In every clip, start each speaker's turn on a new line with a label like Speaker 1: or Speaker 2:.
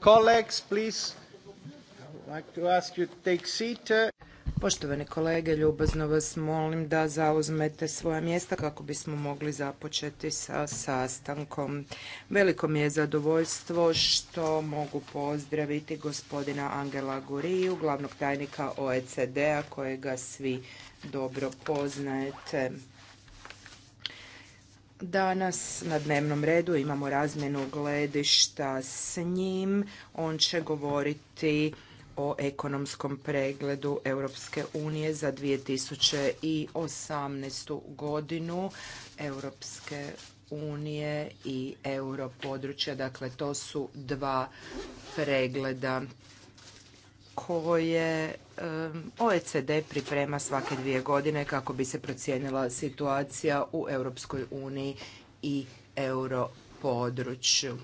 Speaker 1: Colleagues, please. Uh. Poštovani kolege, ljubazno vas molim da zauzmete svoja mjesta kako bismo mogli započeti sa sastankom. Veliko mi je zadovoljstvo što mogu pozdraviti gospodina Angela Guriju, glavnog tajnika OECD-a kojega svi dobro poznajete. Danas na dnevnom redu imamo razmjenu gledišta s njim. On će govoriti o ekonomskom pregledu Europske unije za 2018. godinu Europske unije i europodručja. Dakle, to su dva pregleda koje OECD priprema svake dvije godine kako bi se procijenila situacija u Europskoj uniji i europodručju.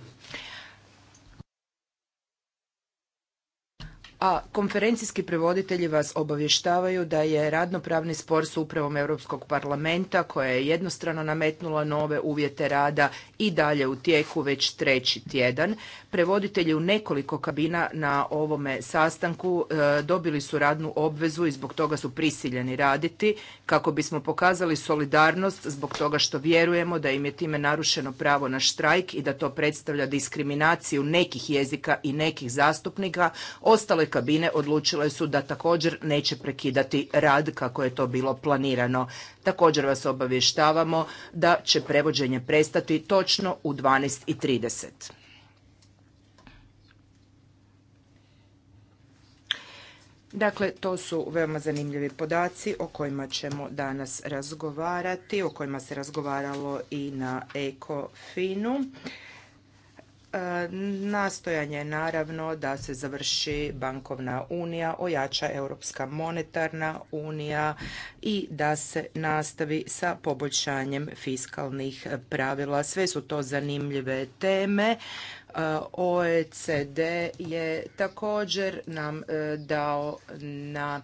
Speaker 1: a konferencijski prevoditelji vas obavještavaju da je radnopravni spor s upravom Europskog parlamenta koja je jednostrano nametnula nove uvjete rada i dalje u tijeku već treći tjedan. Prevoditelji u nekoliko kabina na ovome sastanku e, dobili su radnu obvezu i zbog toga su prisiljeni raditi kako bismo pokazali solidarnost zbog toga što vjerujemo da im je time narušeno pravo na štrajk i da to predstavlja diskriminaciju nekih jezika i nekih zastupnika. Ostale kabine odlučile su da također neće prekidati rad kako je to bilo planirano. Također vas obavještavamo da će prevođenje prestati točno u 12.30. Dakle, to su veoma zanimljivi podaci o kojima ćemo danas razgovarati, o kojima se razgovaralo i na eko finu E, nastojanje naravno da se završi bankovna unija, ojača Europska monetarna unija i da se nastavi sa poboljšanjem fiskalnih pravila. Sve su to zanimljive teme. E, OECD je također nam e, dao na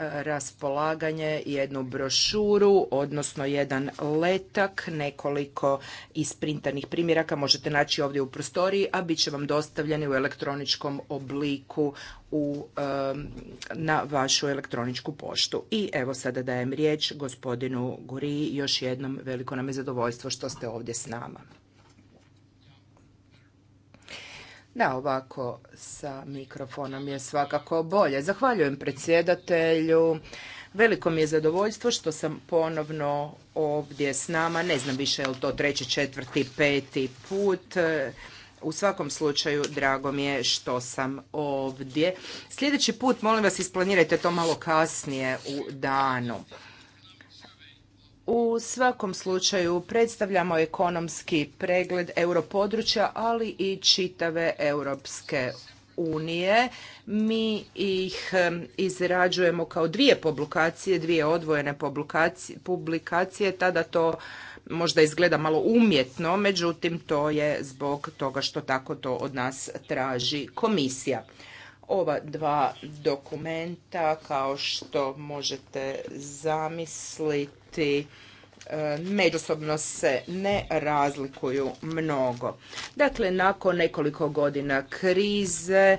Speaker 1: raspolaganje jednu brošuru, odnosno jedan letak, nekoliko isprintanih primjeraka možete naći ovdje u prostoriji, a bit će vam dostavljeni u elektroničkom obliku u, na vašu elektroničku poštu. I evo sada dajem riječ gospodinu Guri, još jednom veliko nam je zadovoljstvo što ste ovdje s nama. Da, ovako sa mikrofonom je svakako bolje. Zahvaljujem predsjedatelju. Veliko mi je zadovoljstvo što sam ponovno ovdje s nama. Ne znam više je li to treći, četvrti, peti put. U svakom slučaju, drago mi je što sam ovdje. Sljedeći put, molim vas, isplanirajte to malo kasnije u danu. U svakom slučaju predstavljamo ekonomski pregled europodručja, ali i čitave Europske unije. Mi ih izrađujemo kao dvije publikacije, dvije odvojene publikacije, tada to možda izgleda malo umjetno, međutim to je zbog toga što tako to od nas traži komisija ova dva dokumenta kao što možete zamisliti e, međusobno se ne razlikuju mnogo. Dakle, nakon nekoliko godina krize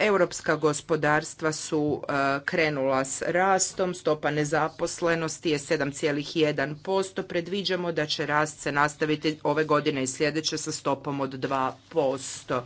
Speaker 1: Europska gospodarstva su e, krenula s rastom, stopa nezaposlenosti je 7,1%, predviđamo da će rast se nastaviti ove godine i sljedeće sa stopom od 2%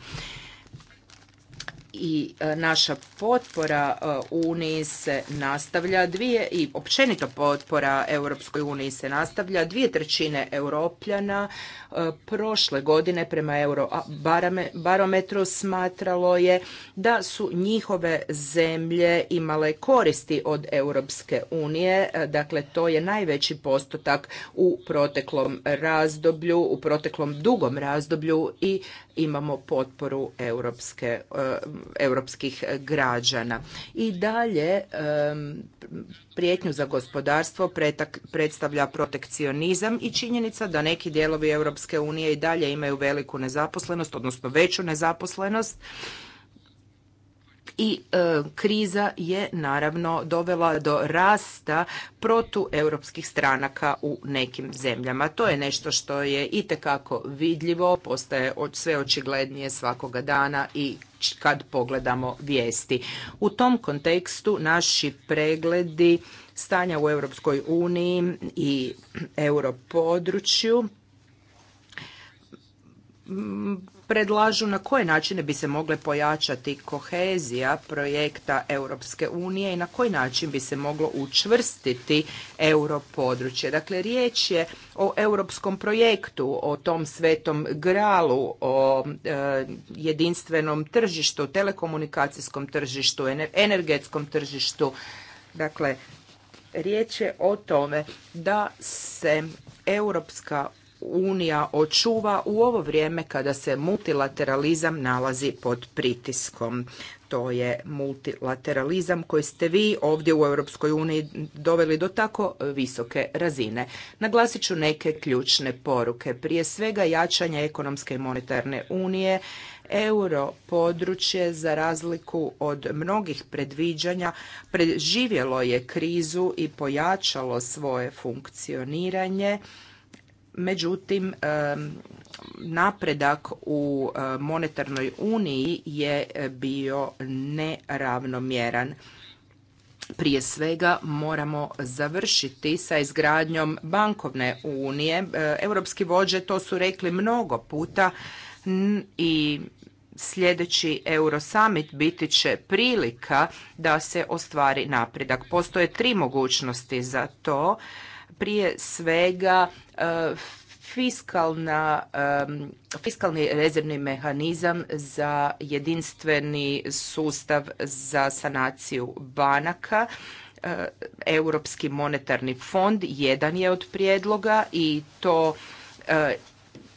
Speaker 1: i e, naša potpora e, Uniji se nastavlja dvije i općenito potpora Europskoj Uniji se nastavlja dvije trećine europljana e, prošle godine prema eurobarometru smatralo je da su njihove zemlje imale koristi od Europske Unije dakle to je najveći postotak u proteklom razdoblju u proteklom dugom razdoblju i imamo potporu europske, eh, europskih građana. I dalje eh, prijetnju za gospodarstvo predstavlja protekcionizam i činjenica da neki dijelovi Europske unije i dalje imaju veliku nezaposlenost, odnosno veću nezaposlenost i e, kriza je naravno dovela do rasta protueuropskih stranaka u nekim zemljama. To je nešto što je itekako vidljivo, postaje sve očiglednije svakoga dana i kad pogledamo vijesti. U tom kontekstu naši pregledi stanja u Europskoj uniji i europodručju predlažu na koje načine bi se mogle pojačati kohezija projekta Europske unije i na koji način bi se moglo učvrstiti europodručje. Dakle, riječ je o europskom projektu, o tom svetom gralu, o e, jedinstvenom tržištu, telekomunikacijskom tržištu, energetskom tržištu. Dakle, riječ je o tome da se Europska unija očuva u ovo vrijeme kada se multilateralizam nalazi pod pritiskom. To je multilateralizam koji ste vi ovdje u Europskoj uniji doveli do tako visoke razine. Naglasit ću neke ključne poruke. Prije svega jačanje ekonomske i monetarne unije, euro područje za razliku od mnogih predviđanja preživjelo je krizu i pojačalo svoje funkcioniranje Međutim, napredak u e, monetarnoj uniji je bio neravnomjeran. Prije svega moramo završiti sa izgradnjom bankovne unije. E, europski vođe to su rekli mnogo puta i sljedeći Eurosummit biti će prilika da se ostvari napredak. Postoje tri mogućnosti za to prije svega e, fiskalna, e, fiskalni rezervni mehanizam za jedinstveni sustav za sanaciju banaka. E, Europski monetarni fond jedan je od prijedloga i to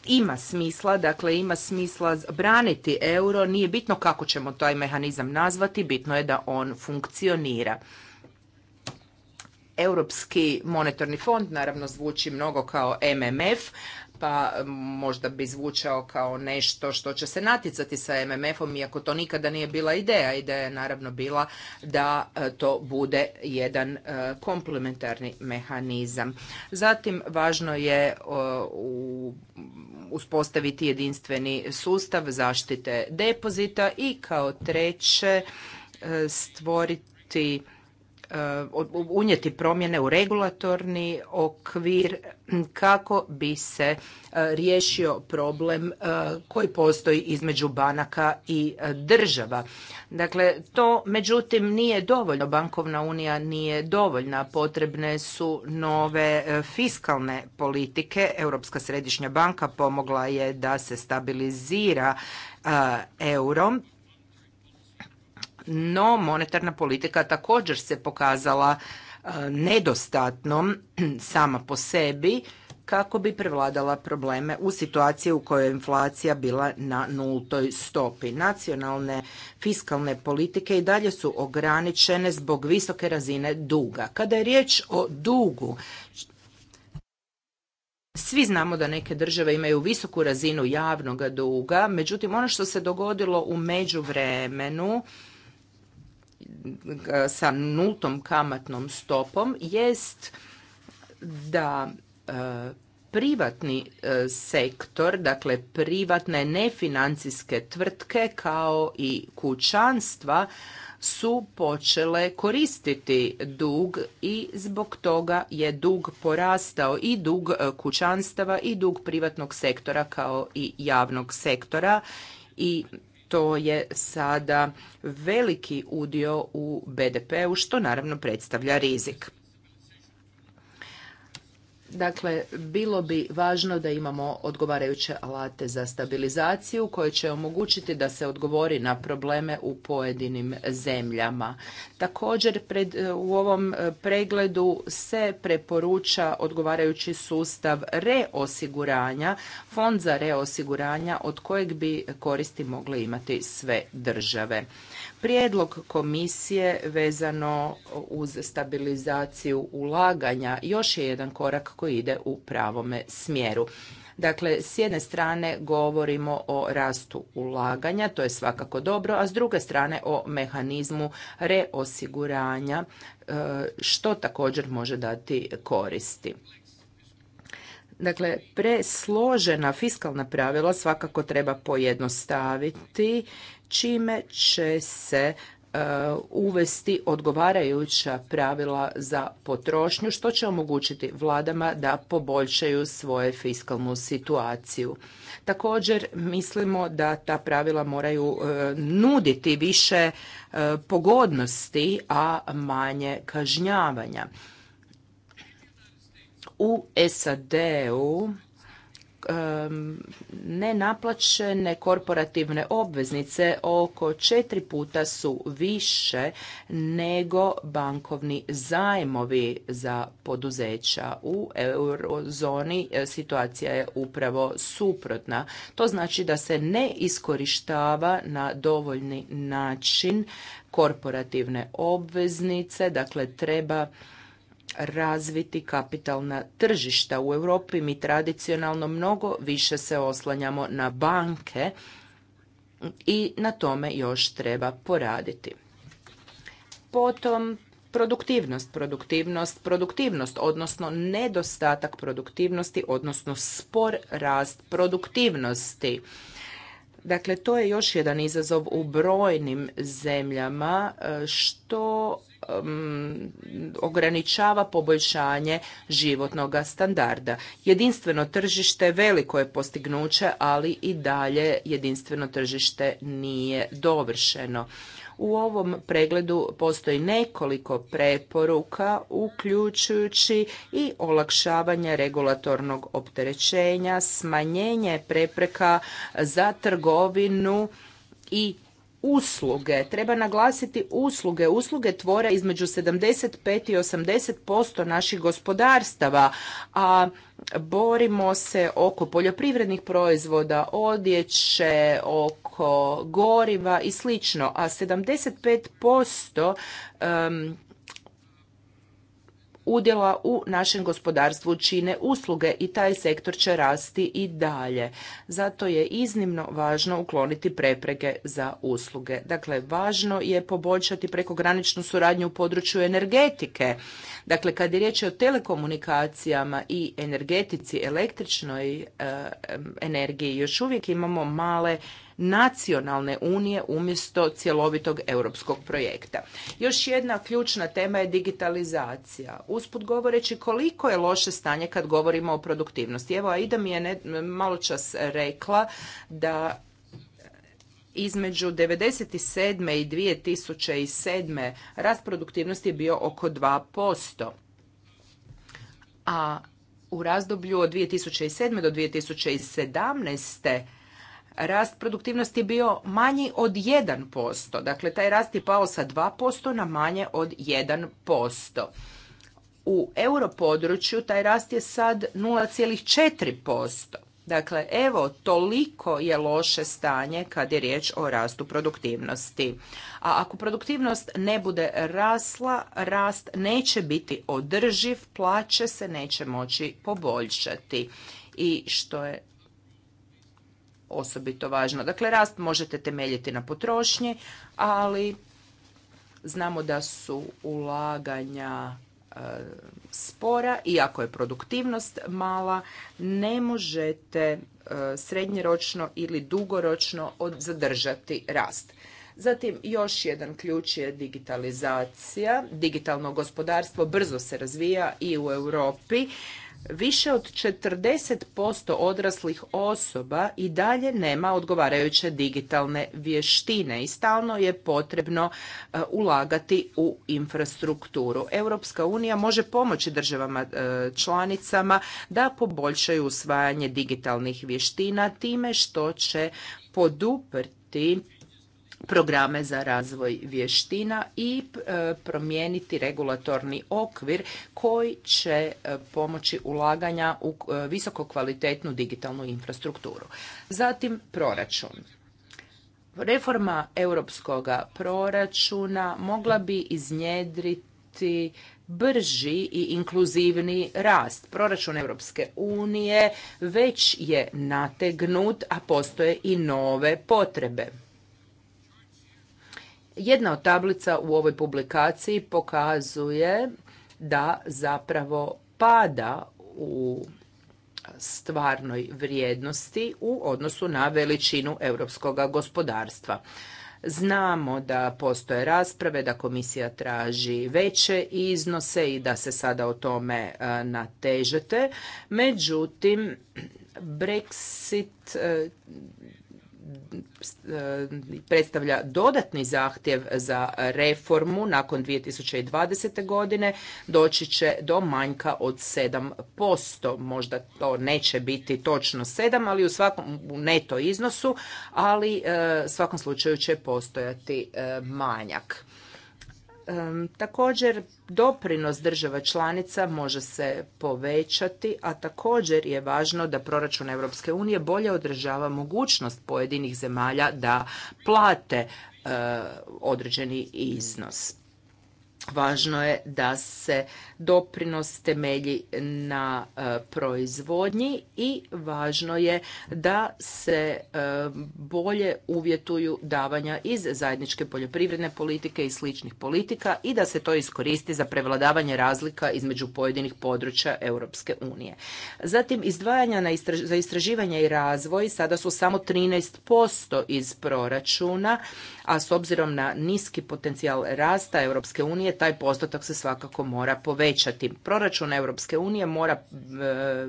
Speaker 1: ima smisla, dakle ima smisla braniti euro, nije bitno kako ćemo taj mehanizam nazvati, bitno je da on funkcionira. Europski monetarni fond naravno zvuči mnogo kao MMF, pa možda bi zvučao kao nešto što će se naticati sa MMF-om, iako to nikada nije bila ideja. Ideja je naravno bila da e, to bude jedan e, komplementarni mehanizam. Zatim, važno je uspostaviti jedinstveni sustav zaštite depozita i kao treće e, stvoriti Eh, unijeti promjene u regulatorni okvir kako bi se eh, riješio problem eh, koji postoji između banaka i država. Dakle, to međutim nije dovoljno. Bankovna unija nije dovoljna. Potrebne su nove fiskalne politike. Europska središnja banka pomogla je da se stabilizira euro no, monetarna politika također se pokazala e, nedostatnom sama po sebi kako bi prevladala probleme u situaciji u kojoj je inflacija bila na nultoj stopi. Nacionalne fiskalne politike i dalje su ograničene zbog visoke razine duga. Kada je riječ o dugu, svi znamo da neke države imaju visoku razinu javnog duga, međutim ono što se dogodilo u međuvremenu sa nultom kamatnom stopom jest da e, privatni e, sektor, dakle privatne nefinancijske tvrtke kao i kućanstva su počele koristiti dug i zbog toga je dug porastao i dug e, kućanstava i dug privatnog sektora kao i javnog sektora i to je sada veliki udio u BDP-u što naravno predstavlja rizik. Dakle, bilo bi važno da imamo odgovarajuće alate za stabilizaciju koje će omogućiti da se odgovori na probleme u pojedinim zemljama. Također pred, u ovom e, pregledu se preporuča odgovarajući sustav reosiguranja, fond za reosiguranja od kojeg bi koristi mogle imati sve države. Prijedlog komisije vezano uz stabilizaciju ulaganja još je jedan korak koji ide u pravome smjeru. Dakle, s jedne strane govorimo o rastu ulaganja, to je svakako dobro, a s druge strane o mehanizmu reosiguranja, e, što također može dati koristi. Dakle, presložena fiskalna pravila svakako treba pojednostaviti čime će se e, uvesti odgovarajuća pravila za potrošnju što će omogućiti vladama da poboljšaju svoju fiskalnu situaciju. Također mislimo da ta pravila moraju e, nuditi više e, pogodnosti, a manje kažnjavanja. U SAD-u nenaplaćene korporativne obveznice oko četiri puta su više nego bankovni zajmovi za poduzeća. U eurozoni e, situacija je upravo suprotna. To znači da se ne iskorištava na dovoljni način korporativne obveznice, dakle treba razviti kapitalna tržišta. U Europi mi tradicionalno mnogo više se oslanjamo na banke i na tome još treba poraditi. Potom produktivnost, produktivnost, produktivnost, odnosno nedostatak produktivnosti, odnosno spor rast produktivnosti. Dakle, to je još jedan izazov u brojnim zemljama e, što ograničava poboljšanje životnog standarda. Jedinstveno tržište veliko je postignuće, ali i dalje jedinstveno tržište nije dovršeno. U ovom pregledu postoji nekoliko preporuka uključujući i olakšavanje regulatornog opterećenja, smanjenje prepreka za trgovinu i usluge. Treba naglasiti usluge. Usluge tvore između 75 i 80% naših gospodarstava, a borimo se oko poljoprivrednih proizvoda, odjeće, oko goriva i slično, a 75% udjela u našem gospodarstvu čine usluge i taj sektor će rasti i dalje. Zato je iznimno važno ukloniti prepreke za usluge. Dakle, važno je poboljšati prekograničnu suradnju u području energetike Dakle, kad je riječ o telekomunikacijama i energetici, električnoj e, energiji, još uvijek imamo male nacionalne unije umjesto cjelovitog europskog projekta. Još jedna ključna tema je digitalizacija. Usput govoreći koliko je loše stanje kad govorimo o produktivnosti. Evo, Aida mi je ne, malo čas rekla da između 1997. i 2007. rast produktivnosti je bio oko 2%. A u razdoblju od 2007. do 2017. rast produktivnosti je bio manji od 1%. Dakle, taj rast je pao sa 2% na manje od 1%. U europodručju taj rast je sad 0,4%. Dakle, evo, toliko je loše stanje kad je riječ o rastu produktivnosti. A ako produktivnost ne bude rasla, rast neće biti održiv, plaće se neće moći poboljšati. I što je osobito važno. Dakle, rast možete temeljiti na potrošnji, ali znamo da su ulaganja spora iako je produktivnost mala, ne možete e, srednjeročno ili dugoročno zadržati rast. Zatim još jedan ključ je digitalizacija. Digitalno gospodarstvo brzo se razvija i u Europi više od 40% odraslih osoba i dalje nema odgovarajuće digitalne vještine i stalno je potrebno e, ulagati u infrastrukturu. Europska unija može pomoći državama e, članicama da poboljšaju usvajanje digitalnih vještina time što će poduprti programe za razvoj vještina i e, promijeniti regulatorni okvir koji će e, pomoći ulaganja u e, visokokvalitetnu digitalnu infrastrukturu. Zatim proračun. Reforma europskoga proračuna mogla bi iznjedriti brži i inkluzivni rast. Proračun Europske unije već je nategnut, a postoje i nove potrebe. Jedna od tablica u ovoj publikaciji pokazuje da zapravo pada u stvarnoj vrijednosti u odnosu na veličinu europskog gospodarstva. Znamo da postoje rasprave, da komisija traži veće iznose i da se sada o tome e, natežete. Međutim, Brexit e, predstavlja dodatni zahtjev za reformu nakon 2020. godine doći će do manjka od 7%. Možda to neće biti točno 7, ali u svakom neto iznosu, ali e, u svakom slučaju će postojati e, manjak. Također doprinos država članica može se povećati, a također je važno da proračun Europske unije bolje održava mogućnost pojedinih zemalja da plate e, određeni iznos važno je da se doprinos temelji na e, proizvodnji i važno je da se e, bolje uvjetuju davanja iz zajedničke poljoprivredne politike i sličnih politika i da se to iskoristi za prevladavanje razlika između pojedinih područja Europske unije. Zatim izdvajanja za istraživanje i razvoj sada su samo 13% iz proračuna a s obzirom na niski potencijal rasta Europske unije taj postotak se svakako mora povećati. Proračun Europske unije mora e,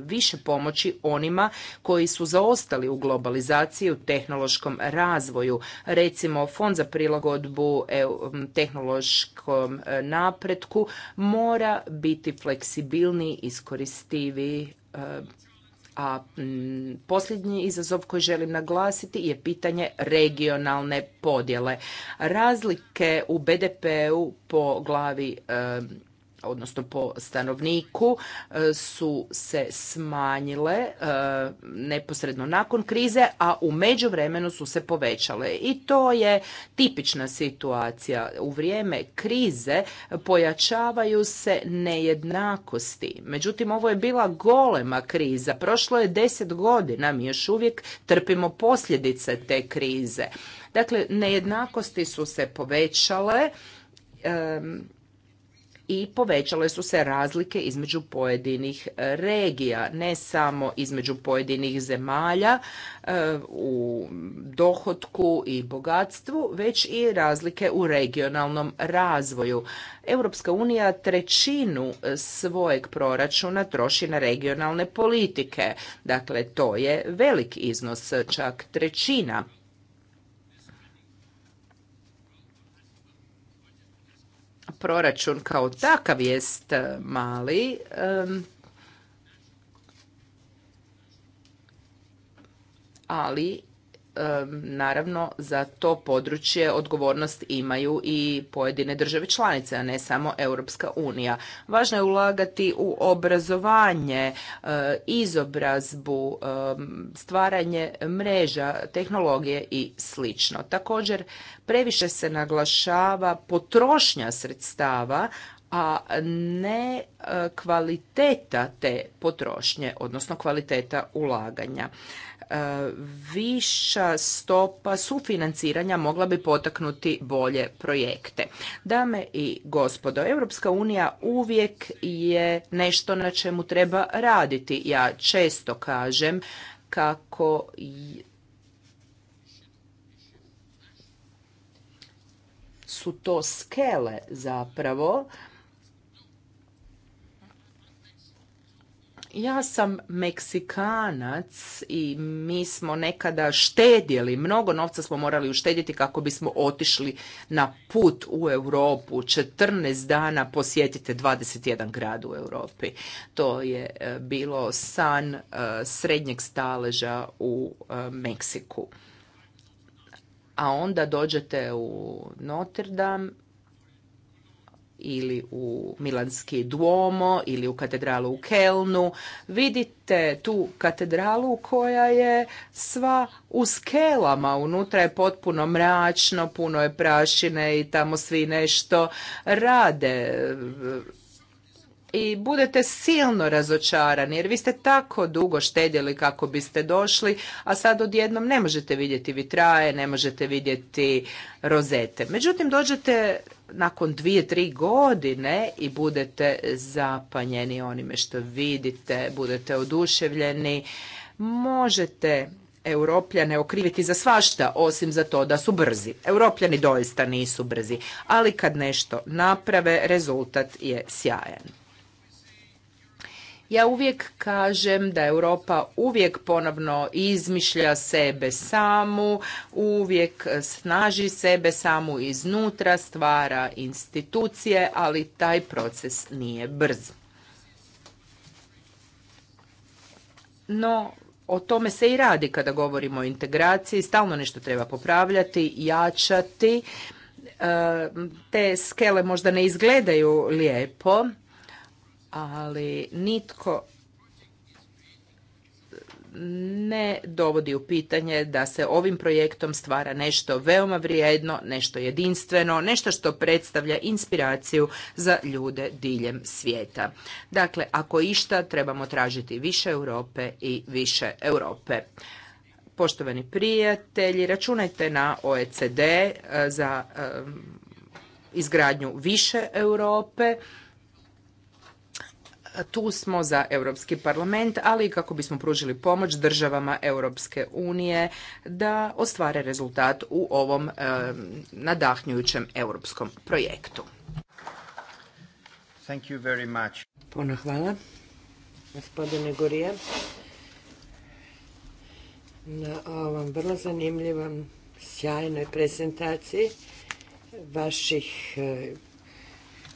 Speaker 1: više pomoći onima koji su zaostali u globalizaciji, u tehnološkom razvoju. Recimo, Fond za prilagodbu e, tehnološkom e, napretku mora biti fleksibilniji, iskoristiviji a posljednji izazov koji želim naglasiti je pitanje regionalne podjele. Razlike u BDP-u po glavi e, odnosno po stanovniku e, su se smanjile e, neposredno nakon krize, a u međuvremenu su se povećale. I to je tipična situacija. U vrijeme krize pojačavaju se nejednakosti. Međutim, ovo je bila golema kriza. Prošlo je deset godina, mi još uvijek trpimo posljedice te krize. Dakle, nejednakosti su se povećale, i povećale su se razlike između pojedinih e, regija, ne samo između pojedinih zemalja e, u dohotku i bogatstvu, već i razlike u regionalnom razvoju. Europska unija trećinu e, svojeg proračuna troši na regionalne politike. Dakle, to je velik iznos, čak trećina proračun kao takav jest e, mali, ali naravno za to područje odgovornost imaju i pojedine države članice, a ne samo Europska unija. Važno je ulagati u obrazovanje, e, izobrazbu, stvaranje mreža, tehnologije i sl. Također previše se naglašava potrošnja sredstava, a ne e, kvaliteta te potrošnje, odnosno kvaliteta ulaganja. E, viša stopa sufinanciranja mogla bi potaknuti bolje projekte. Dame i gospodo, Europska unija uvijek je nešto na čemu treba raditi. Ja često kažem kako su to skele zapravo Ja sam Meksikanac i mi smo nekada štedjeli, mnogo novca smo morali uštedjeti kako bismo otišli na put u Europu. 14 dana posjetite 21 grad u Europi. To je e, bilo san e, srednjeg staleža u e, Meksiku. A onda dođete u Notre Dame ili u Milanski Duomo ili u katedralu u Kelnu. Vidite tu katedralu koja je sva u skelama, unutra je potpuno mračno, puno je prašine i tamo svi nešto rade i budete silno razočarani jer vi ste tako dugo štedjeli kako biste došli, a sad odjednom ne možete vidjeti vitraje, ne možete vidjeti rozete. Međutim, dođete nakon dvije, tri godine i budete zapanjeni onime što vidite, budete oduševljeni, možete europljane okriviti za svašta osim za to da su brzi. Europljani doista nisu brzi, ali kad nešto naprave rezultat je sjajan. Ja uvijek kažem da Europa uvijek ponovno izmišlja sebe samu, uvijek snaži sebe samu iznutra, stvara institucije, ali taj proces nije brz. No, o tome se i radi kada govorimo o integraciji, stalno nešto treba popravljati, jačati. E, te skele možda ne izgledaju lijepo, ali nitko ne dovodi u pitanje da se ovim projektom stvara nešto veoma vrijedno, nešto jedinstveno, nešto što predstavlja inspiraciju za ljude diljem svijeta. Dakle, ako išta, trebamo tražiti više Europe i više Europe. Poštovani prijatelji, računajte na OECD eh, za eh, izgradnju više Europe. Tu smo za Europski parlament, ali i kako bismo pružili pomoć državama Europske unije da ostvare rezultat u ovom eh, nadahnjujućem europskom projektu.
Speaker 2: Thank you very much. Puno hvala, gospodine Gorije, na ovom vrlo zanimljivom, sjajnoj prezentaciji vaših eh,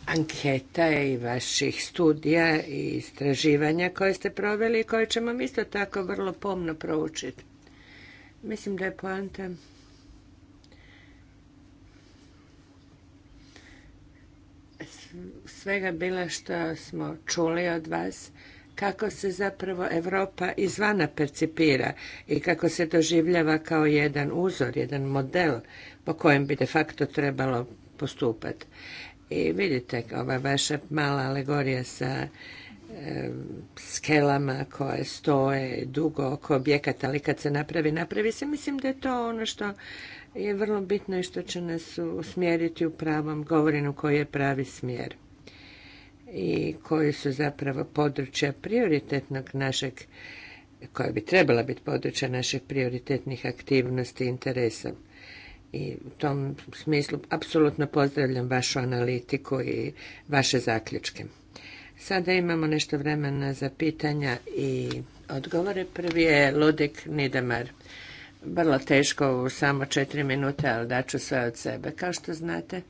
Speaker 2: anketa i vaših studija i istraživanja koje ste proveli i koje ćemo isto tako vrlo pomno proučiti. Mislim da je poanta svega bila što smo čuli od vas kako se zapravo Europa izvana percipira i kako se doživljava kao jedan uzor, jedan model po kojem bi de facto trebalo postupati. I vidite ova vaša mala alegorija sa skelama koje stoje dugo oko objekata, ali kad se napravi, napravi se. Mislim da je to ono što je vrlo bitno i što će nas usmjeriti u pravom govorinu koji je pravi smjer i koji su zapravo područja prioritetnog našeg, koja bi trebala biti područja naših prioritetnih aktivnosti i interesa i u tom smislu apsolutno pozdravljam vašu analitiku i vaše zaključke. Sada imamo nešto vremena za pitanja i odgovore. Prvi je Ludik Nidemar. Vrlo teško u samo četiri minute, ali daću sve od sebe. Kao što znate,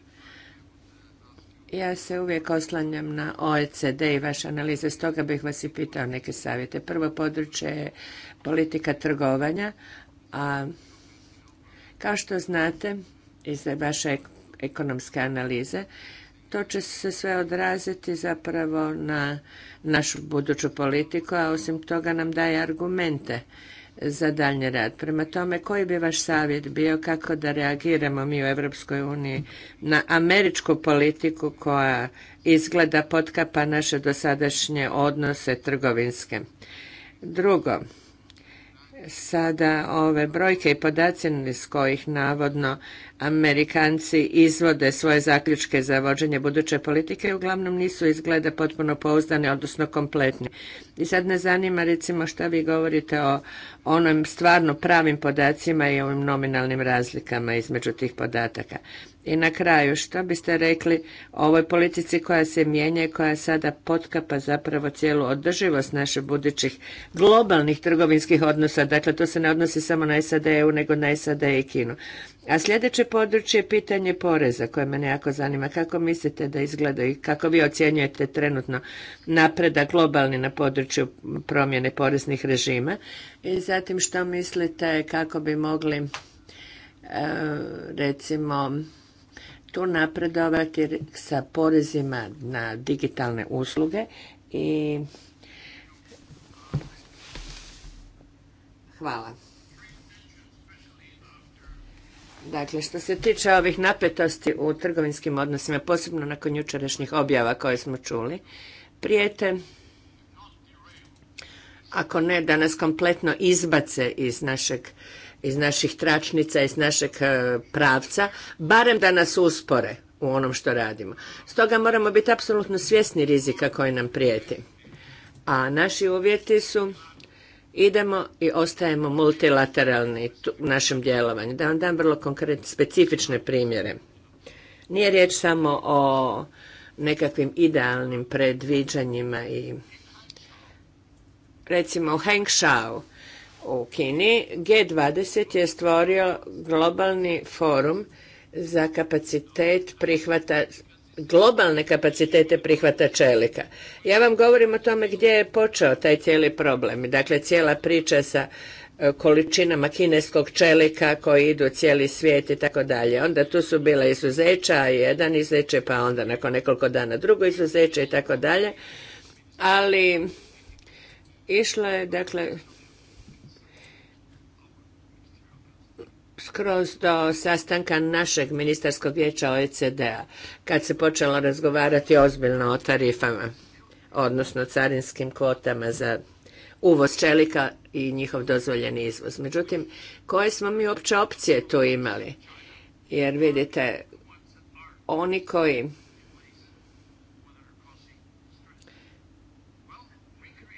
Speaker 2: ja se uvijek oslanjam na OECD i vaše analize, stoga bih vas i pitao neke savjete. Prvo područje je politika trgovanja, a kao što znate iz vaše ekonomske analize, to će se sve odraziti zapravo na našu buduću politiku, a osim toga nam daje argumente za daljnji rad. Prema tome, koji bi vaš savjet bio kako da reagiramo mi u Europskoj uniji na američku politiku koja izgleda potkapa naše dosadašnje odnose trgovinske? Drugo, sada ove brojke i podaci iz kojih navodno Amerikanci izvode svoje zaključke za vođenje buduće politike i uglavnom nisu izgleda potpuno pouzdane, odnosno kompletni. I sad ne zanima recimo šta vi govorite o onim stvarno pravim podacima i ovim nominalnim razlikama između tih podataka. I na kraju, što biste rekli o ovoj politici koja se mijenja i koja sada potkapa zapravo cijelu održivost naših budućih globalnih trgovinskih odnosa? Dakle, to se ne odnosi samo na SAD, e u nego na SAD e i Kinu. A sljedeće područje je pitanje poreza koje mene jako zanima. Kako mislite da izgleda i kako vi ocjenjujete trenutno napredak globalni na području promjene poreznih režima? I zatim što mislite kako bi mogli e, recimo tu napredovati sa porezima na digitalne usluge i hvala. Dakle, što se tiče ovih napetosti u trgovinskim odnosima, posebno nakon jučerašnjih objava koje smo čuli, prijete ako ne da nas kompletno izbace iz našeg iz naših tračnica, iz našeg e, pravca, barem da nas uspore u onom što radimo. Stoga moramo biti apsolutno svjesni rizika koji nam prijeti. A naši uvjeti su idemo i ostajemo multilateralni u našem djelovanju. Da vam dam vrlo konkretne, specifične primjere. Nije riječ samo o nekakvim idealnim predviđanjima i recimo u Shao u Kini G20 je stvorio globalni forum za kapacitet prihvata globalne kapacitete prihvata čelika. Ja vam govorim o tome gdje je počeo taj cijeli problem. Dakle, cijela priča sa e, količinama kineskog čelika koji idu cijeli svijet i tako dalje. Onda tu su bila izuzeća, jedan izuzeće, pa onda nakon nekoliko dana drugo izuzeće i tako dalje. Ali išlo je, dakle, skroz do sastanka našeg ministarskog vijeća OECD-a, kad se počelo razgovarati ozbiljno o tarifama, odnosno carinskim kvotama za uvoz čelika i njihov dozvoljeni izvoz. Međutim, koje smo mi uopće opcije tu imali? Jer vidite, oni koji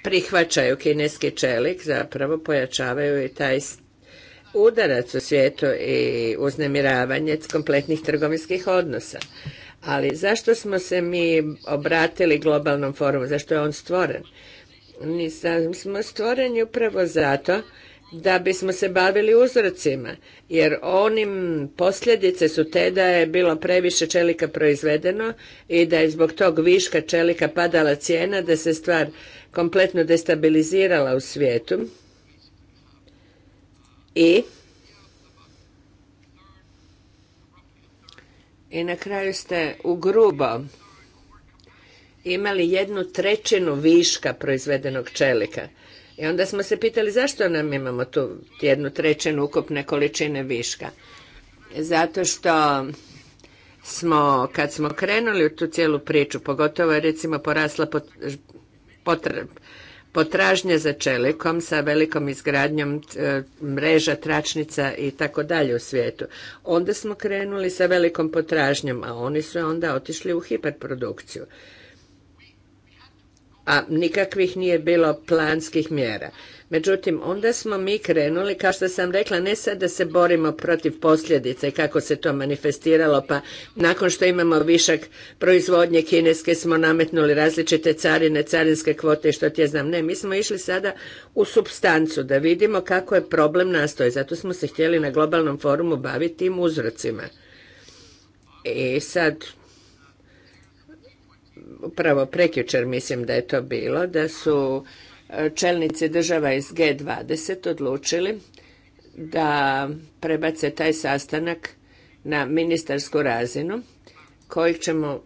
Speaker 2: prihvaćaju kineski čelik, zapravo pojačavaju i taj udarac u svijetu i uznemiravanje kompletnih trgovinskih odnosa. Ali zašto smo se mi obratili globalnom forumu? Zašto je on stvoren? Mi smo stvoreni upravo zato da bismo se bavili uzrocima, jer onim posljedice su te da je bilo previše čelika proizvedeno i da je zbog tog viška čelika padala cijena, da se stvar kompletno destabilizirala u svijetu i i na kraju ste u grubo imali jednu trećinu viška proizvedenog čelika. I onda smo se pitali zašto nam imamo tu jednu trećinu ukupne količine viška. Zato što smo, kad smo krenuli u tu cijelu priču, pogotovo je recimo porasla potreba potražnja za čelikom sa velikom izgradnjom e, mreža, tračnica i tako dalje u svijetu. Onda smo krenuli sa velikom potražnjom, a oni su onda otišli u hiperprodukciju a nikakvih nije bilo planskih mjera. Međutim, onda smo mi krenuli, kao što sam rekla, ne sad da se borimo protiv posljedica i kako se to manifestiralo, pa nakon što imamo višak proizvodnje kineske smo nametnuli različite carine, carinske kvote i što ti znam. Ne, mi smo išli sada u substancu da vidimo kako je problem nastoje. Zato smo se htjeli na globalnom forumu baviti tim uzrocima. I sad, upravo prekjučer mislim da je to bilo, da su e, čelnici država iz G20 odlučili da prebace taj sastanak na ministarsku razinu koji ćemo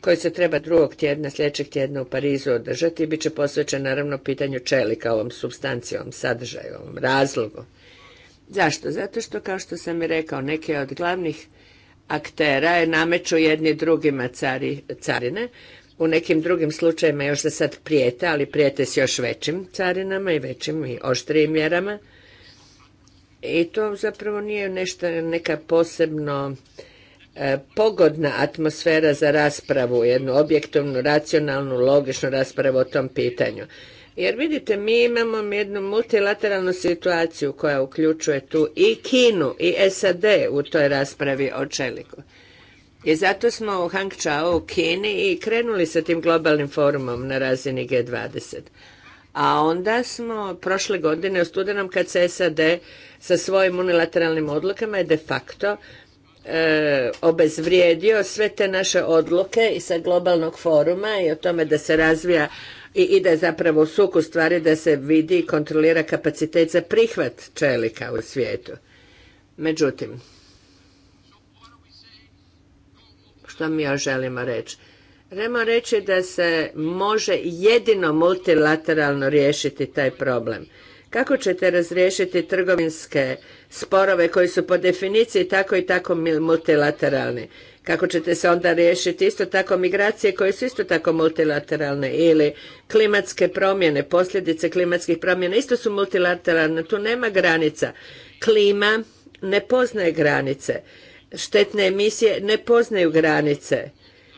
Speaker 2: koji se treba drugog tjedna, sljedećeg tjedna u Parizu održati i bit će posvećen naravno pitanju čelika, ovom substancijom, sadržajom, sadržaju, ovom razlogu. Zašto? Zato što, kao što sam i rekao, neke od glavnih aktera je nameću jedni drugima carine. U nekim drugim slučajima još se sad prijete, ali prijete s još većim carinama i većim i oštrijim mjerama. I to zapravo nije nešto, neka posebno e, pogodna atmosfera za raspravu, jednu objektivnu, racionalnu, logičnu raspravu o tom pitanju. Jer vidite, mi imamo jednu multilateralnu situaciju koja uključuje tu i Kinu i SAD u toj raspravi o čeliku. I zato smo u Hang Chao u Kini i krenuli sa tim globalnim forumom na razini G20. A onda smo prošle godine u studenom kad se SAD sa svojim unilateralnim odlukama je de facto e, obezvrijedio sve te naše odluke i sa globalnog foruma i o tome da se razvija i ide zapravo u suku stvari da se vidi i kontrolira kapacitet za prihvat čelika u svijetu. Međutim, što mi još želimo reći? Želimo reći da se može jedino multilateralno riješiti taj problem. Kako ćete razriješiti trgovinske sporove koji su po definiciji tako i tako multilateralni? kako ćete se onda riješiti isto tako migracije koje su isto tako multilateralne ili klimatske promjene, posljedice klimatskih promjena isto su multilateralne, tu nema granica. Klima ne poznaje granice, štetne emisije ne poznaju granice.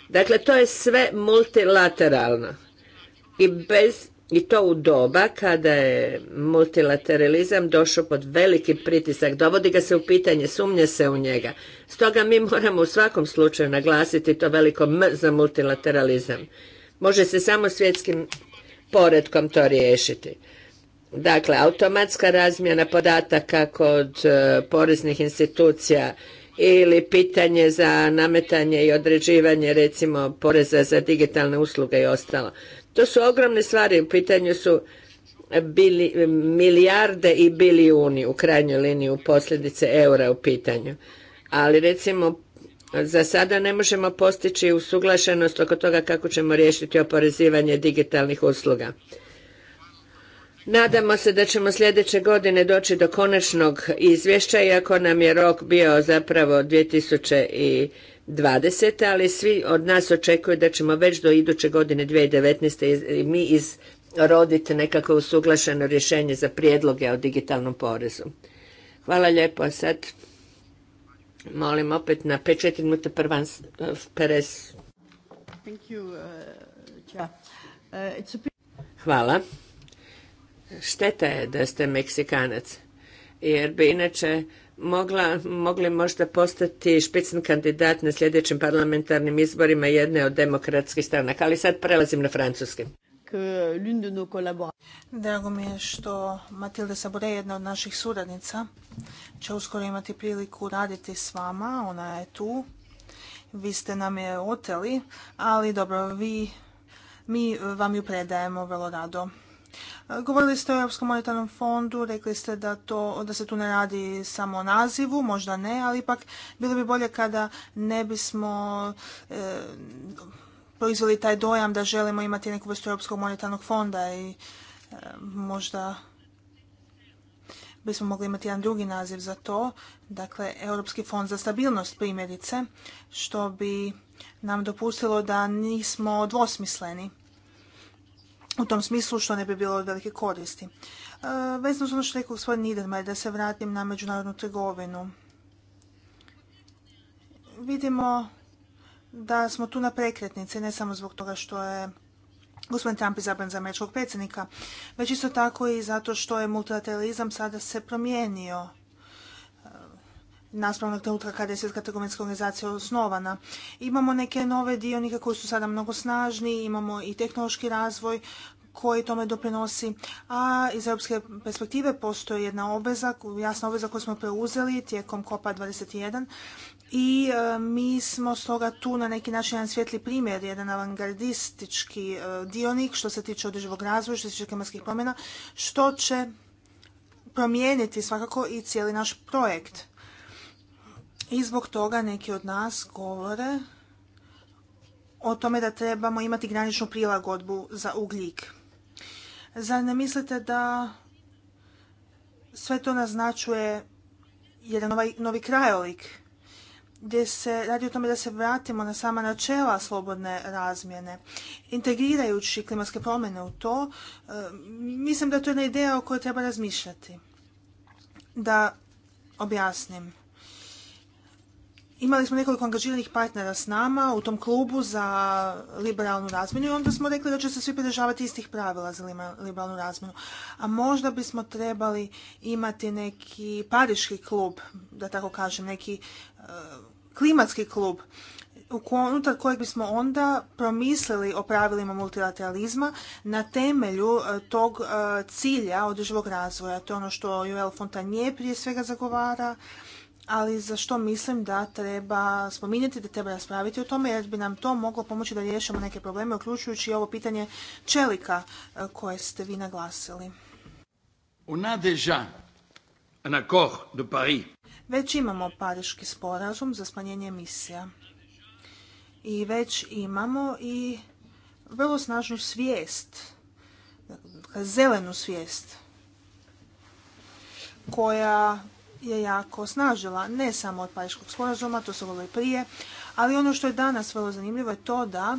Speaker 2: Dakle, to je sve multilateralno i bez i to u doba kada je multilateralizam došao pod veliki pritisak, dovodi ga se u pitanje, sumnje se u njega. Stoga mi moramo u svakom slučaju naglasiti to veliko M za multilateralizam. Može se samo svjetskim poredkom to riješiti. Dakle, automatska razmjena podataka kod e, poreznih institucija ili pitanje za nametanje i određivanje recimo poreza za digitalne usluge i ostalo. To su ogromne stvari, u pitanju su bili, milijarde i bilijuni u krajnjoj liniji u posljedice eura u pitanju. Ali recimo za sada ne možemo postići usuglašenost oko toga kako ćemo riješiti oporezivanje digitalnih usluga. Nadamo se da ćemo sljedeće godine doći do konačnog izvješća, iako nam je rok bio zapravo 2000 2020. ali svi od nas očekuju da ćemo već do iduće godine 2019. mi izroditi nekako usuglašeno rješenje za prijedloge o digitalnom porezu. Hvala lijepo. A sad molim opet na 5-4 minuta prva peres. Hvala. Šteta je da ste Meksikanac, jer bi inače mogla, mogli možda postati špicen kandidat na sljedećim parlamentarnim izborima jedne od demokratskih stranaka. Ali sad prelazim na francuske.
Speaker 3: Drago mi je što Matilde Sabore, jedna od naših suradnica, će uskoro imati priliku raditi s vama. Ona je tu. Vi ste nam je oteli, ali dobro, vi, mi vam ju predajemo vrlo rado. Govorili ste o Europskom monetarnom fondu, rekli ste da, to, da se tu ne radi samo o nazivu, možda ne, ali ipak bilo bi bolje kada ne bismo e, proizveli taj dojam da želimo imati neku vrstu Europskog monetarnog fonda i e, možda bismo mogli imati jedan drugi naziv za to, dakle Europski fond za stabilnost primjerice, što bi nam dopustilo da nismo dvosmisleni u tom smislu što ne bi bilo od velike koristi. E, vezno za ono što rekao gospodin Niedermayer, da se vratim na međunarodnu trgovinu. Vidimo da smo tu na prekretnici, ne samo zbog toga što je gospodin Trump izabran za američkog predsjednika, već isto tako i zato što je multilateralizam sada se promijenio naspram trenutka kada je Svjetska trgovinska organizacija osnovana. Imamo neke nove dionike koji su sada mnogo snažni, imamo i tehnološki razvoj koji tome doprinosi, a iz europske perspektive postoji jedna obveza, jasna obveza koju smo preuzeli tijekom COPA 21 i e, mi smo stoga tu na neki način jedan svjetli primjer, jedan avangardistički e, dionik što se tiče održivog razvoja, što se tiče klimatskih promjena, što će promijeniti svakako i cijeli naš projekt. I zbog toga neki od nas govore o tome da trebamo imati graničnu prilagodbu za ugljik. Zar ne mislite da sve to naznačuje jedan ovaj novi krajolik gdje se radi o tome da se vratimo na sama načela slobodne razmjene. Integrirajući klimatske promjene u to, e, mislim da to je jedna ideja o kojoj treba razmišljati. Da objasnim imali smo nekoliko angažiranih partnera s nama u tom klubu za liberalnu razmjenu i onda smo rekli da će se svi pridržavati istih pravila za liberalnu razmjenu. A možda bismo trebali imati neki pariški klub, da tako kažem, neki e, klimatski klub unutar kojeg bismo onda promislili o pravilima multilateralizma na temelju e, tog e, cilja održivog razvoja. To je ono što Joel Fontanier prije svega zagovara, ali za što mislim da treba spominjati, da treba raspraviti o tome, jer bi nam to moglo pomoći da riješimo neke probleme, uključujući i ovo pitanje čelika e, koje ste vi naglasili.
Speaker 2: accord de Paris.
Speaker 3: Već imamo pariški sporazum za smanjenje emisija. I već imamo i vrlo snažnu svijest, zelenu svijest, koja je jako snažila, ne samo od Pariškog sporazuma, to se govorilo i prije, ali ono što je danas vrlo zanimljivo je to da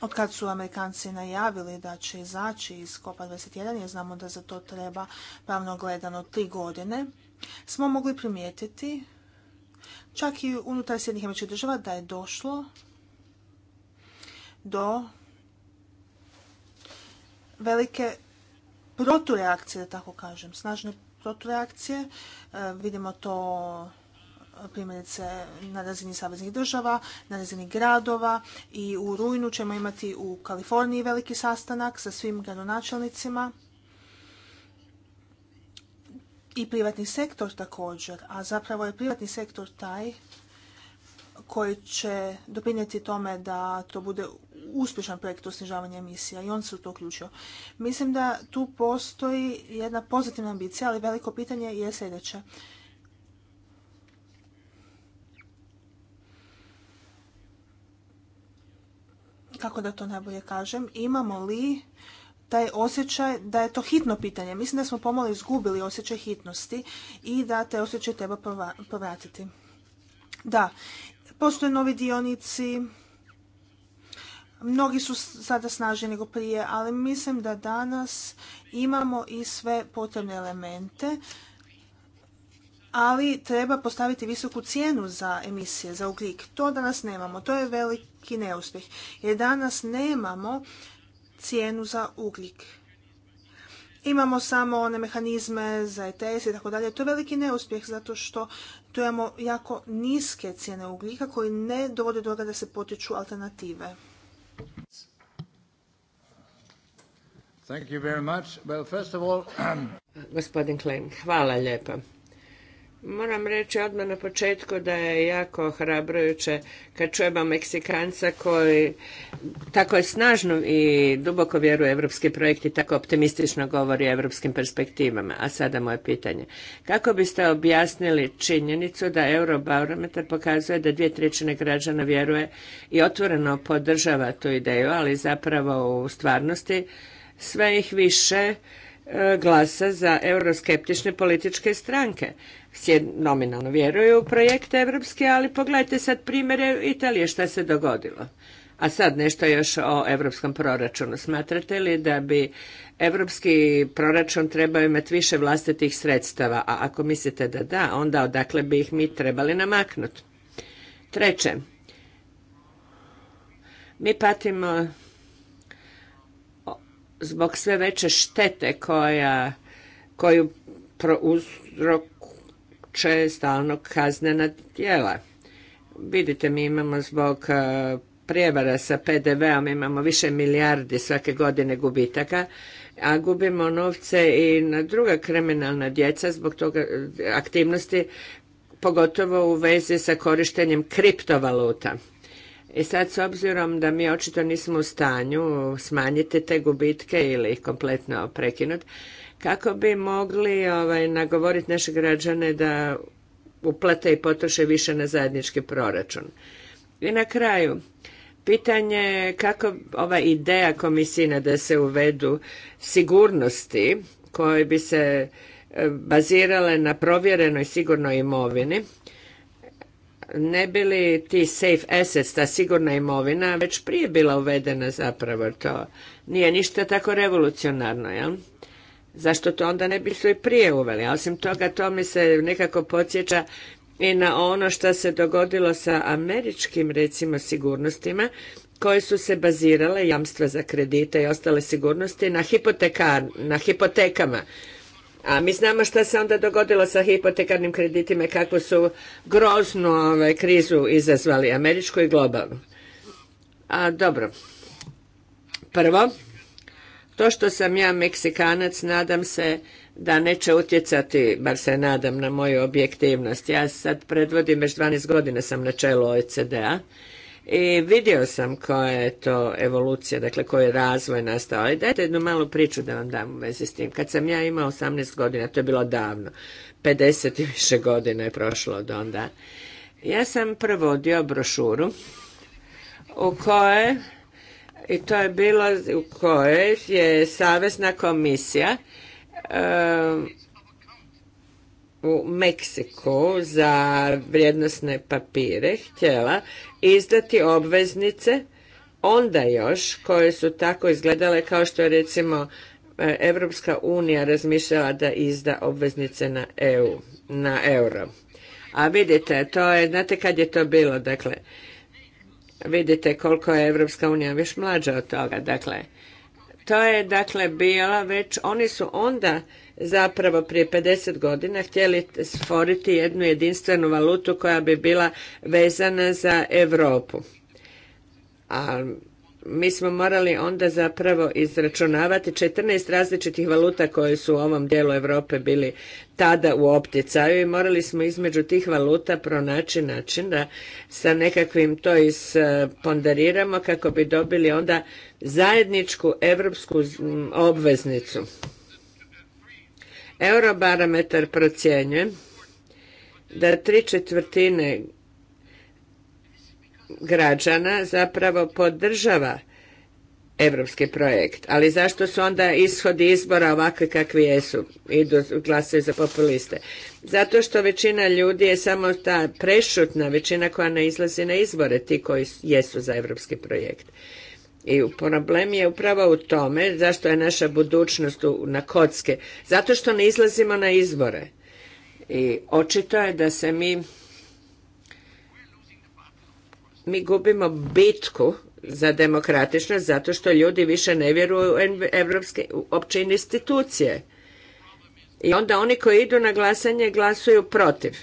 Speaker 3: od kad su Amerikanci najavili da će izaći iz Kopa 21, jer znamo da za to treba pravno gledano tri godine, smo mogli primijetiti čak i unutar Sjednih američkih država da je došlo do velike protureakcije, da tako kažem, snažne protureakcije. E, vidimo to e, primjerice na razini saveznih država, na razini gradova i u rujnu ćemo imati u Kaliforniji veliki sastanak sa svim gradonačelnicima i privatni sektor također, a zapravo je privatni sektor taj koji će doprinijeti tome da to bude uspješan projekt osnižavanja emisija i on se u to uključio. Mislim da tu postoji jedna pozitivna ambicija, ali veliko pitanje je sljedeće. kako da to najbolje kažem, imamo li taj osjećaj da je to hitno pitanje. Mislim da smo pomalo izgubili osjećaj hitnosti i da te osjećaj treba povratiti. Da, postoje novi dionici, Mnogi su sada snažniji nego prije, ali mislim da danas imamo i sve potrebne elemente, ali treba postaviti visoku cijenu za emisije, za ugljik. To danas nemamo, to je veliki neuspjeh, jer danas nemamo cijenu za ugljik. Imamo samo one mehanizme za ETS i tako dalje. To je veliki neuspjeh zato što tu imamo jako niske cijene ugljika koji ne dovode do toga da se potiču alternative.
Speaker 2: Thank you very much. Well, first of all... Gospodin Klein, hvala lijepa. Moram reći odmah na početku da je jako hrabrujuće kad čujemo Meksikanca koji tako je snažno i duboko vjeruje evropski projekt i tako optimistično govori o evropskim perspektivama. A sada moje pitanje. Kako biste objasnili činjenicu da Eurobarometar pokazuje da dvije trećine građana vjeruje i otvoreno podržava tu ideju, ali zapravo u stvarnosti sve ih više e, glasa za euroskeptične političke stranke. Nominalno vjeruju u projekte evropske, ali pogledajte sad primjere Italije šta se dogodilo. A sad nešto još o europskom proračunu. Smatrate li da bi europski proračun trebao imati više vlastitih sredstava? A ako mislite da da, onda odakle bi ih mi trebali namaknuti? Treće, mi patimo zbog sve veće štete koja, koju će stalno kaznena djela. Vidite, mi imamo zbog e, prijevara sa PDV-om, imamo više milijardi svake godine gubitaka, a gubimo novce i na druga kriminalna djeca zbog toga e, aktivnosti, pogotovo u vezi sa korištenjem kriptovaluta. I e sad s obzirom da mi očito nismo u stanju smanjiti te gubitke ili ih kompletno prekinuti, kako bi mogli ovaj, nagovoriti naše građane da uplate i potroše više na zajednički proračun. I na kraju, pitanje kako ova ideja komisina da se uvedu sigurnosti koje bi se eh, bazirale na provjerenoj sigurnoj imovini, ne bi li ti safe assets, ta sigurna imovina, već prije bila uvedena zapravo to? Nije ništa tako revolucionarno, jel? Zašto to onda ne bi su i prije uveli? Osim toga, to mi se nekako podsjeća i na ono što se dogodilo sa američkim, recimo, sigurnostima, koje su se bazirale, jamstva za kredite i ostale sigurnosti, na, na hipotekama a mi znamo šta se onda dogodilo sa hipotekarnim kreditima i kako su groznu ovaj, krizu izazvali, američku i globalnu. A dobro, prvo, to što sam ja Meksikanac, nadam se da neće utjecati, bar se nadam, na moju objektivnost. Ja sad predvodim, već 12 godina sam na čelu OECD-a i vidio sam koja je to evolucija, dakle koji je razvoj nastao. Ali dajte jednu malu priču da vam dam u vezi s tim. Kad sam ja imao 18 godina, to je bilo davno, 50 i više godina je prošlo od onda, ja sam provodio brošuru u kojoj i to je bilo u kojoj je Savezna komisija ehm, u Meksiku za vrijednosne papire htjela izdati obveznice onda još koje su tako izgledale kao što je recimo e, Evropska unija razmišljala da izda obveznice na EU, na euro. A vidite, to je, znate kad je to bilo, dakle, vidite koliko je Evropska unija već mlađa od toga, dakle, to je dakle bila već, oni su onda zapravo prije 50 godina htjeli stvoriti jednu jedinstvenu valutu koja bi bila vezana za Europu. A mi smo morali onda zapravo izračunavati 14 različitih valuta koje su u ovom dijelu Europe bili tada u opticaju i morali smo između tih valuta pronaći način da sa nekakvim to isponderiramo e, kako bi dobili onda zajedničku europsku obveznicu. Eurobarometar procjenjuje da tri četvrtine građana zapravo podržava evropski projekt. Ali zašto su onda ishodi izbora ovakvi kakvi jesu? i glasaju za populiste. Zato što većina ljudi je samo ta prešutna većina koja ne izlazi na izbore, ti koji jesu za evropski projekt. I problem je upravo u tome zašto je naša budućnost na kocke. Zato što ne izlazimo na izbore. I očito je da se mi mi gubimo bitku za demokratičnost zato što ljudi više ne vjeruju u evropske opće institucije. I onda oni koji idu na glasanje glasuju protiv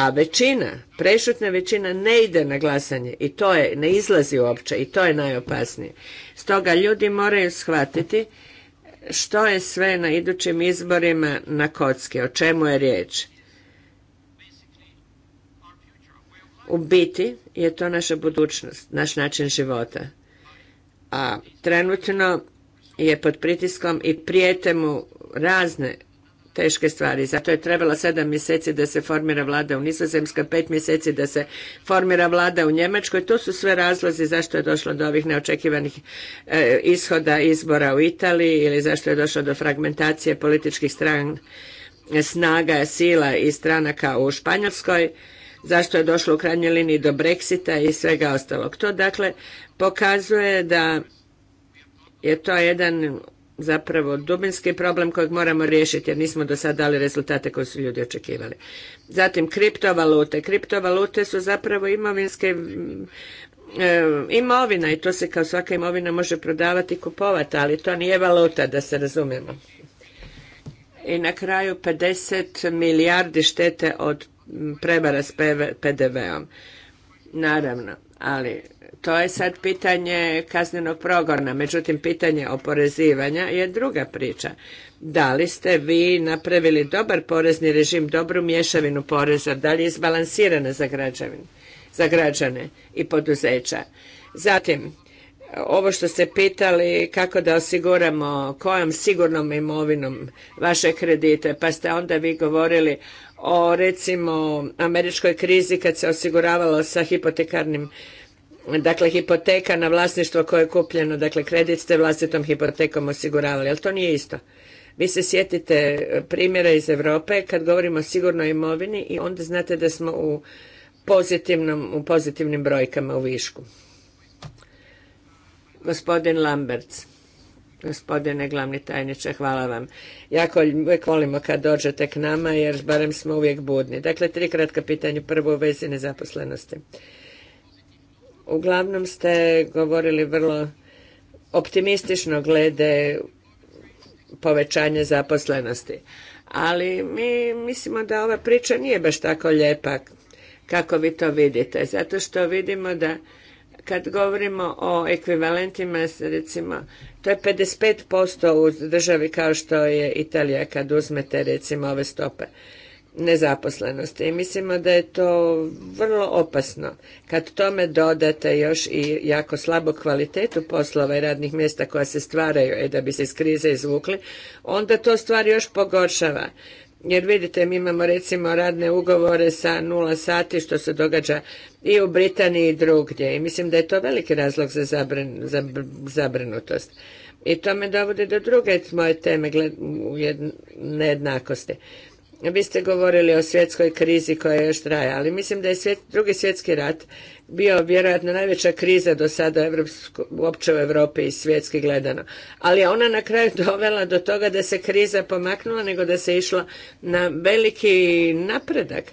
Speaker 2: a većina, prešutna većina ne ide na glasanje i to je, ne izlazi uopće i to je najopasnije. Stoga ljudi moraju shvatiti što je sve na idućim izborima na kocki, o čemu je riječ. U biti je to naša budućnost, naš način života. A trenutno je pod pritiskom i prijete mu razne teške stvari. Zato je trebalo sedam mjeseci da se formira vlada u Nizozemskoj, pet mjeseci da se formira vlada u Njemačkoj. To su sve razlozi zašto je došlo do ovih neočekivanih e, ishoda izbora u Italiji ili zašto je došlo do fragmentacije političkih stran, snaga, sila i stranaka u Španjolskoj zašto je došlo u krajnjoj liniji do Brexita i svega ostalog. To dakle pokazuje da je to jedan zapravo dubinski problem kojeg moramo riješiti jer nismo do sada dali rezultate koje su ljudi očekivali. Zatim kriptovalute. Kriptovalute su zapravo imovinske e, imovina i to se kao svaka imovina može prodavati i kupovati, ali to nije valuta da se razumijemo. I na kraju 50 milijardi štete od prebara s PDV-om. Naravno, ali to je sad pitanje kaznenog progona, međutim pitanje oporezivanja je druga priča. Da li ste vi napravili dobar porezni režim, dobru mješavinu poreza, da li je izbalansirana za, za građane i poduzeća? Zatim, ovo što ste pitali kako da osiguramo kojom sigurnom imovinom vaše kredite, pa ste onda vi govorili o recimo američkoj krizi kad se osiguravalo sa hipotekarnim dakle hipoteka na vlasništvo koje je kupljeno, dakle kredit ste vlastitom hipotekom osiguravali, ali to nije isto. Vi se sjetite e, primjera iz Europe kad govorimo o sigurnoj imovini i onda znate da smo u, pozitivnom, u pozitivnim brojkama u višku. Gospodin Lamberts. Gospodine glavni tajniče, hvala vam. Jako uvijek volimo kad dođete k nama jer barem smo uvijek budni. Dakle, tri kratka pitanja. Prvo u vezi nezaposlenosti. Uglavnom ste govorili vrlo optimistično glede povećanje zaposlenosti. Ali mi mislimo da ova priča nije baš tako lijepa kako vi to vidite. Zato što vidimo da kad govorimo o ekvivalentima, recimo, to je 55% u državi kao što je Italija kad uzmete recimo ove stope nezaposlenosti. I mislimo da je to vrlo opasno. Kad tome dodate još i jako slabu kvalitetu poslova i radnih mjesta koja se stvaraju e, da bi se iz krize izvukli, onda to stvar još pogoršava. Jer vidite, mi imamo recimo radne ugovore sa nula sati što se događa i u Britaniji i drugdje. I mislim da je to veliki razlog za zabrinutost. I to me dovodi do druge moje teme nejednakosti. Vi ste govorili o svjetskoj krizi koja još traje, ali mislim da je drugi svjetski rat bio vjerojatno najveća kriza do sada uopće u Europi i svjetski gledano. Ali je ona na kraju dovela do toga da se kriza pomaknula, nego da se išlo na veliki napredak.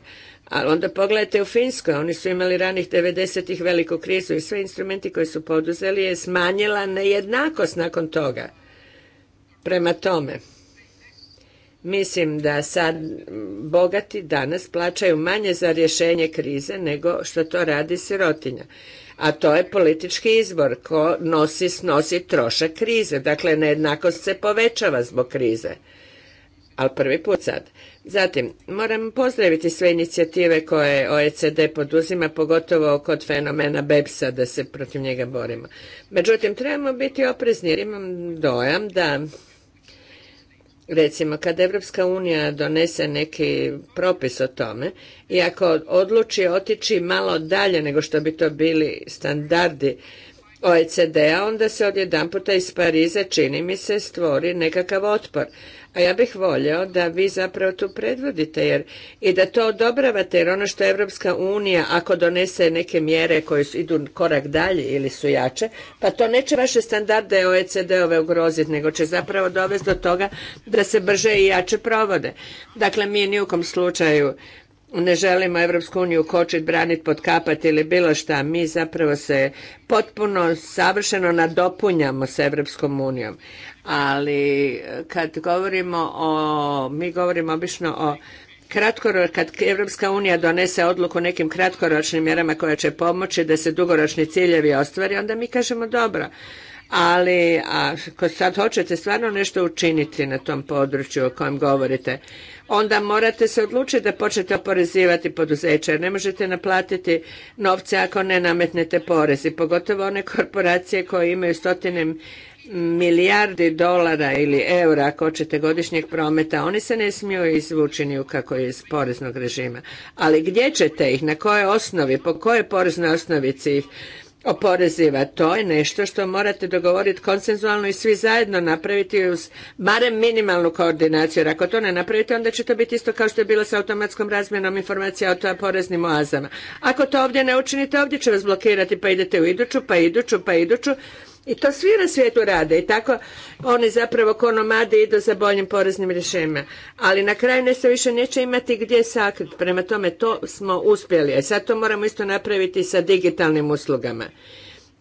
Speaker 2: Ali onda pogledajte u Finskoj, oni su imali ranih 90-ih veliku krizu i sve instrumenti koje su poduzeli je smanjila nejednakost nakon toga. Prema tome, Mislim da sad bogati danas plaćaju manje za rješenje krize nego što to radi sirotinja. A to je politički izbor ko nosi, snosi trošak krize. Dakle, nejednakost se povećava zbog krize. Ali prvi put sad. Zatim, moram pozdraviti sve inicijative koje OECD poduzima, pogotovo kod fenomena BEPS-a, da se protiv njega borimo. Međutim, trebamo biti oprezni jer imam dojam da Recimo, kad Evropska unija donese neki propis o tome i ako odluči otići malo dalje nego što bi to bili standardi OECD-a, onda se odjedan puta iz Pariza, čini mi se, stvori nekakav otpor. A ja bih volio da vi zapravo tu predvodite jer, i da to odobravate jer ono što Evropska unija ako donese neke mjere koje su, idu korak dalje ili su jače, pa to neće vaše standarde OECD-ove ugroziti nego će zapravo dovesti do toga da se brže i jače provode. Dakle, mi ni u kom slučaju ne želimo Evropsku uniju kočiti, braniti, potkapati ili bilo šta. Mi zapravo se potpuno savršeno nadopunjamo s Evropskom unijom ali eh, kad govorimo o, mi govorimo obično o kratkoro, kad Europska unija donese odluku nekim kratkoročnim mjerama koja će pomoći da se dugoročni ciljevi ostvari, onda mi kažemo dobro. Ali ako sad hoćete stvarno nešto učiniti na tom području o kojem govorite, onda morate se odlučiti da počnete oporezivati poduzeća jer ne možete naplatiti novce ako ne nametnete porezi, pogotovo one korporacije koje imaju stotine milijardi dolara ili eura, ako hoćete, godišnjeg prometa, oni se ne smiju izvući ni u kako je iz poreznog režima. Ali gdje ćete ih, na kojoj osnovi, po kojoj poreznoj osnovici ih oporeziva, to je nešto što morate dogovoriti konsenzualno i svi zajedno napraviti uz barem minimalnu koordinaciju, jer ako to ne napravite onda će to biti isto kao što je bilo sa automatskom razmjenom informacija o poreznim oazama. Ako to ovdje ne učinite, ovdje će vas blokirati, pa idete u iduću, pa iduću, pa iduću, i to svi na svijetu rade i tako oni zapravo ko nomade idu za boljim poreznim rješenjima. Ali na kraju se više neće imati gdje sakriti. Prema tome to smo uspjeli. a e sad to moramo isto napraviti sa digitalnim uslugama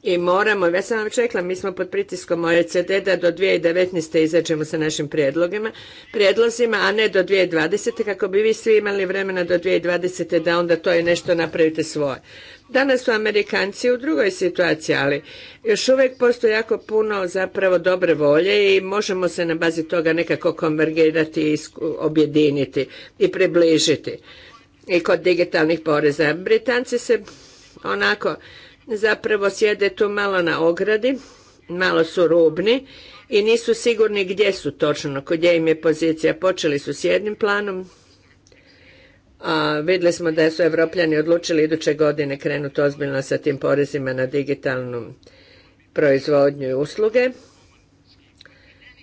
Speaker 2: i moramo, ja sam vam čekla, mi smo pod pritiskom OECD da do 2019. izađemo sa našim prijedlogima, prijedlozima, a ne do 2020. kako bi vi svi imali vremena do 2020. da onda to i nešto napravite svoje. Danas su Amerikanci u drugoj situaciji, ali još uvijek postoji jako puno zapravo dobre volje i možemo se na bazi toga nekako konvergirati i objediniti i približiti. I kod digitalnih poreza. Britanci se onako zapravo sjede tu malo na ogradi, malo su rubni i nisu sigurni gdje su točno, gdje im je pozicija. Počeli su s jednim planom, a vidjeli smo da su evropljani odlučili iduće godine krenuti ozbiljno sa tim porezima na digitalnu proizvodnju i usluge.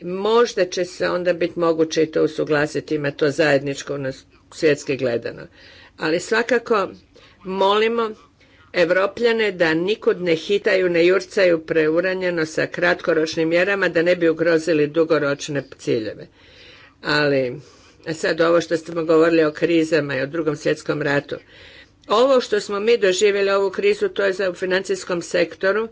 Speaker 2: Možda će se onda biti moguće i to usuglasiti, ima to zajedničko na ono, svjetski gledano. Ali svakako molimo Evropljane da nikud ne hitaju, ne jurcaju preuranjeno sa kratkoročnim mjerama da ne bi ugrozili dugoročne ciljeve. Ali, sad ovo što smo govorili o krizama i o drugom svjetskom ratu, ovo što smo mi doživjeli ovu krizu, to je za u financijskom sektoru,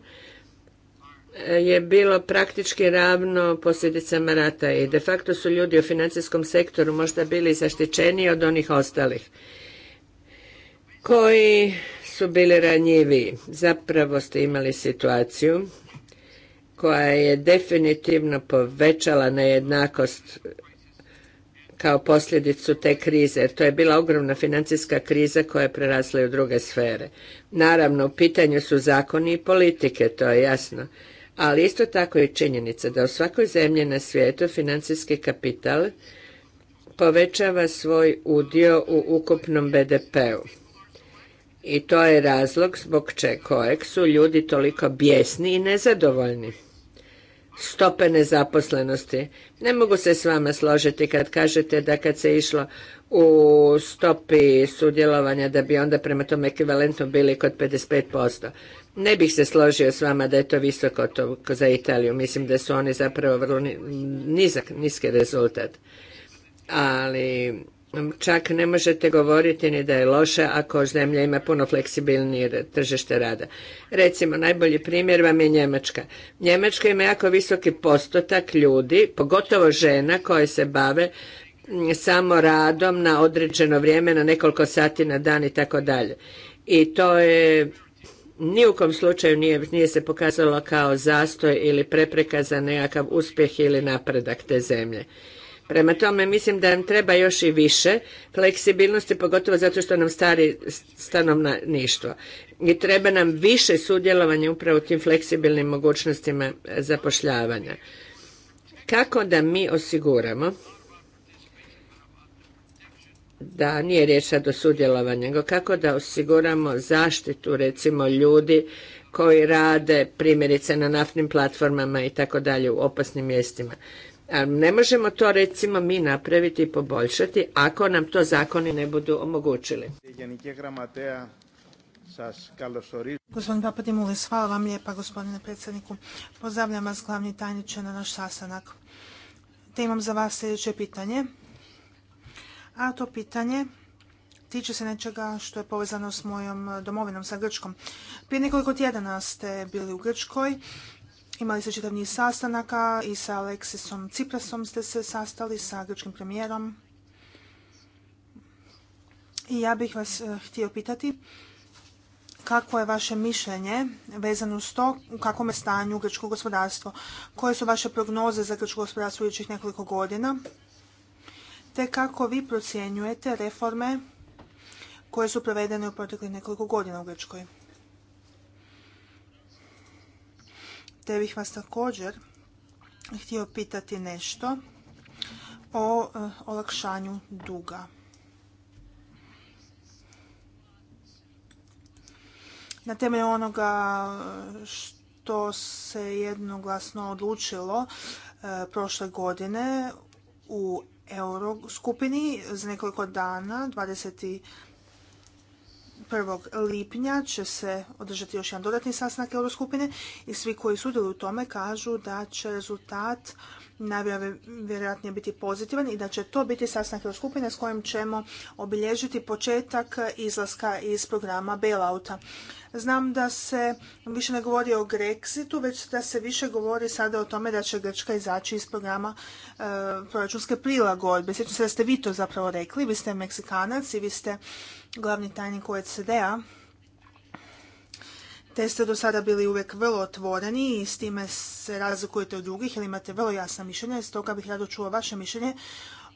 Speaker 2: e, je bilo praktički ravno posljedicama rata i de facto su ljudi u financijskom sektoru možda bili zaštićeniji od onih ostalih koji bili ranjiviji. Zapravo ste imali situaciju koja je definitivno povećala nejednakost kao posljedicu te krize, jer to je bila ogromna financijska kriza koja je prerasla i u druge sfere. Naravno, u pitanju su zakoni i politike, to je jasno. Ali isto tako je činjenica da u svakoj zemlji na svijetu financijski kapital povećava svoj udio u ukupnom BDP-u. I to je razlog zbog čega kojeg su ljudi toliko bijesni i nezadovoljni. Stope nezaposlenosti. Ne mogu se s vama složiti kad kažete da kad se išlo u stopi sudjelovanja da bi onda prema tom ekvivalentno bili kod 55%. Ne bih se složio s vama da je to visoko to za Italiju. Mislim da su oni zapravo vrlo nizak, niski rezultat. Ali čak ne možete govoriti ni da je loše ako zemlja ima puno fleksibilnije tržište rada. Recimo, najbolji primjer vam je Njemačka. Njemačka ima jako visoki postotak ljudi, pogotovo žena koje se bave samo radom na određeno vrijeme, na nekoliko sati na dan i tako dalje. I to je ni u kom slučaju nije, nije se pokazalo kao zastoj ili prepreka za nekakav uspjeh ili napredak te zemlje. Prema tome, mislim da nam treba još i više fleksibilnosti, pogotovo zato što nam stari stanovništvo. I treba nam više sudjelovanja upravo u tim fleksibilnim mogućnostima zapošljavanja. Kako da mi osiguramo da nije riječ sad o sudjelovanju, nego kako da osiguramo zaštitu recimo ljudi koji rade primjerice na naftnim platformama i tako dalje u opasnim mjestima. Ne možemo to recimo mi napraviti i poboljšati ako nam to zakoni ne budu omogućili.
Speaker 3: Gospodin Papadimulis, hvala vam lijepa gospodine predsjedniku. Pozdravljam vas glavni tajniče na naš sastanak. Te imam za vas sljedeće pitanje. A to pitanje tiče se nečega što je povezano s mojom domovinom, sa Grčkom. Prije nekoliko tjedana ste bili u Grčkoj Imali ste čitav niz sastanaka i sa Alexisom Ciprasom ste se sastali sa grčkim premijerom. I ja bih vas eh, htio pitati kako je vaše mišljenje vezano s to u kakvom je stanju grčko gospodarstvo? Koje su vaše prognoze za grčko gospodarstvo u nekoliko godina? Te kako vi procjenjujete reforme koje su provedene u proteklih nekoliko godina u Grčkoj? te bih vas također htio pitati nešto o eh, olakšanju duga. Na temelju onoga eh, što se jednoglasno odlučilo eh, prošle godine u skupini za nekoliko dana, 20. 1. lipnja će se održati još jedan dodatni sastanak Euroskupine i svi koji sudjeluju u tome kažu da će rezultat najvjerojatnije biti pozitivan i da će to biti sastanak Euroskupine s kojim ćemo obilježiti početak izlaska iz programa bailouta. Znam da se više ne govori o Grexitu, već da se više govori sada o tome da će Grčka izaći iz programa e, proračunske prilagodbe. Sjećam se da ste vi to zapravo rekli, vi ste Meksikanac i vi ste glavni tajnik OECD-a, te ste do sada bili uvijek vrlo otvoreni i s time se razlikujete od drugih jer imate vrlo jasna mišljenja. Stoga bih rado čuo vaše mišljenje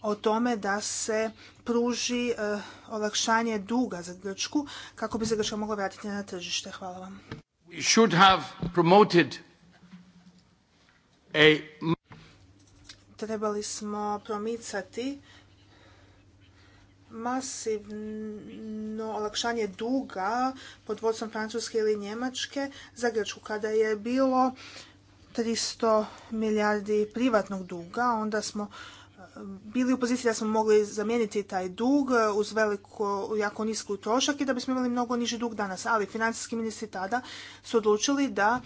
Speaker 3: o tome da se pruži eh, olakšanje duga za Grčku kako bi se Grčka mogla vratiti na tržište. Hvala vam. Trebali smo promicati masivno olakšanje duga pod vodstvom Francuske ili Njemačke za Grčku. Kada je bilo 300 milijardi privatnog duga, onda smo e, bili u poziciji da smo mogli zamijeniti taj dug uz veliko, jako nisku trošak i da bismo imali mnogo niži dug danas. Ali financijski ministri tada su odlučili da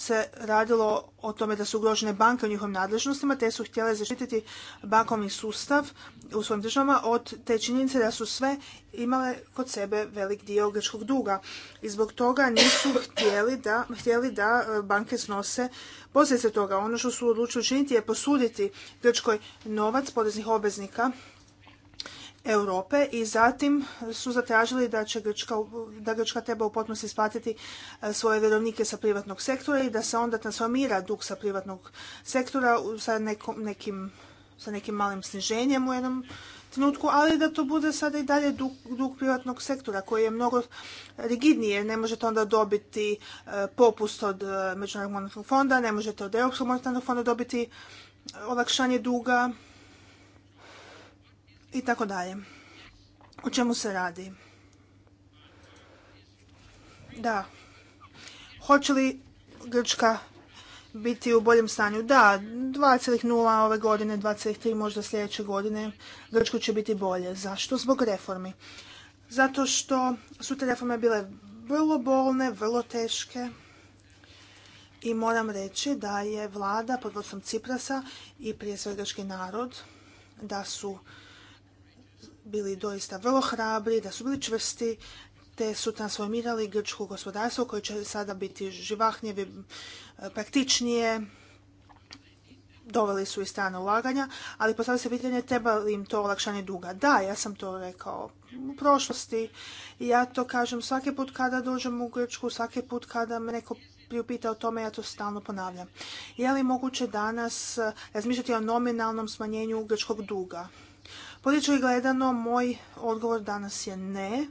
Speaker 3: se radilo o tome da su ugrožene banke u njihovim nadležnostima, te su htjele zaštititi bankovni sustav u svojim državama od te činjenice da su sve imale kod sebe velik dio grčkog duga. I zbog toga nisu htjeli da, htjeli da e, banke snose posljedice toga. Ono što su odlučili učiniti je posuditi Grčkoj novac poreznih obveznika Europe i zatim su zatražili da, će Grčka, da Grčka treba u potpunosti isplatiti e, svoje vjerovnike sa privatnog sektora i da se onda transformira dug sa privatnog sektora sa, nekom, nekim, sa nekim malim sniženjem u jednom trenutku, ali da to bude sada i dalje dug, dug privatnog sektora koji je mnogo rigidniji jer ne možete onda dobiti e, popust od e, Međunarodnog monetarnog fonda, ne možete od Europskog monetarnog fonda dobiti olakšanje duga i tako dalje. O čemu se radi? Da. Hoće li Grčka biti u boljem stanju? Da, 2,0 ove godine, 2,3 možda sljedeće godine. Grčko će biti bolje. Zašto? Zbog reformi. Zato što su te reforme bile vrlo bolne, vrlo teške. I moram reći da je vlada pod vodstvom Ciprasa i prije svega grčki narod da su bili doista vrlo hrabri, da su bili čvrsti, te su transformirali grčko gospodarstvo koje će sada biti živahnije, praktičnije, doveli su i strane ulaganja, ali postavlja se pitanje treba li im to olakšanje duga. Da, ja sam to rekao u prošlosti. Ja to kažem svaki put kada dođem u Grčku, svaki put kada me neko priupita o tome, ja to stalno ponavljam. Je li moguće danas eh, razmišljati o nominalnom smanjenju grčkog duga? Politički gledano, moj odgovor danas je ne.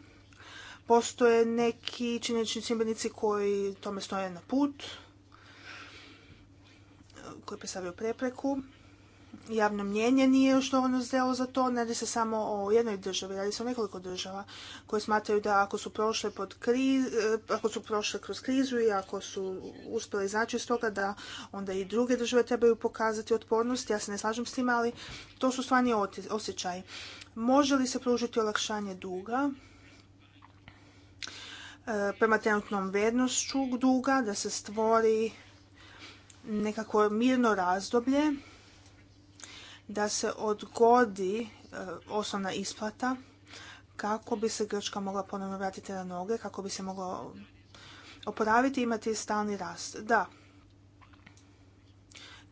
Speaker 3: Postoje neki činjenični čimbenici koji tome stoje na put, koji predstavljaju prepreku javno mnjenje nije još dovoljno zdjelo za to, ne radi se samo o jednoj državi, radi se o nekoliko država koje smatraju da ako su prošle, pod kriz, e, ako su prošle kroz krizu i ako su uspjeli izaći iz toga da onda i druge države trebaju pokazati otpornost, ja se ne slažem s tim, ali to su stvarni osjećaji. Može li se pružiti olakšanje duga? E, prema trenutnom vrednošću duga, da se stvori nekako mirno razdoblje da se odgodi e, osnovna isplata kako bi se Grčka mogla ponovno vratiti na noge, kako bi se mogla oporaviti i imati stalni rast. Da,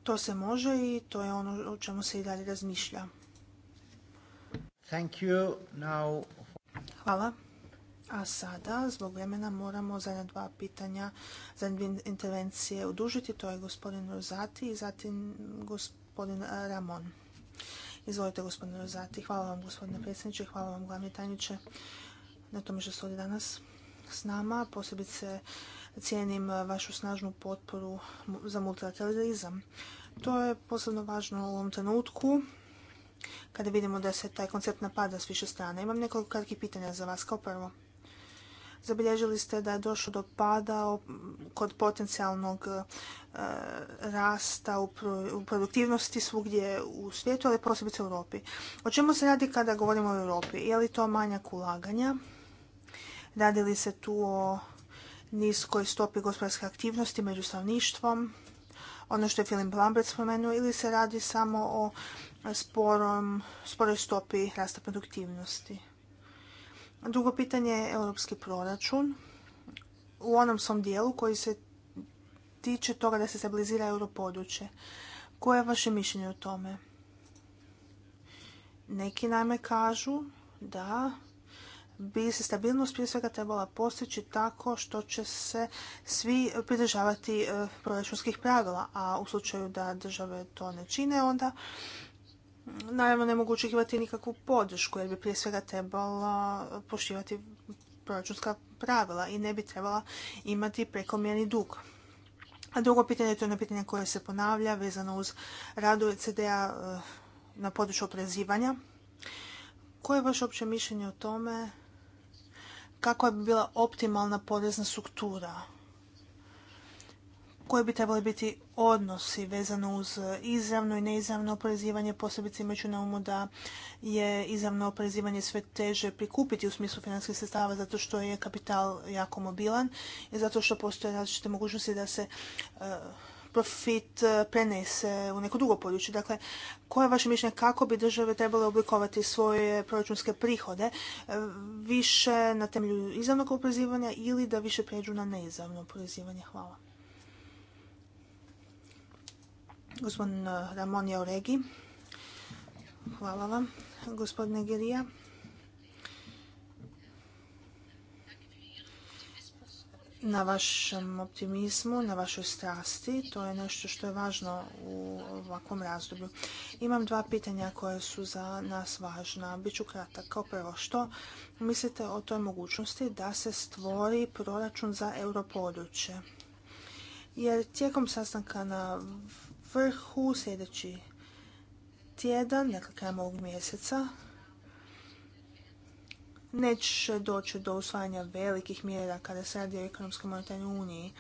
Speaker 3: to se može i to je ono o čemu se i dalje razmišlja. Hvala. A sada, zbog vremena, moramo zadnja dva pitanja, za intervencije udužiti. To je gospodin Rozati i zatim gospodin Ramon. Izvolite gospodine Rozati. Hvala vam gospodine predsjedniče, hvala vam glavni tajniče na tome što ste ovdje danas s nama. Posebice cijenim vašu snažnu potporu za multilateralizam. To je posebno važno u ovom trenutku kada vidimo da se taj koncept napada s više strana. Imam nekoliko kratkih pitanja za vas. Kao prvo, zabilježili ste da je došlo do pada kod potencijalnog Eh, rasta u produktivnosti svugdje u svijetu, ali posebice u Europi. O čemu se radi kada govorimo o Europi? Je li to manjak ulaganja? Radi li se tu o niskoj stopi gospodarske aktivnosti među stanovništvom? Ono što je Filip Lambert spomenuo, ili se radi samo o sporom, sporoj stopi rasta produktivnosti? Drugo pitanje je europski proračun u onom svom dijelu koji se tiče toga da se stabilizira područje. Koje je vaše mišljenje o tome? Neki najme kažu da bi se stabilnost prije svega trebala postići tako što će se svi pridržavati e, proračunskih pravila, a u slučaju da države to ne čine, onda naravno ne mogu očekivati nikakvu podršku, jer bi prije svega trebala poštivati proračunska pravila i ne bi trebala imati prekomjerni dug. A drugo pitanje, to je pitanje koje se ponavlja vezano uz radu ECD-a eh, na području oprezivanja. Koje je vaše opće mišljenje o tome kako bi bila optimalna porezna struktura koje bi trebali biti odnosi vezano uz e, izravno i neizravno oporezivanje, posebice imajući na umu da je izravno oporezivanje sve teže prikupiti u smislu financijskih sredstava zato što je kapital jako mobilan i zato što postoje različite mogućnosti da se e, profit e, prenese u neko drugo područje. Dakle, koje je vaše mišljenje kako bi države trebale oblikovati svoje proračunske prihode više na temelju izravnog oporezivanja ili da više pređu na neizravno oporezivanje? Hvala. Gospodin eh, Ramon Jauregi. Hvala vam. Gospodine Gerija. na vašem optimizmu, na vašoj strasti. To je nešto što je važno u ovakvom razdoblju. Imam dva pitanja koje su za nas važna. Biću kratak. Kao prvo, što mislite o toj mogućnosti da se stvori proračun za europodručje? Jer tijekom sastanka na vrhu sljedeći tjedan, dakle krajem ovog mjeseca, neće doći do usvajanja velikih mjera kada se radi o ekonomskoj monetarnoj uniji.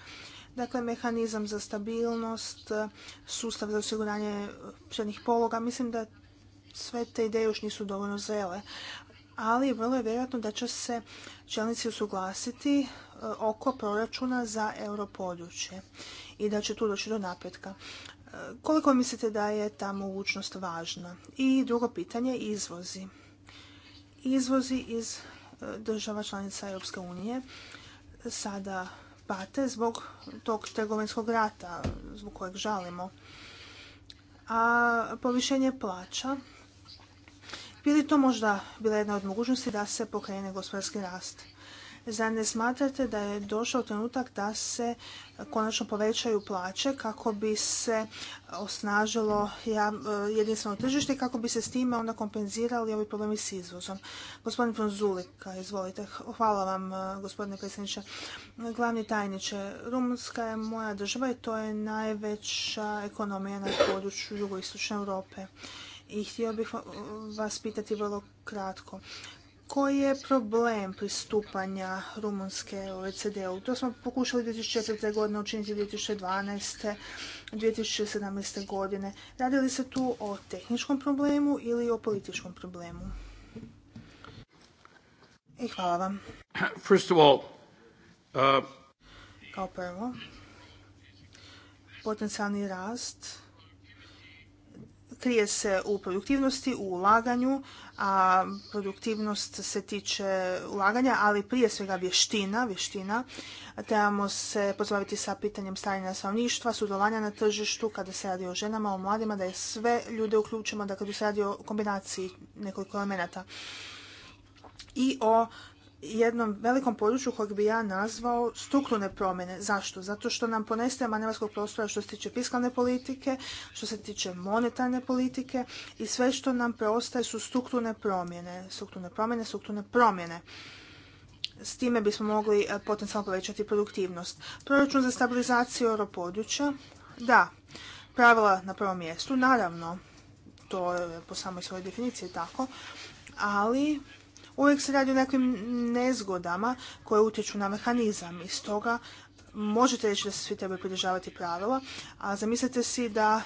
Speaker 3: Dakle, mehanizam za stabilnost, sustav za osiguranje štednih pologa, mislim da sve te ideje još nisu dovoljno zrele. Ali vrlo je vjerojatno da će se čelnici usuglasiti e, oko proračuna za europodručje i da će tu doći do napretka. Koliko mislite da je ta mogućnost važna? I drugo pitanje, izvozi. Izvozi iz e, država članica Europske unije sada pate zbog tog trgovinskog rata zbog kojeg žalimo. A povišenje plaća bi li to možda bila jedna od mogućnosti da se pokrene gospodarski rast? Zar ne smatrate da je došao trenutak da se konačno povećaju plaće kako bi se osnažilo e, jedinstveno tržište i kako bi se s time onda kompenzirali ovi problemi s izvozom? Gospodin Pronzulika, izvolite. Hvala vam, e, gospodine predsjedniče. Glavni tajniče, Rumunska je moja država i to je najveća ekonomija na području jugoistočne Europe i htio bih vas pitati vrlo kratko koji je problem pristupanja Rumunske OECD-u. To smo pokušali 2004. godine učiniti 2012. 2017. godine. Radi li se tu o tehničkom problemu ili o političkom problemu? I hvala vam.
Speaker 2: First of all, uh,
Speaker 3: Kao prvo, potencijalni rast krije se u produktivnosti, u ulaganju, a produktivnost se tiče ulaganja, ali prije svega vještina, vještina. Trebamo se pozbaviti sa pitanjem stajanja stanovništva, sudovanja na tržištu, kada se radi o ženama, o mladima, da je sve ljude uključimo, da kada se radi o kombinaciji nekoliko elemenata i o jednom velikom području kojeg bi ja nazvao strukturne promjene. Zašto? Zato što nam ponestaje manevarskog prostora što se tiče fiskalne politike, što se tiče monetarne politike i sve što nam preostaje su strukturne promjene. Strukturne promjene, strukturne promjene. S time bismo mogli e, potencijalno povećati produktivnost. Proračun za stabilizaciju europodručja, da, pravila na prvom mjestu, naravno, to je po samoj svojoj definiciji tako, ali Uvijek se radi o nekim nezgodama koje utječu na mehanizam i stoga možete reći da se svi trebaju pridržavati pravila, a zamislite si da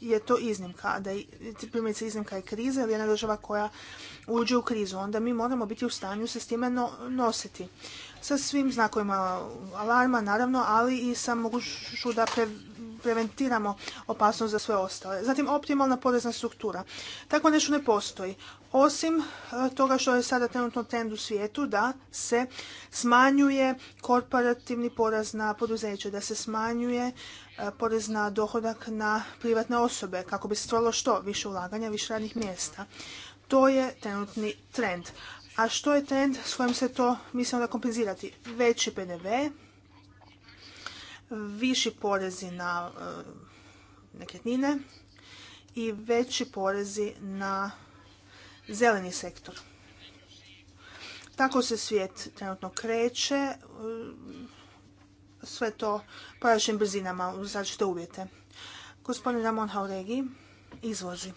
Speaker 3: je to iznimka, da je primjerice iznimka je kriza ili jedna država koja uđe u krizu, onda mi moramo biti u stanju se s time nositi. Sa svim znakovima alarma, naravno, ali i sa moguću da preventiramo opasnost za sve ostale. Zatim, optimalna porezna struktura. Tako nešto ne postoji. Osim e, toga što je sada trenutno trend u svijetu da se smanjuje korporativni porez na poduzeće, da se smanjuje e, porez na dohodak na privatne osobe kako bi se stvorilo što više ulaganja, više radnih mjesta. To je trenutni trend. A što je trend s kojim se to mislimo da kompenzirati? Veći PDV, viši porezi na e, nekretnine i veći porezi na zeleni sektor. Tako se svijet trenutno kreće, e, sve to po brzinama u uvjete. Gospodin Ramon Hauregi izvozi.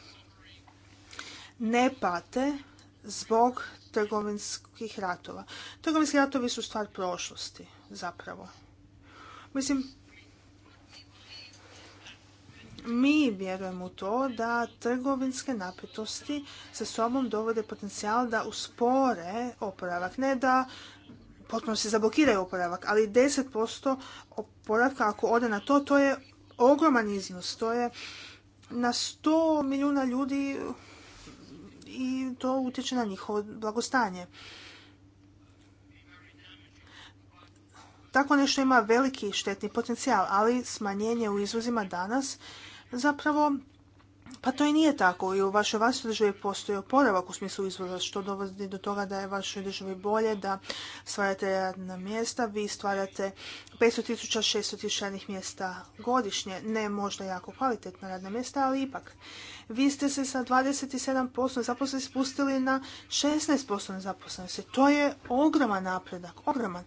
Speaker 3: Ne pate zbog trgovinskih ratova. Trgovinski ratovi su stvar prošlosti, zapravo. Mislim, mi vjerujemo u to da trgovinske napetosti sa sobom dovode potencijal da uspore oporavak, ne da potpuno se zablokiraju oporavak, ali 10% oporavka ako ode na to, to je ogroman iznos, to je na 100 milijuna ljudi i to utječe na njihovo blagostanje. Tako nešto ima veliki štetni potencijal, ali smanjenje u izvozima danas Zapravo, pa to i nije tako. I u vašoj vašoj državi postoji oporavak u smislu izvora što dovodi do toga da je vašoj državi bolje, da stvarate radna mjesta, vi stvarate 500.000, 600.000 radnih mjesta godišnje, ne možda jako kvalitetna radna mjesta, ali ipak. Vi ste se sa 27% zaposlenosti spustili na 16% nezaposlenosti. To je ogroman napredak, ogroman.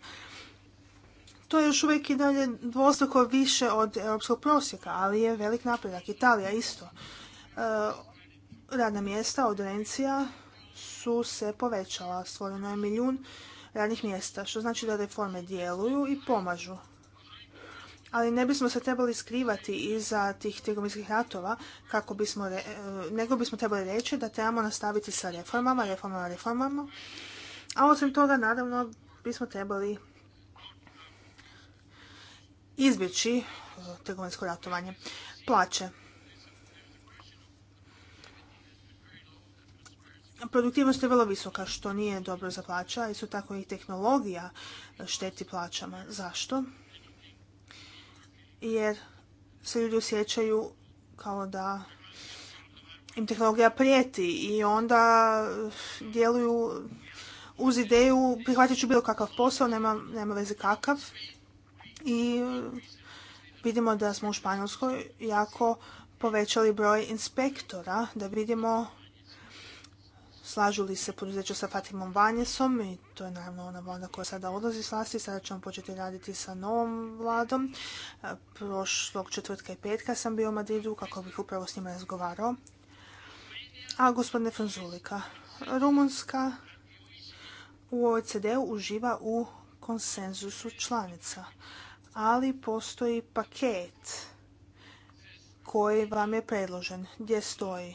Speaker 3: To je još uvijek i dalje dvostruko više od europskog prosjeka, ali je velik napredak. Italija isto. E, radna mjesta od Rencija su se povećala. Stvoreno je milijun radnih mjesta, što znači da reforme djeluju i pomažu. Ali ne bismo se trebali skrivati iza tih trgovinskih ratova, kako bismo, e, nego bismo trebali reći da trebamo nastaviti sa reformama, reformama, reformama. A osim toga, naravno, bismo trebali izbjeći e, trgovinsko ratovanje. Plaće. Produktivnost je vrlo visoka, što nije dobro za plaća. Isto tako i tehnologija šteti plaćama. Zašto? Jer se ljudi osjećaju kao da im tehnologija prijeti i onda djeluju uz ideju prihvatit ću bilo kakav posao, nema, nema veze kakav i vidimo da smo u Španjolskoj jako povećali broj inspektora da vidimo slažu li se poduzeću sa Fatimom Vanjesom i to je naravno ona vlada koja sada odlazi s vlasti. Sada ćemo početi raditi sa novom vladom. Prošlog četvrtka i petka sam bio u Madridu kako bih upravo s njima razgovarao. A gospodine Franzulika, Rumunska u OECD-u uživa u konsenzusu članica ali postoji paket koji vam je predložen, gdje stoji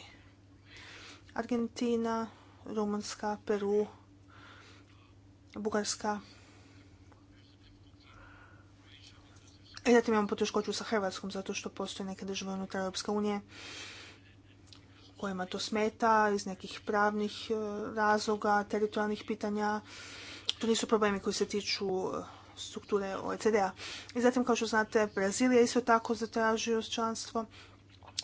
Speaker 3: Argentina, Rumunska, Peru, Bugarska. I e, zatim imamo poteškoću sa Hrvatskom zato što postoje neke države unutar Europske unije kojima to smeta iz nekih pravnih e, razloga, teritorijalnih pitanja. To nisu problemi koji se tiču e, strukture OECD-a. I zatim, kao što znate, Brazilija isto tako zatražuje članstvo,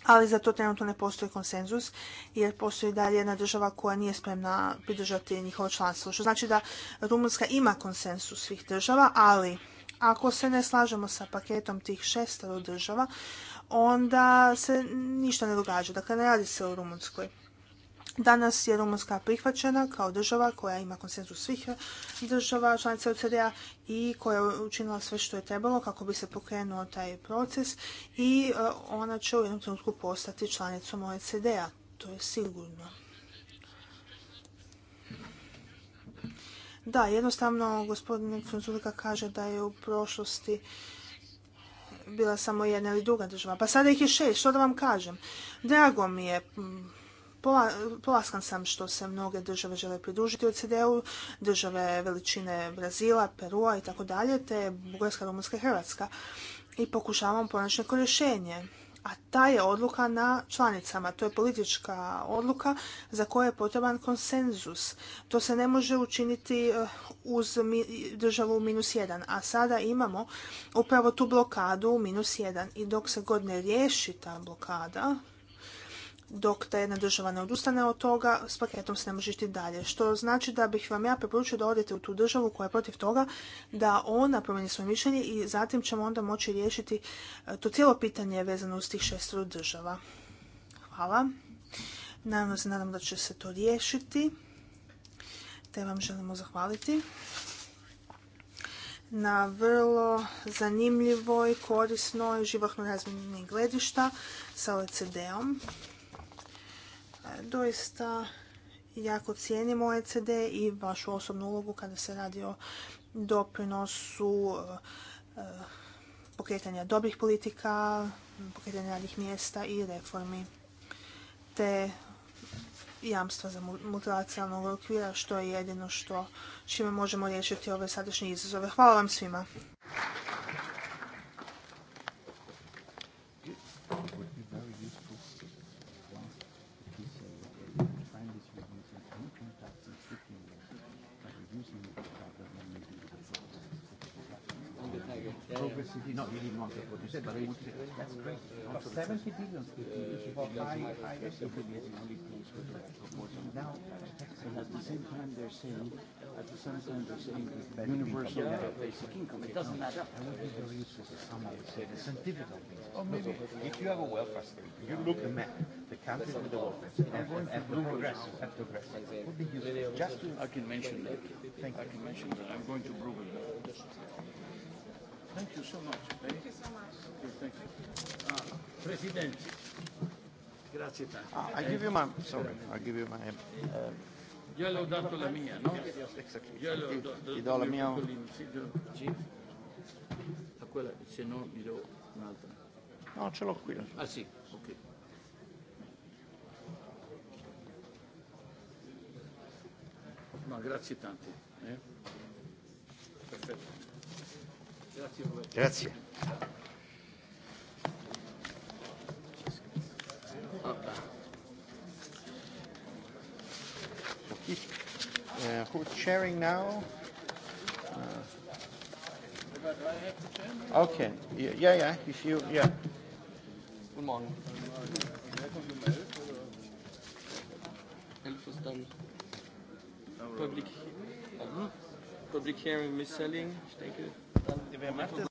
Speaker 3: ali za to trenutno ne postoji konsenzus, jer postoji dalje jedna država koja nije spremna pridržati njihovo članstvo. Što znači da Rumunska ima konsensus svih država, ali ako se ne slažemo sa paketom tih šest država, onda se ništa ne događa. Dakle, ne radi se o Rumunskoj. Danas je Rumunska prihvaćena kao država koja ima konsenzus svih država članica OCD-a i koja je učinila sve što je trebalo kako bi se pokrenuo taj proces i e, ona će u jednom trenutku postati članicom OECD-a. To je sigurno. Da, jednostavno gospodin Frunzulika kaže da je u prošlosti bila samo jedna ili druga država. Pa sada ih je šest, što da vam kažem. Drago mi je, Polaskan sam što se mnoge države žele pridružiti OCD-u, države veličine Brazila, Perua i tako dalje, te Bugarska, Rumunska i Hrvatska. I pokušavam ponaći neko rješenje. A ta je odluka na članicama. To je politička odluka za koju je potreban konsenzus. To se ne može učiniti eh, uz državu minus jedan. A sada imamo upravo tu blokadu minus jedan. I dok se god ne riješi ta blokada, dok ta jedna država ne odustane od toga, s paketom se ne može ići dalje. Što znači da bih vam ja preporučio da odete u tu državu koja je protiv toga, da ona promijeni svoje mišljenje i zatim ćemo onda moći riješiti e, to cijelo pitanje vezano uz tih šest država. Hvala. Naravno se nadam da će se to riješiti, te vam želimo zahvaliti na vrlo zanimljivoj, korisnoj, živahno razmjeni gledišta sa OECD-om. Doista jako cijenim OECD i vašu osobnu ulogu kada se radi o doprinosu eh, eh, pokretanja dobrih politika, pokretanja radnih mjesta i reformi te jamstva za multilateralnog okvira što je jedino što čime možemo riješiti ove sadašnje izazove. Hvala vam svima.
Speaker 1: you not you in want what you said, but it was, that's great. Pa On 70 billion, if you bought
Speaker 2: high, high, it would be the for the Now, and at the same time, they're saying, at the same time, they're saying universal basic income. It doesn't matter. I would be
Speaker 3: very useful to someone to say the scientific things. Or oh, maybe if you have a welfare state, you look at the map,
Speaker 2: the countries with the welfare state, and, and progress, and progress. Would be useful. Just to, I can mention that. Thank you. I can mention that. I'm going to Brooklyn. Thank
Speaker 3: you so much. Thank you so much. thank you.
Speaker 1: Ah, President.
Speaker 2: Grazie tanto. Ah, I give you my, sorry, I give you my... Uh, Io le ho dato la mia, no? Yes, exactly. Io le ho dato do la mia. A quella, se no gli do un'altra. No, ce l'ho qui. Ah sì, ok.
Speaker 3: Ma grazie tante. Eh? Perfetto. Grazie.
Speaker 2: Uh, sharing now?
Speaker 1: Uh,
Speaker 2: okay. Yeah, yeah. If you, yeah. Public. Uh-huh public hearing mis Selling. Ich denke, dann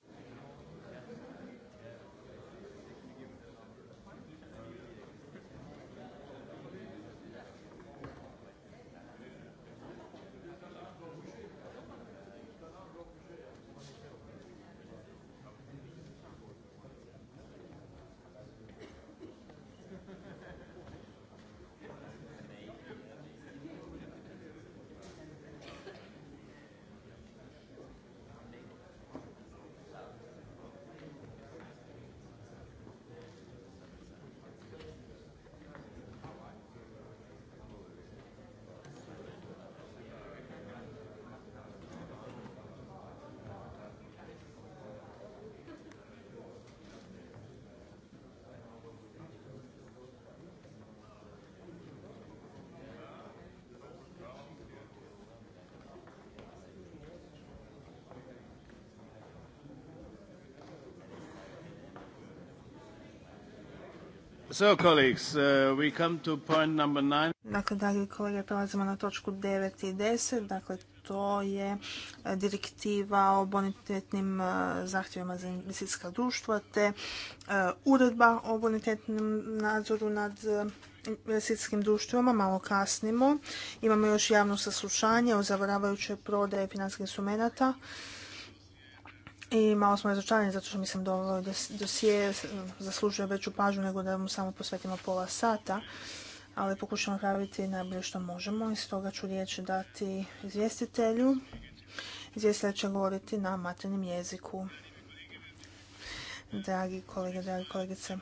Speaker 2: So, colleagues, uh, Dakle,
Speaker 3: dragi kolege, prelazimo na točku 9 i 10. Dakle, to je e, direktiva o bonitetnim e, zahtjevima za investicijska društva te e, uredba o bonitetnom nadzoru nad investicijskim društvima. Malo kasnimo. Imamo još javno saslušanje o zavaravajućoj prodaje financijskih sumenata i malo smo razočarani zato što mislim da ovo dosije zaslužuje veću pažnju nego da mu samo posvetimo pola sata, ali pokušamo praviti najbolje što možemo i stoga ću riječ dati izvjestitelju. Izvjestitelj će govoriti na maternim jeziku. Dragi kolege, dragi kolegice,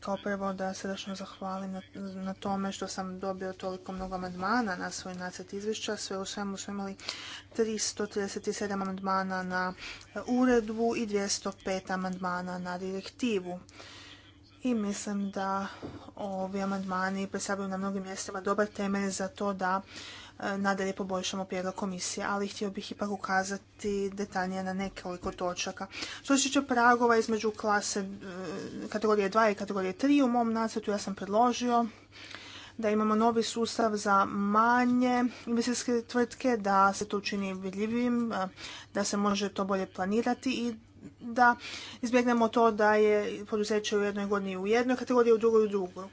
Speaker 3: kao prvo da srdačno zahvalim na, tome što sam dobio toliko mnogo amandmana na svoj nacrt izvješća. Sve u svemu smo imali 337 amandmana na e, uredbu i 205 amandmana na direktivu. I mislim da ovi amandmani predstavljaju na mnogim mjestima dobar temelj za to da nadalje poboljšamo prijedlog komisije, ali htio bih ipak ukazati detaljnije na nekoliko točaka. Što se tiče pragova između klase e, kategorije 2 i kategorije 3, u mom nacrtu ja sam predložio da imamo novi sustav za manje investicijske tvrtke, da se to učini vidljivim, e, da se može to bolje planirati i da izbjegnemo to da je poduzeće u jednoj godini u jednoj kategoriji, u drugoj u drugoj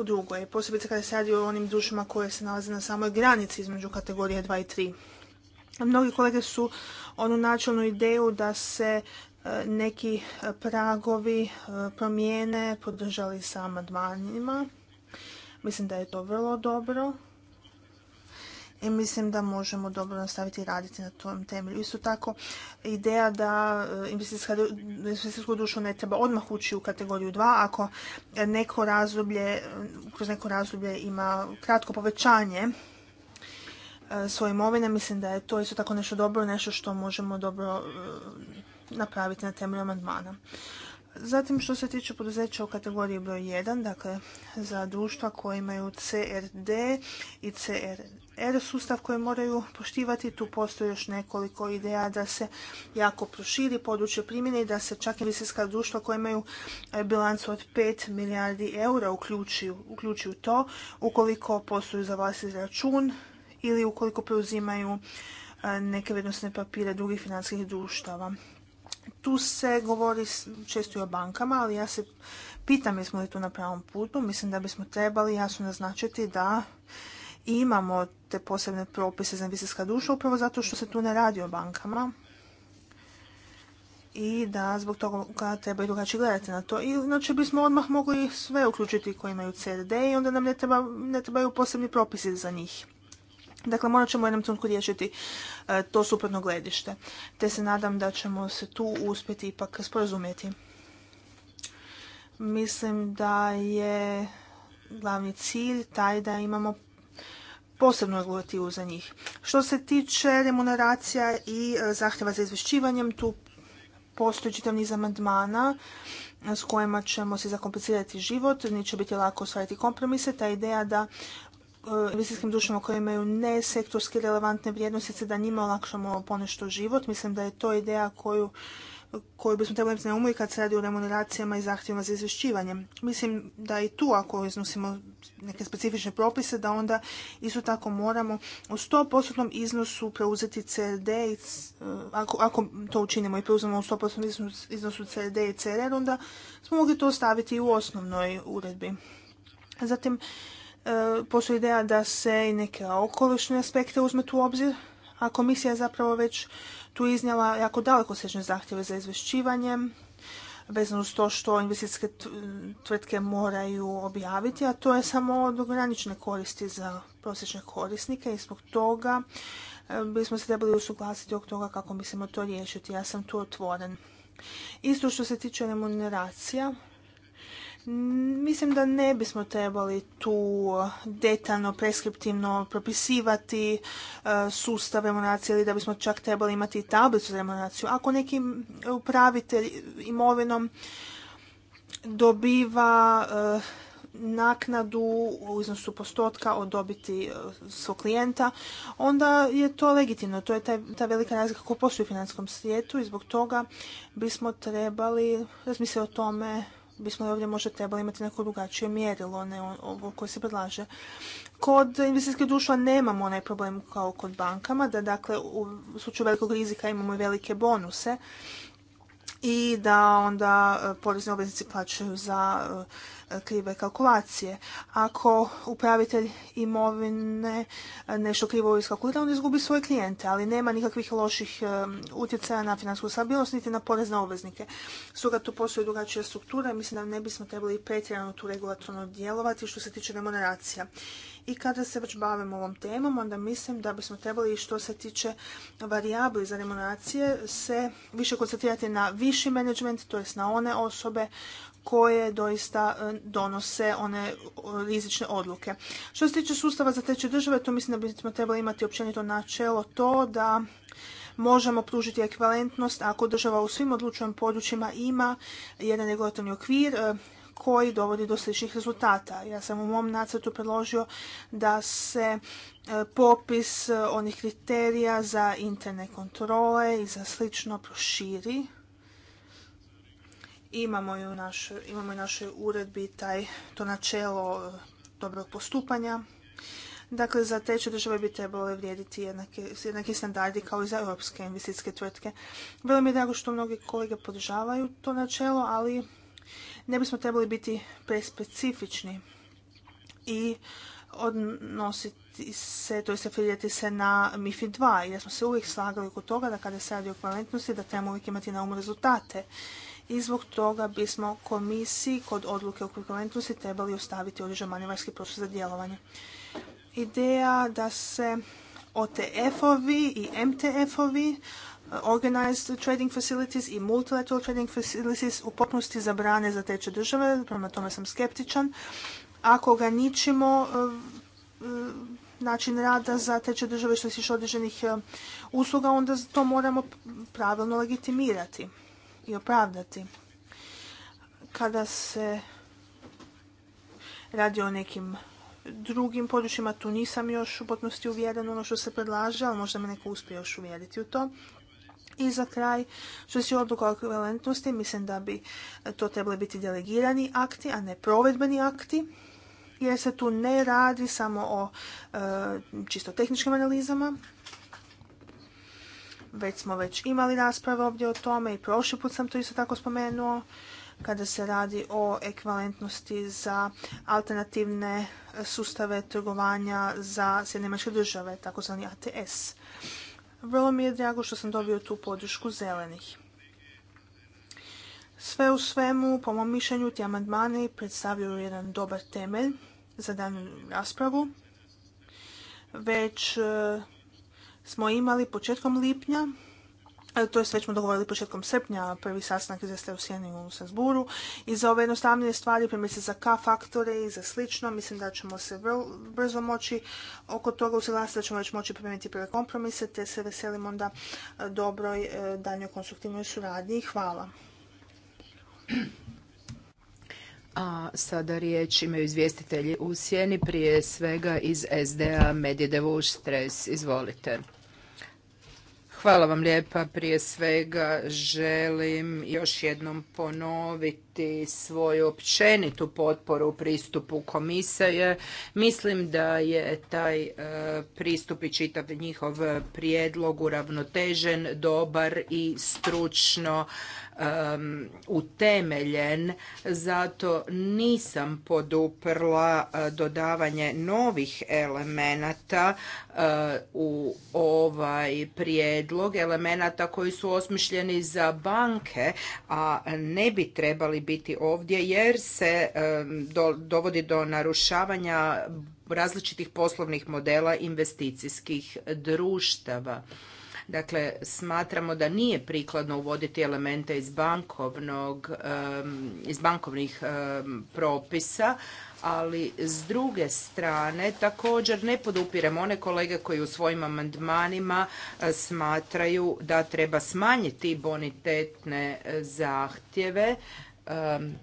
Speaker 3: u drugoj, posebice kada se radi o onim društvima koje se nalaze na samoj granici između kategorije 2 i 3. Mnogi kolege su onu načelnu ideju da se e, neki pragovi e, promijene podržali sa amandmanima. Mislim da je to vrlo dobro i mislim da možemo dobro nastaviti raditi na tom temelju. Isto tako, ideja da e, investicijsku dušu ne treba odmah ući u kategoriju 2 ako neko razdoblje, e, kroz neko razdoblje ima kratko povećanje e, svoje imovine, mislim da je to isto tako nešto dobro, nešto što možemo dobro napraviti na temelju amandmana. Zatim što se tiče poduzeća u kategoriji broj 1, dakle za društva koje imaju CRD i CRD R sustav koji moraju poštivati. Tu postoji još nekoliko ideja da se jako proširi područje primjene i da se čak i visijska društva koja imaju e, bilancu od 5 milijardi eura uključuju, to ukoliko postoju za vlastiti račun ili ukoliko preuzimaju e, neke vrijednosne papire drugih financijskih društava. Tu se govori često i o bankama, ali ja se pitam jesmo li tu na pravom putu. Mislim da bismo trebali jasno naznačiti da imamo te posebne propise za investicijska društva upravo zato što se tu ne radi o bankama i da zbog toga treba i drugačije gledati na to. Inače bismo odmah mogli sve uključiti koji imaju CRD i onda nam ne, ne trebaju posebni propisi za njih. Dakle, morat ćemo u jednom trenutku riješiti e, to suprotno gledište. Te se nadam da ćemo se tu uspjeti ipak sporazumjeti. Mislim da je glavni cilj taj da imamo posebnu regulativu za njih. Što se tiče remuneracija i e, zahtjeva za izvješćivanjem, tu postoji čitav niz amandmana e, s kojima ćemo se zakomplicirati život, neće biti lako osvajati kompromise. Ta ideja da e, investicijskim društvima koje imaju ne relevantne vrijednosti, da njima olakšamo ponešto život. Mislim da je to ideja koju koju bismo trebali imati na umu kad se radi o remuneracijama i zahtjevima za izvješćivanjem. Mislim da i tu ako iznosimo neke specifične propise da onda isto tako moramo u 100% iznosu preuzeti CRD eh, ako, to učinimo i preuzmemo u 100% iznosu CRD i CRR onda smo mogli to staviti i u osnovnoj uredbi. Zatim eh, postoji ideja da se i neke okolišne aspekte uzme u obzir, a komisija je zapravo već tu iznijela jako daleko sežne zahtjeve za izvješćivanje vezano s to što investicijske tvrtke moraju objaviti, a to je samo od ograničene koristi za prosječne korisnike i zbog toga e, bismo se trebali usuglasiti oko toga kako mislimo to riješiti. Ja sam tu otvoren. Isto što se tiče remuneracija, Mm, mislim da ne bismo trebali tu uh, detaljno, preskriptivno propisivati uh, sustav remunacije ili da bismo čak trebali imati i tablicu za remuneraciju. Ako neki uh, upravitelj imovinom dobiva naknadu u iznosu postotka od dobiti svog klijenta, onda je to legitimno. To je ta velika razlika koja postoji u financijskom svijetu i zbog toga bismo trebali razmisliti o tome bismo ovdje možda trebali imati neko drugačije mjerilo, ne koje se predlaže. Kod investicijskih društva nemamo onaj problem kao kod bankama, da dakle u slučaju velikog rizika imamo i velike bonuse, i da onda e, porezni obveznici plaćaju za e, krive kalkulacije. Ako upravitelj imovine e, nešto krivo iskalkulira, on izgubi svoje klijente, ali nema nikakvih loših utjecaja na financijsku stabilnost niti na porezne obveznike. Stoga tu postoji drugačija struktura i mislim da ne bismo trebali pretjerano tu regulatorno djelovati što se tiče remuneracija. I kada se već bavimo ovom temom, onda mislim da bismo trebali što se tiče varijabli za remuneracije se više koncentrirati na viši menadžment, to jest na one osobe koje doista e, donose one e, rizične odluke. Što se tiče sustava za treće države, to mislim da bismo trebali imati općenito načelo to da možemo pružiti ekvivalentnost ako država u svim odlučujem područjima ima jedan regulatorni okvir, e, koji dovodi do sličnih rezultata. Ja sam u mom nacrtu predložio da se e, popis e, onih kriterija za interne kontrole i za slično proširi. Imamo i u našoj, imamo i u našoj uredbi taj, to načelo e, dobrog postupanja. Dakle, za treće države bi trebale vrijediti jednaki, standardi kao i za europske investicijske tvrtke. Bilo mi je drago što mnogi kolege podržavaju to načelo, ali ne bismo trebali biti prespecifični i odnositi se, to jest afiljati se na MIFID 2, jer smo se uvijek slagali oko toga da kada se radi o kvalitnosti, da trebamo uvijek imati na umu rezultate. I zbog toga bismo komisiji kod odluke o kvalitnosti trebali ostaviti određen manevarski prostor za djelovanje. Ideja da se OTF-ovi i MTF-ovi Uh, organized trading facilities i multilateral trading facilities u potpunosti zabrane za treće države, prema tome sam skeptičan. Ako ograničimo uh, uh, način rada za treće države što se tiče određenih usluga, onda to moramo pravilno legitimirati i opravdati. Kada se radi o nekim drugim područjima, tu nisam još u potpunosti uvjeren ono što se predlaže, ali možda me neko uspije još uvjeriti u to. I za kraj, što se odluka o ekvivalentnosti, mislim da bi to trebali biti delegirani akti, a ne provedbeni akti, jer se tu ne radi samo o e, čisto tehničkim analizama, već smo već imali rasprave ovdje o tome i prošli put sam to isto tako spomenuo kada se radi o ekvivalentnosti za alternativne sustave trgovanja za Sjedinjemačke države, takozvani ATS. Vrlo mi je drago što sam dobio tu podršku zelenih. Sve u svemu, po mom mišljenju, ti amandmani predstavljaju jedan dobar temelj za danu raspravu. Već eh, smo imali početkom lipnja E, to je sve smo dogovorili početkom srpnja, prvi sastanak ste u Sjeni u Sazburu. I za ove jednostavnije stvari, se za K faktore i za slično, mislim da ćemo se brzo moći oko toga usaglasiti, da ćemo već moći primjeniti prve kompromise, te se veselim onda e, dobroj e, daljnjoj konstruktivnoj suradnji hvala.
Speaker 1: A sada riječ imaju izvjestitelji u Sjeni, prije svega iz SDA Medjedevu Stres. Izvolite. Hvala vam lijepa. Prije svega želim još jednom ponoviti dati svoju općenitu potporu u pristupu komisije. Mislim da je taj e, pristup i čitav njihov prijedlog uravnotežen, dobar i stručno utemeljen, zato nisam poduprla e, dodavanje novih elemenata e, u ovaj prijedlog, elemenata koji su osmišljeni za banke, a ne bi trebali biti ovdje jer se dovodi do narušavanja različitih poslovnih modela investicijskih društava. Dakle, smatramo da nije prikladno uvoditi elemente iz, bankovnog, iz bankovnih propisa, ali s druge strane također ne podupirem one kolege koji u svojim amandmanima e, smatraju da treba smanjiti bonitetne e, zahtjeve um,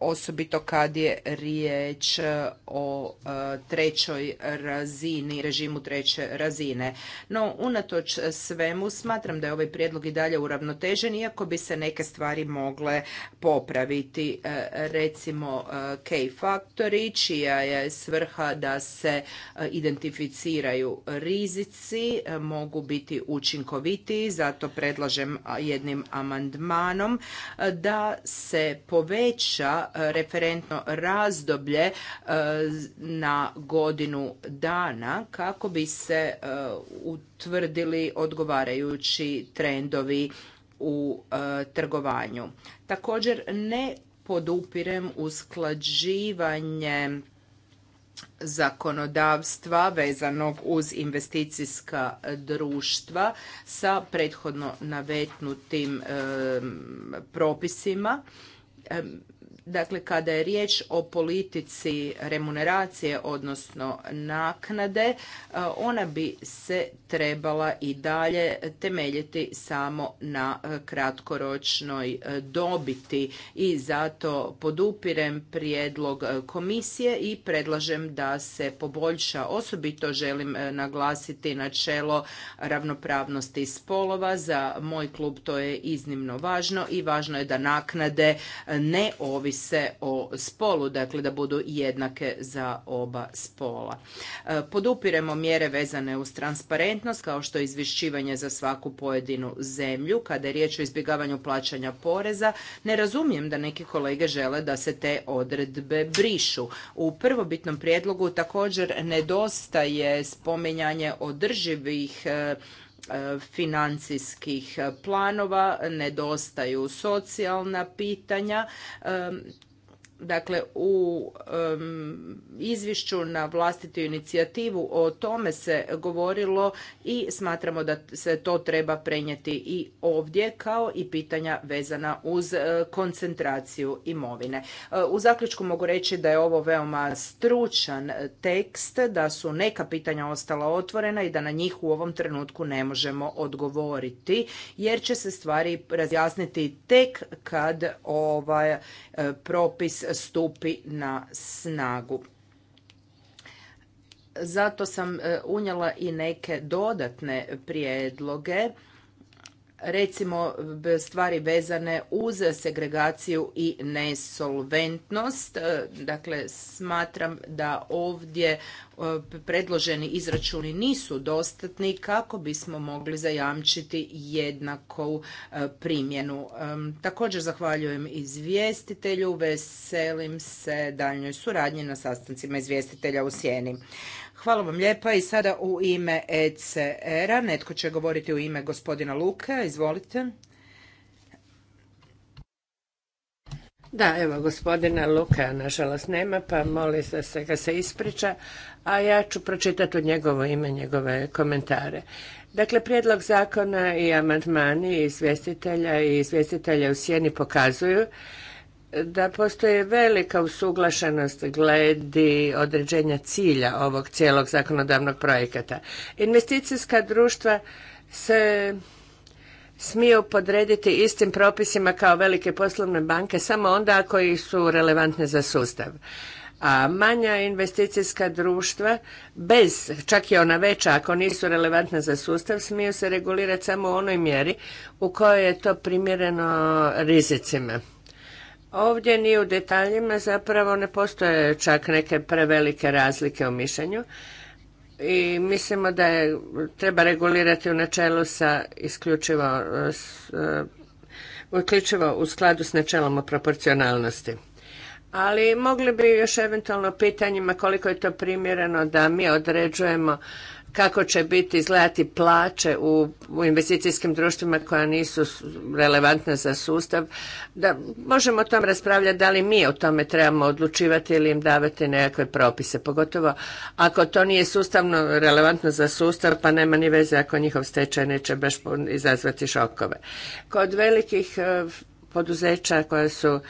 Speaker 1: osobito kad je riječ e, o e, trećoj razini, režimu treće razine. No, unatoč svemu smatram da je ovaj prijedlog i dalje uravnotežen, iako bi se neke stvari mogle popraviti. E, recimo K-faktori, čija je svrha da se identificiraju rizici, mogu biti učinkovitiji, zato predlažem jednim amandmanom da se poveća referentno razdoblje e, na godinu dana kako bi se e, utvrdili odgovarajući trendovi u e, trgovanju. Također ne podupirem usklađivanje zakonodavstva vezanog uz investicijska društva sa prethodno navetnutim propisima. Dakle, kada je riječ o politici remuneracije, odnosno naknade, e, ona bi se trebala i dalje temeljiti samo na e, kratkoročnoj e, dobiti i zato podupirem prijedlog komisije i predlažem da se poboljša. Osobito želim naglasiti načelo ravnopravnosti spolova. Za moj klub to je iznimno važno i važno je da naknade ne ovise se o spolu, dakle da budu jednake za oba spola. E, podupiremo mjere vezane uz transparentnost kao što je izvješćivanje za svaku pojedinu zemlju. Kada je riječ o izbjegavanju plaćanja poreza, ne razumijem da neki kolege žele da se te odredbe brišu. U prvobitnom prijedlogu također nedostaje spominjanje održivih e, E, financijskih planova, nedostaju socijalna pitanja e, Dakle, u um, izvišću na vlastitu inicijativu o tome se govorilo i smatramo da se to treba prenijeti i ovdje kao i pitanja vezana uz e, koncentraciju imovine. E, u zaključku mogu reći da je ovo veoma stručan tekst, da su neka pitanja ostala otvorena i da na njih u ovom trenutku ne možemo odgovoriti jer će se stvari razjasniti tek kad ovaj e, propis stupi na snagu. Zato sam e, unijela i neke dodatne prijedloge recimo stvari vezane uz segregaciju i nesolventnost. E, dakle, smatram da ovdje e, predloženi izračuni nisu dostatni kako bismo mogli zajamčiti jednaku e, primjenu. Također zahvaljujem izvjestitelju, veselim se daljnjoj suradnji na sastancima izvjestitelja u Sjeni. Hvala vam lijepa i sada u ime ECR-a netko će govoriti u ime gospodina Luka. Izvolite.
Speaker 2: Da, evo, gospodina Luka nažalost nema, pa moli se da ga se ispriča, a ja ću pročitati u njegovo ime njegove komentare. Dakle, prijedlog zakona i amandmani izvjestitelja i izvjestitelja u sjeni pokazuju da postoji velika usuglašenost gledi određenja cilja ovog cijelog zakonodavnog projekata. Investicijska društva se smiju podrediti istim propisima kao velike poslovne banke samo onda ako ih su relevantne za sustav. A manja investicijska društva, bez, čak i ona veća, ako nisu relevantna za sustav, smiju se regulirati samo u onoj mjeri u kojoj je to primjereno rizicima. Ovdje ni u detaljima zapravo ne postoje čak neke prevelike razlike u mišljenju i mislimo da je treba regulirati u načelu sa isključivo, uključivo e, u skladu s načelom o proporcionalnosti. Ali mogli bi još eventualno pitanjima koliko je to primjereno da mi određujemo kako će biti izgledati plaće u, u investicijskim društvima koja nisu relevantna za sustav, da možemo o tom raspravljati da li mi o tome trebamo odlučivati ili im davati nekakve propise, pogotovo ako to nije sustavno relevantno za sustav, pa nema ni veze ako njihov stečaj neće baš izazvati šokove. Kod velikih eh, poduzeća koja su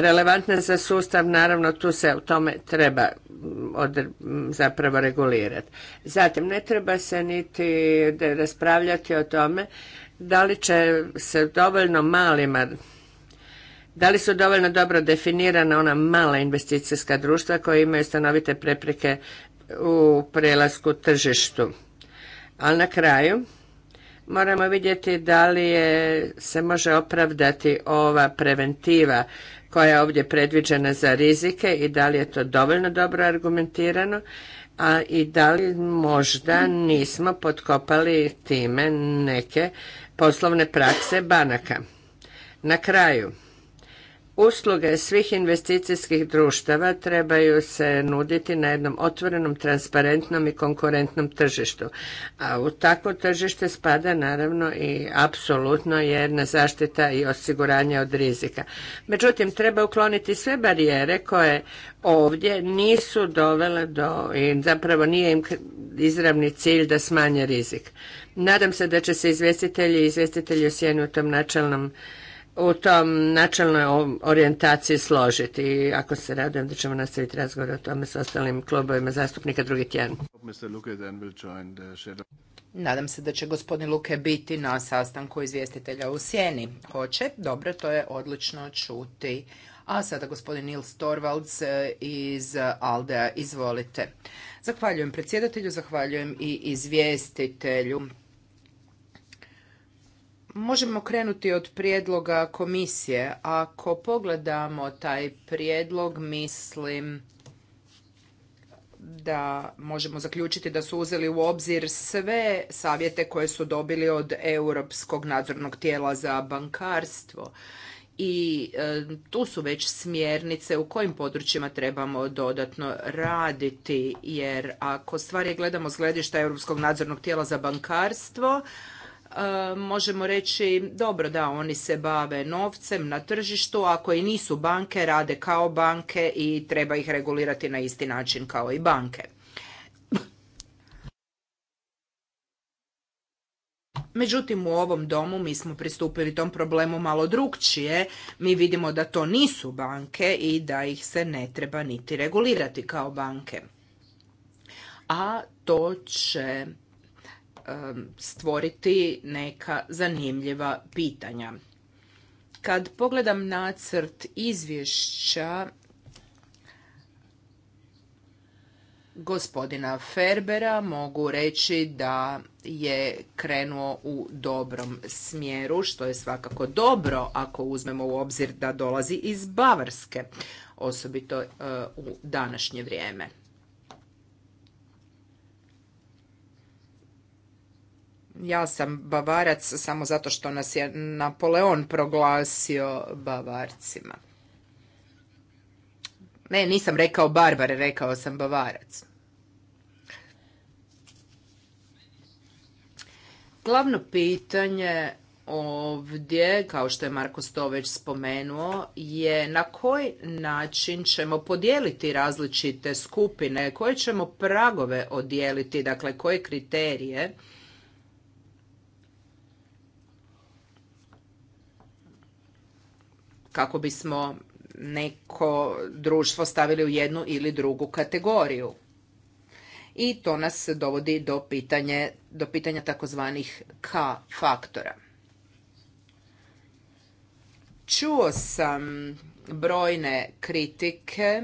Speaker 2: relevantna za sustav, naravno tu se u tome treba mm, mm, zapravo regulirati. Zatim, ne treba se niti raspravljati o tome da li će se dovoljno malima da li su dovoljno dobro definirana ona mala investicijska društva koja imaju stanovite prepreke u prelasku tržištu. Ali na kraju moramo vidjeti da li se može opravdati ova preventiva koja je ovdje predviđena za rizike i da li je to dovoljno dobro argumentirano, a i da li možda nismo potkopali time neke poslovne prakse banaka. Na kraju, Usluge svih investicijskih društava trebaju se nuditi na jednom otvorenom, transparentnom i konkurentnom tržištu. A u takvo tržište spada naravno i apsolutno jedna zaštita i osiguranje od rizika. Međutim, treba ukloniti sve barijere koje ovdje nisu dovele do, i zapravo nije im izravni cilj da smanje rizik. Nadam se da će se izvjestitelji i izvjestitelji u u tom načelnom u tom načelnoj orijentaciji složiti i ako se radujem da ćemo nastaviti razgovor o tome s ostalim klubovima zastupnika drugi tjedan.
Speaker 1: Nadam se da će gospodin Luke biti na sastanku izvjestitelja u Sjeni. Hoće? Dobro, to je odlično čuti. A sada gospodin Nils Torvalds e, iz Aldea, izvolite. Zahvaljujem predsjedatelju, zahvaljujem i izvjestitelju. Možemo krenuti od prijedloga komisije. Ako pogledamo taj prijedlog, mislim da možemo zaključiti da su uzeli u obzir sve savjete koje su dobili od Europskog nadzornog tijela za bankarstvo. I e, tu su već smjernice u kojim područjima trebamo dodatno raditi jer ako stvari gledamo s gledišta Europskog nadzornog tijela za bankarstvo, E, možemo reći dobro da oni se bave novcem na tržištu, ako i nisu banke, rade kao banke i treba ih regulirati na isti način kao i banke. Međutim, u ovom domu mi smo pristupili tom problemu malo drugčije. Mi vidimo da to nisu banke i da ih se ne treba niti regulirati kao banke. A to će stvoriti neka zanimljiva pitanja. Kad pogledam nacrt izvješća gospodina Ferbera mogu reći da je krenuo u dobrom smjeru, što je svakako dobro ako uzmemo u obzir da dolazi iz Bavarske, osobito eh, u današnje vrijeme. Ja sam bavarac samo zato što nas je Napoleon proglasio bavarcima. Ne, nisam rekao barbare, rekao sam bavarac. Glavno pitanje ovdje, kao što je Marko Stoveć spomenuo, je na koji način ćemo podijeliti različite skupine, koje ćemo pragove odijeliti, dakle koje kriterije kako bismo neko društvo stavili u jednu ili drugu kategoriju. I to nas dovodi do pitanja, do pitanja takozvanih K faktora. Čuo sam brojne kritike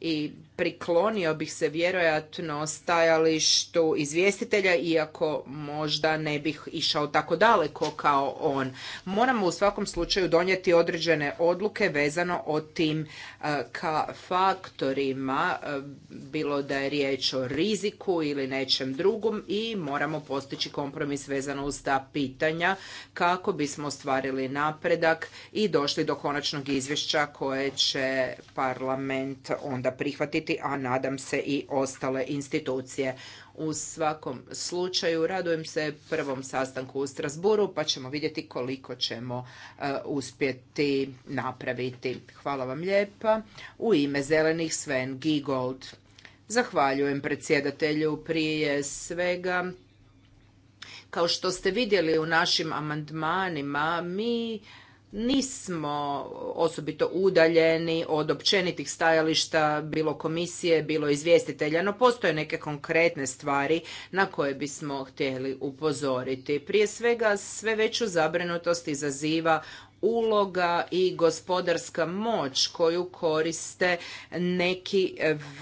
Speaker 1: i priklonio bih se vjerojatno stajalištu izvjestitelja, iako možda ne bih išao tako daleko kao on. Moramo u svakom slučaju donijeti određene odluke vezano o tim e, ka faktorima, e, bilo da je riječ o riziku ili nečem drugom i moramo postići kompromis vezano uz ta pitanja kako bismo ostvarili napredak i došli do konačnog izvješća koje će parlament onda prihvatiti a nadam se i ostale institucije. U svakom slučaju radujem se prvom sastanku u Strasburu pa ćemo vidjeti koliko ćemo eh, uspjeti napraviti. Hvala vam lijepa. U ime zelenih Sven Gigold. Zahvaljujem predsjedatelju prije svega. Kao što ste vidjeli u našim amandmanima, mi nismo osobito udaljeni od općenitih stajališta bilo komisije, bilo izvjestitelja, no postoje neke konkretne stvari na koje bismo htjeli upozoriti. Prije svega sve veću zabrinutost izaziva uloga i gospodarska moć koju koriste neki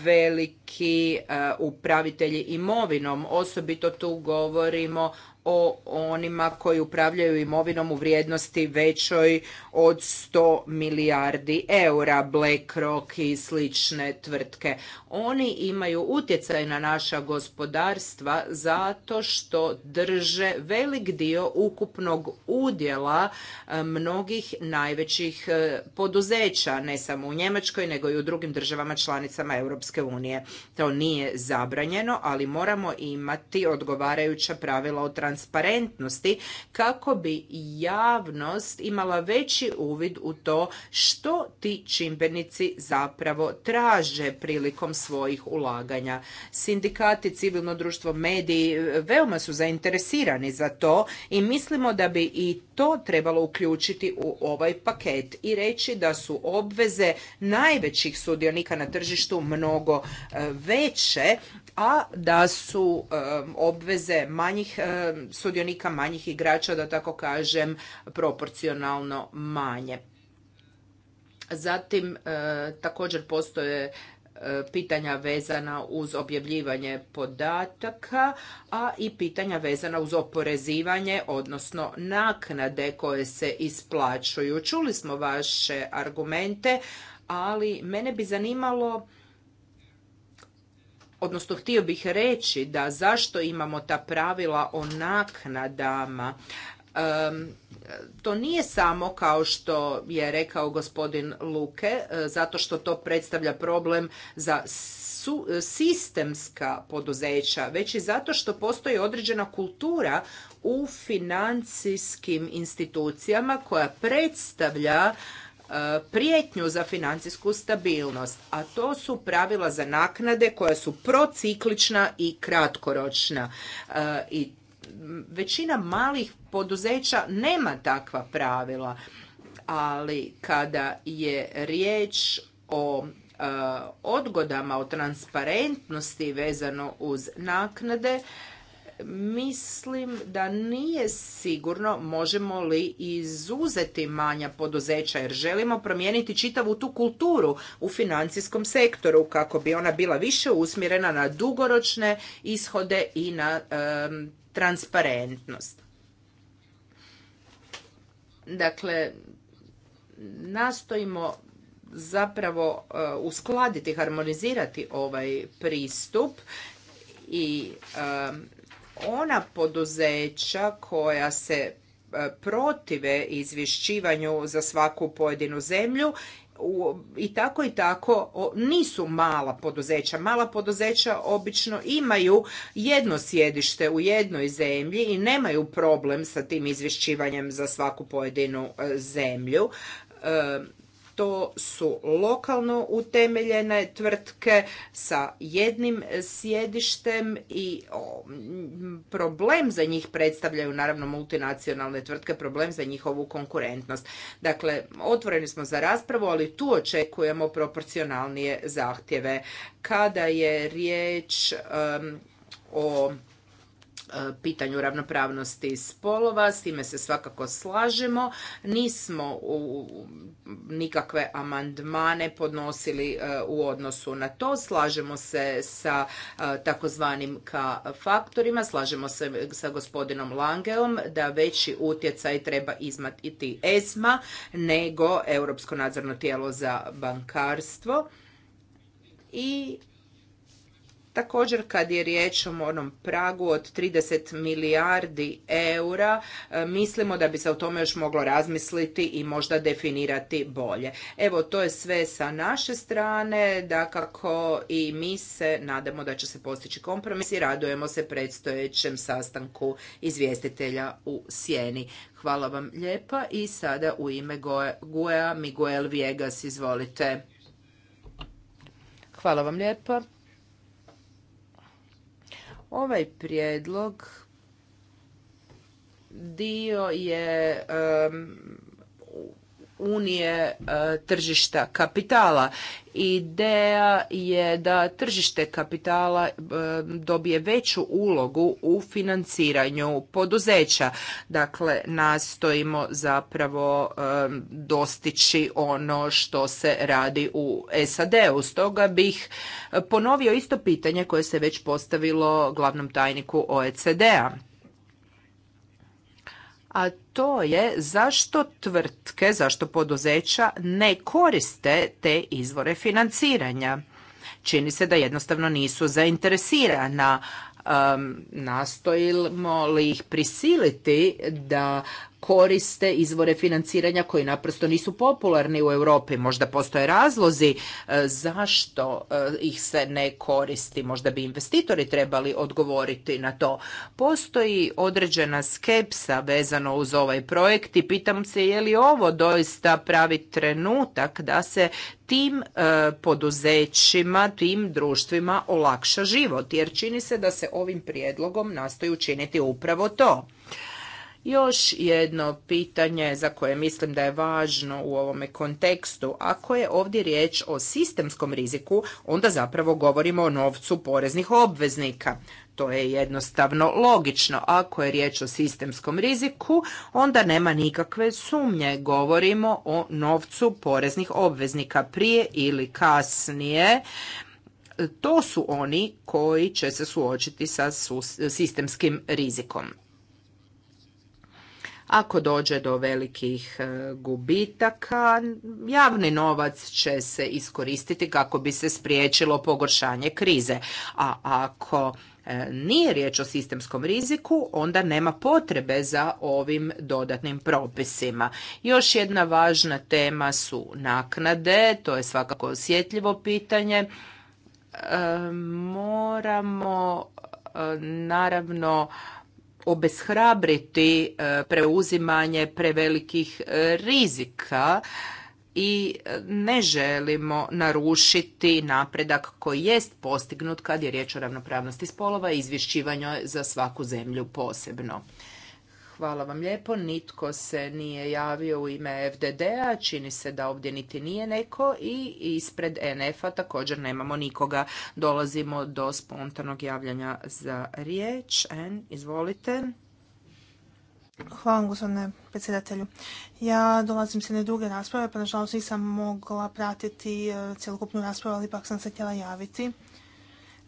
Speaker 1: veliki e, upravitelji imovinom. Osobito tu govorimo o onima koji upravljaju imovinom u vrijednosti većoj od 100 milijardi eura, BlackRock i slične tvrtke. Oni imaju utjecaj na naša gospodarstva zato što drže velik dio ukupnog udjela e, mnogih najvećih e, poduzeća, ne samo u Njemačkoj, nego i u drugim državama članicama Europske unije. To nije zabranjeno, ali moramo imati odgovarajuća pravila o transakciji transparentnosti kako bi javnost imala veći uvid u to što ti čimbenici zapravo traže prilikom svojih ulaganja. Sindikati, civilno društvo, mediji e, veoma su zainteresirani za to i mislimo da bi i to trebalo uključiti u ovaj paket i reći da su obveze najvećih sudionika na tržištu mnogo e, veće, a da su e, obveze manjih sudionika manjih igrača, da tako kažem, proporcionalno manje. Zatim e, također postoje e, pitanja vezana uz objavljivanje podataka, a i pitanja vezana uz oporezivanje, odnosno naknade koje se isplaćuju. Čuli smo vaše argumente, ali mene bi zanimalo odnosno htio bih reći da zašto imamo ta pravila o naknadama to nije samo kao što je rekao gospodin Luke, e, zato što to predstavlja problem za sistemska poduzeća, već i zato što postoji određena kultura u financijskim institucijama koja predstavlja E, prijetnju za financijsku stabilnost, a to su pravila za naknade koja su prociklična i kratkoročna. E, I većina malih poduzeća nema takva pravila, ali kada je riječ o e, odgodama o transparentnosti vezano uz naknade mislim da nije sigurno možemo li izuzeti manja poduzeća jer želimo promijeniti čitavu tu kulturu u financijskom sektoru kako bi ona bila više usmjerena na dugoročne ishode i na transparentnost. Dakle, nastojimo zapravo e, uskladiti, harmonizirati ovaj pristup i ona poduzeća koja se e, protive izvješćivanju za svaku pojedinu zemlju i tako i tako nisu mala poduzeća. Mala poduzeća obično imaju jedno sjedište u jednoj zemlji i nemaju problem sa tim izvješćivanjem za svaku pojedinu e, zemlju. E, to su lokalno utemeljene tvrtke sa jednim sjedištem i problem za njih predstavljaju naravno multinacionalne tvrtke, problem za njihovu konkurentnost. Dakle, otvoreni smo za raspravu, ali tu očekujemo proporcionalnije zahtjeve. Kada je riječ o E, pitanju ravnopravnosti spolova, s time se svakako slažemo. Nismo nikakve amandmane podnosili e, u odnosu na to. Slažemo se sa e, takozvanim ka faktorima, slažemo se sa gospodinom Langeom da veći utjecaj treba izmatiti ESMA nego Europsko nadzorno tijelo za bankarstvo i Također kad je riječ o onom pragu od 30 milijardi eura, e, mislimo da bi se o tome još moglo razmisliti i možda definirati bolje. Evo, to je sve sa naše strane, da kako i mi se nadamo da će se postići kompromis i radujemo se predstojećem sastanku izvjestitelja u Sjeni. Hvala vam lijepa i sada u ime Guea Miguel Viegas, izvolite. Hvala vam lijepa. Ovaj prijedlog dio je unije e, tržišta kapitala. Ideja je da tržište kapitala e, dobije veću ulogu u financiranju poduzeća. Dakle, nastojimo zapravo e, dostići ono što se radi u SAD-u. Stoga bih ponovio isto pitanje koje se već postavilo glavnom tajniku OECD-a a to je zašto tvrtke, zašto poduzeća ne koriste te izvore financiranja. Čini se da jednostavno nisu zainteresirana, Um, nastojimo li ih prisiliti da koriste izvore financiranja koji naprosto nisu popularni u Europi. Možda postoje razlozi e, zašto e, ih se ne koristi. Možda bi investitori trebali odgovoriti na to. Postoji određena skepsa vezano uz ovaj projekt i pitam se je li ovo doista pravi trenutak da se tim e, poduzećima, tim društvima olakša život jer čini se da se ovim prijedlogom nastoji učiniti upravo to. Još jedno pitanje za koje mislim da je važno u ovome kontekstu, ako je ovdje riječ o sistemskom riziku, onda zapravo govorimo o novcu poreznih obveznika. To je jednostavno logično. Ako je riječ o sistemskom riziku, onda nema nikakve sumnje. Govorimo o novcu poreznih obveznika prije ili kasnije to su oni koji će se suočiti sa sistemskim rizikom. Ako dođe do velikih e, gubitaka, javni novac će se iskoristiti kako bi se spriječilo pogoršanje krize. A ako e, nije riječ o sistemskom riziku, onda nema potrebe za ovim dodatnim propisima. Još jedna važna tema su naknade, to je svakako osjetljivo pitanje. E, moramo naravno obeshrabriti e, preuzimanje prevelikih e, rizika i e, ne želimo narušiti napredak koji jest postignut kad je riječ o ravnopravnosti spolova i izvješćivanju za svaku zemlju posebno. Hvala vam lijepo. Nitko se nije javio u ime FDD-a, čini se da ovdje niti nije neko i ispred NF-a također nemamo nikoga. Dolazimo do spontanog javljanja za riječ. En, izvolite.
Speaker 3: Hvala vam, gospodine predsjedatelju. Ja dolazim se ne druge rasprave, pa nažalost nisam mogla pratiti eh, cjelokupnu raspravu, ali ipak sam se htjela javiti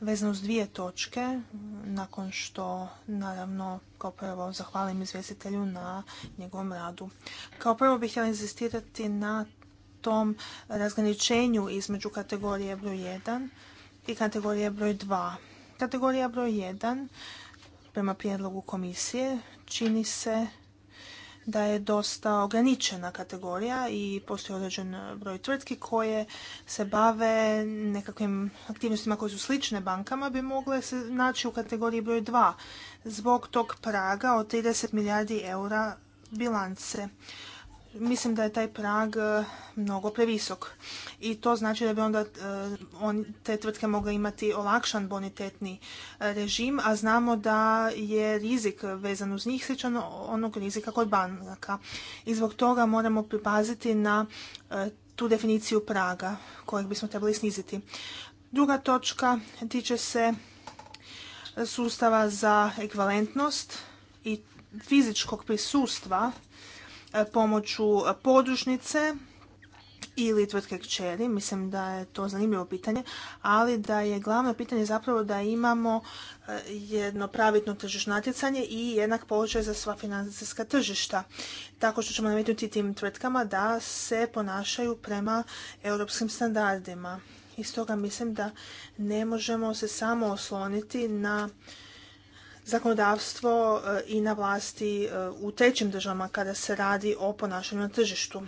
Speaker 3: vezano uz dvije točke, nakon što naravno kao prvo zahvalim izvjestitelju na njegovom radu. Kao prvo bih htjela insistirati na tom razgraničenju između kategorije broj 1 i kategorije broj 2. Kategorija broj 1 prema prijedlogu komisije čini se da je dosta ograničena kategorija i postoji određen broj tvrtki koje se bave nekakvim aktivnostima koje su slične bankama bi mogle se naći u kategoriji broj 2 zbog tog praga od 30 milijardi eura bilance mislim da je taj prag e, mnogo previsok. I to znači da bi onda e, te tvrtke mogle imati olakšan bonitetni e, režim, a znamo da je rizik vezan uz njih sličan onog rizika kod banaka. I zbog toga moramo pripaziti na tu definiciju praga kojeg bismo trebali sniziti. Druga točka tiče se sustava za ekvalentnost i fizičkog prisustva E, pomoću e, podružnice ili tvrtke kćeri. Mislim da je to zanimljivo pitanje, ali da je glavno pitanje zapravo da imamo e, jedno pravitno tržišno natjecanje i jednak položaj za sva financijska tržišta. Tako što ćemo nametnuti tim tvrtkama da se ponašaju prema europskim standardima. I stoga mislim da ne možemo se samo osloniti na zakonodavstvo e, i na vlasti e, u trećim državama kada se radi o ponašanju na tržištu.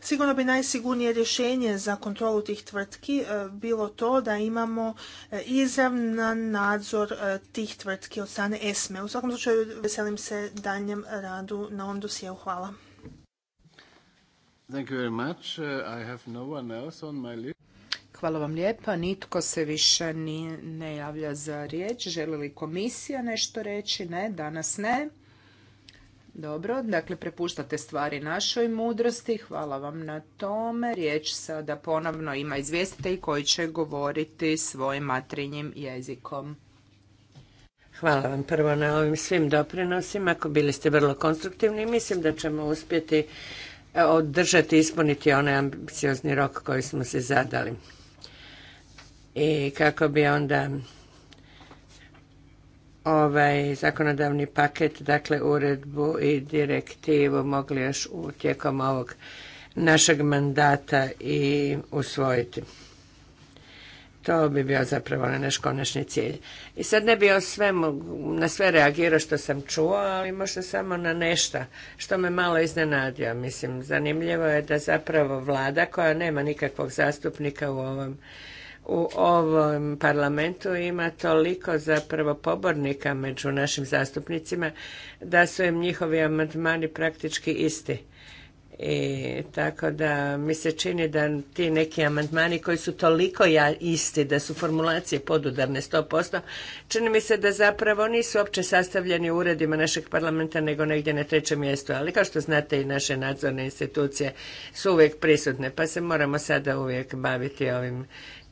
Speaker 3: Sigurno bi najsigurnije rješenje za kontrolu tih tvrtki e, bilo to da imamo izravan nadzor tih tvrtki od strane ESME. U svakom slučaju veselim se daljem radu na ovom dosijelu. Hvala.
Speaker 1: Hvala vam lijepa. Nitko se više ni, ne javlja za riječ. Želi li komisija nešto reći? Ne, danas ne. Dobro, dakle prepuštate stvari našoj mudrosti. Hvala vam na tome. Riječ sada ponovno ima izvjestitelj koji će govoriti svojim matrinjim jezikom.
Speaker 2: Hvala vam prvo na ovim svim doprinosima. Ako bili ste vrlo konstruktivni, mislim da ćemo uspjeti e, održati i ispuniti onaj ambiciozni rok koji smo se zadali i kako bi onda ovaj zakonodavni paket, dakle uredbu i direktivu mogli još u tijekom ovog našeg mandata i usvojiti. To bi bio zapravo na naš konačni cilj. I sad ne bi o svemu, na sve reagirao što sam čuo, ali možda samo na nešto što me malo iznenadio. Mislim, zanimljivo je da zapravo vlada koja nema nikakvog zastupnika u ovom u ovom parlamentu ima toliko zapravo pobornika među našim zastupnicima da su im njihovi amandmani praktički isti. I tako da mi se čini da ti neki amandmani koji su toliko ja isti, da su formulacije podudarne 100%, čini mi se da zapravo nisu uopće sastavljeni u uredima našeg parlamenta nego negdje na trećem mjestu. Ali kao što znate i naše nadzorne institucije su uvijek prisutne pa se moramo sada uvijek baviti ovim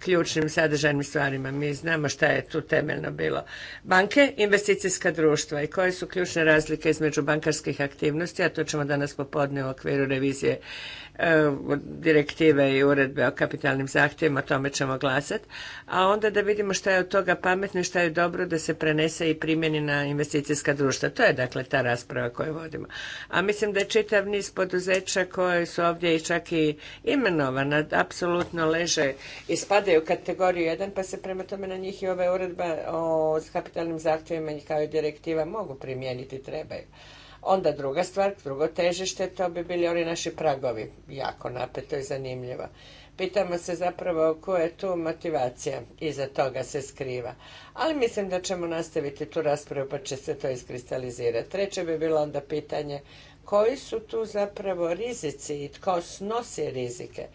Speaker 2: ključnim sadržajnim stvarima. Mi znamo šta je tu temeljno bilo. Banke, investicijska društva i koje su ključne razlike između bankarskih aktivnosti, a to ćemo danas popodne u okviru revizije E, direktive i uredbe o kapitalnim zahtjevima, o tome ćemo glasati, a onda da vidimo šta je od toga pametno i šta je dobro da se prenese i primjeni na investicijska društva. To je dakle ta rasprava koju vodimo. A mislim da je čitav niz poduzeća koje su ovdje i čak i imenovana, apsolutno leže i spadaju u kategoriju 1, pa se prema tome na njih i ove uredba o kapitalnim zahtjevima kao i direktiva mogu primijeniti, trebaju. Onda druga stvar, drugo težište, to bi bili oni naši pragovi, jako napeto i zanimljivo. Pitamo se zapravo koja je tu motivacija, iza toga se skriva. Ali mislim da ćemo nastaviti tu raspravu pa će se to iskristalizirati. Treće bi bilo onda pitanje koji su tu zapravo rizici i tko snosi rizike.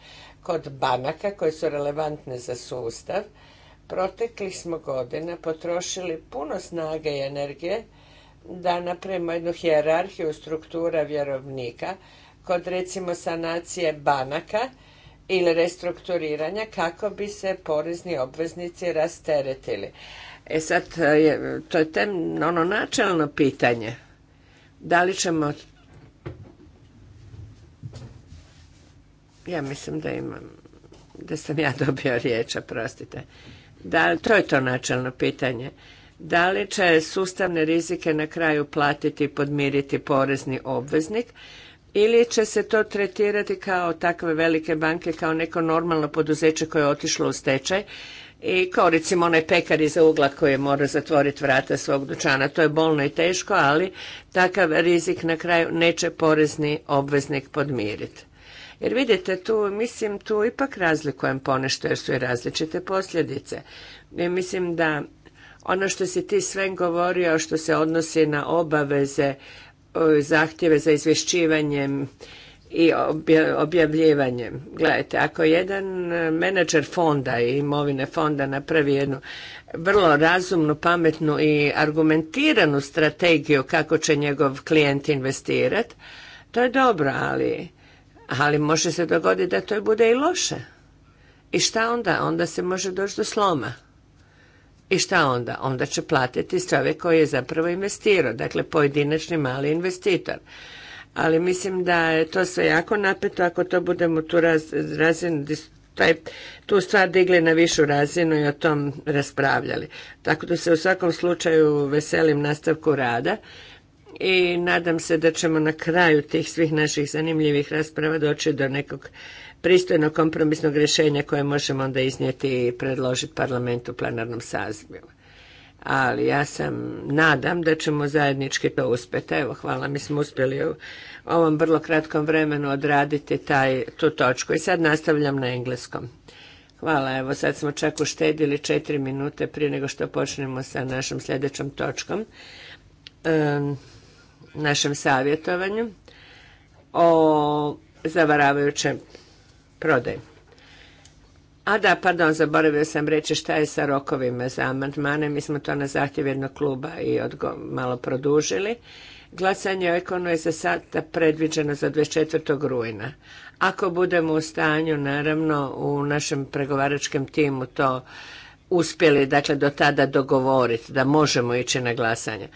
Speaker 2: Kod banaka koje su relevantne za sustav, proteklih smo godina potrošili puno snage i energije da napravimo jednu hijerarhiju struktura vjerovnika kod recimo sanacije banaka ili restrukturiranja kako bi se porezni obveznici rasteretili. E sad, to je tem, ono načelno pitanje. Da li ćemo... Ja mislim da imam, da sam ja dobio riječ, prostite. Da, to je to načelno pitanje da li će sustavne rizike na kraju platiti i podmiriti porezni obveznik ili će se to tretirati kao takve velike banke, kao neko normalno poduzeće koje je otišlo u stečaj i kao recimo onaj pekar iza ugla koji je morao zatvoriti vrata svog dućana. To je bolno i teško, ali takav rizik na kraju neće porezni obveznik podmiriti. Jer vidite, tu, mislim, tu ipak razlikujem ponešto jer su i različite posljedice. E, mislim da ono što si ti sve govorio što se odnosi na obaveze, zahtjeve za izvješćivanjem i objavljivanjem. Gledajte, ako jedan e, menadžer fonda i imovine fonda napravi jednu vrlo razumnu, pametnu i argumentiranu strategiju kako će njegov klijent investirati, to je dobro, ali, ali može se dogoditi da to bude i loše. I šta onda? Onda se može doći do sloma. I šta onda? Onda će platiti čovjek koji je zapravo investirao, dakle pojedinačni mali investitor. Ali mislim da je to sve jako napeto ako to budemo tu raz, razinu taj, tu stvar digli na višu razinu i o tom raspravljali. Tako da se u svakom slučaju veselim nastavku rada i nadam se da ćemo na kraju tih svih naših zanimljivih rasprava doći do nekog pristojno kompromisnog rješenja koje možemo onda iznijeti i predložiti parlamentu u plenarnom sazivu. Ali ja sam, nadam da ćemo zajednički to uspjeti. Evo, hvala, mi smo uspjeli u ovom vrlo kratkom vremenu odraditi taj, tu točku. I sad nastavljam na engleskom. Hvala, evo sad smo čak uštedili četiri minute prije nego što počnemo sa našom sljedećom točkom, našem savjetovanju o zavaravajućem prodaj. A da, pardon, zaboravio sam reći šta je sa rokovima za amandmane. Mi smo to na zahtjev jednog kluba i malo produžili. Glasanje o ekonu je za sada predviđeno za 24. rujna. Ako budemo u stanju, naravno, u našem pregovaračkom timu to uspjeli, dakle, do tada dogovoriti da možemo ići na glasanje.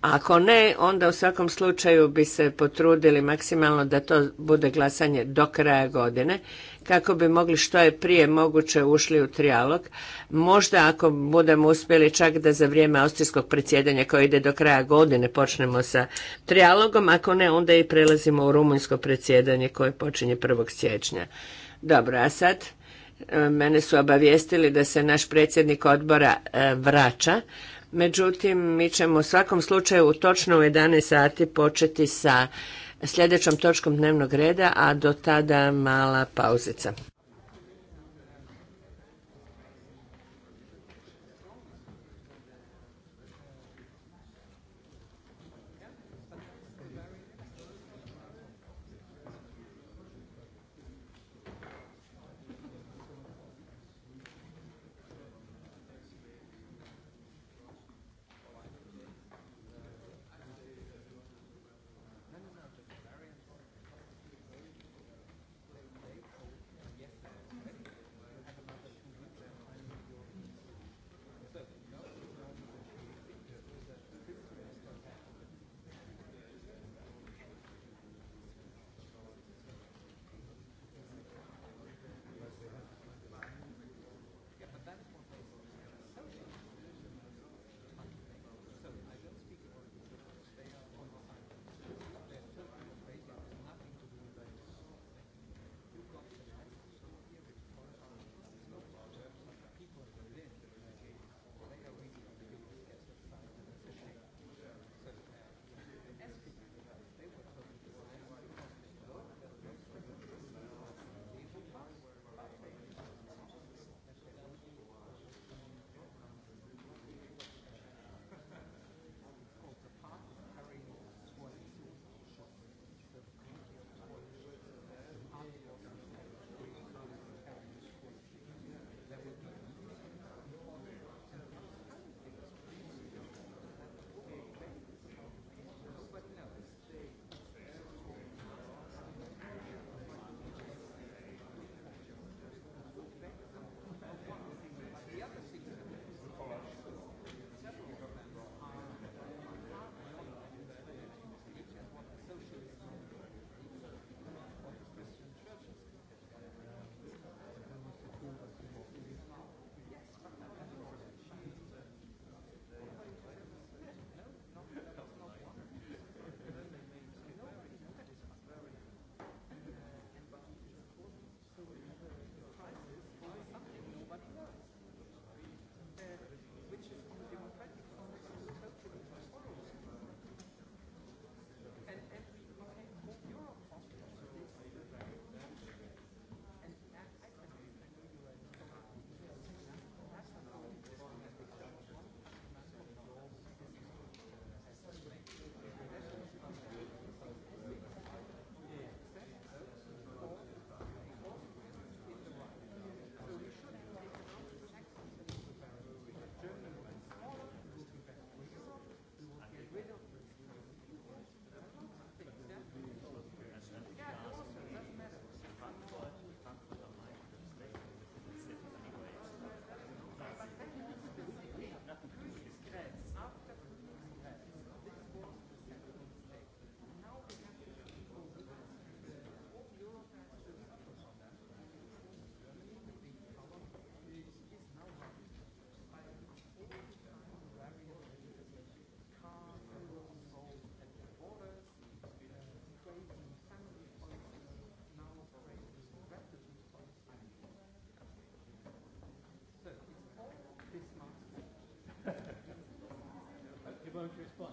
Speaker 2: Ako ne, onda u svakom slučaju bi se potrudili maksimalno da to bude glasanje do kraja godine kako bi mogli što je prije moguće ušli u trijalog. Možda ako budemo uspjeli čak da za vrijeme austrijskog predsjedanja koje ide do kraja godine počnemo sa trijalogom, ako ne onda i prelazimo u rumunjsko predsjedanje koje počinje 1. siječnja. Dobro, a sad e, mene su obavijestili da se naš predsjednik odbora e, vraća. Međutim, mi ćemo u svakom slučaju točno u 11 sati početi sa sljedećom točkom dnevnog reda, a do tada mala pauzica. going to respond.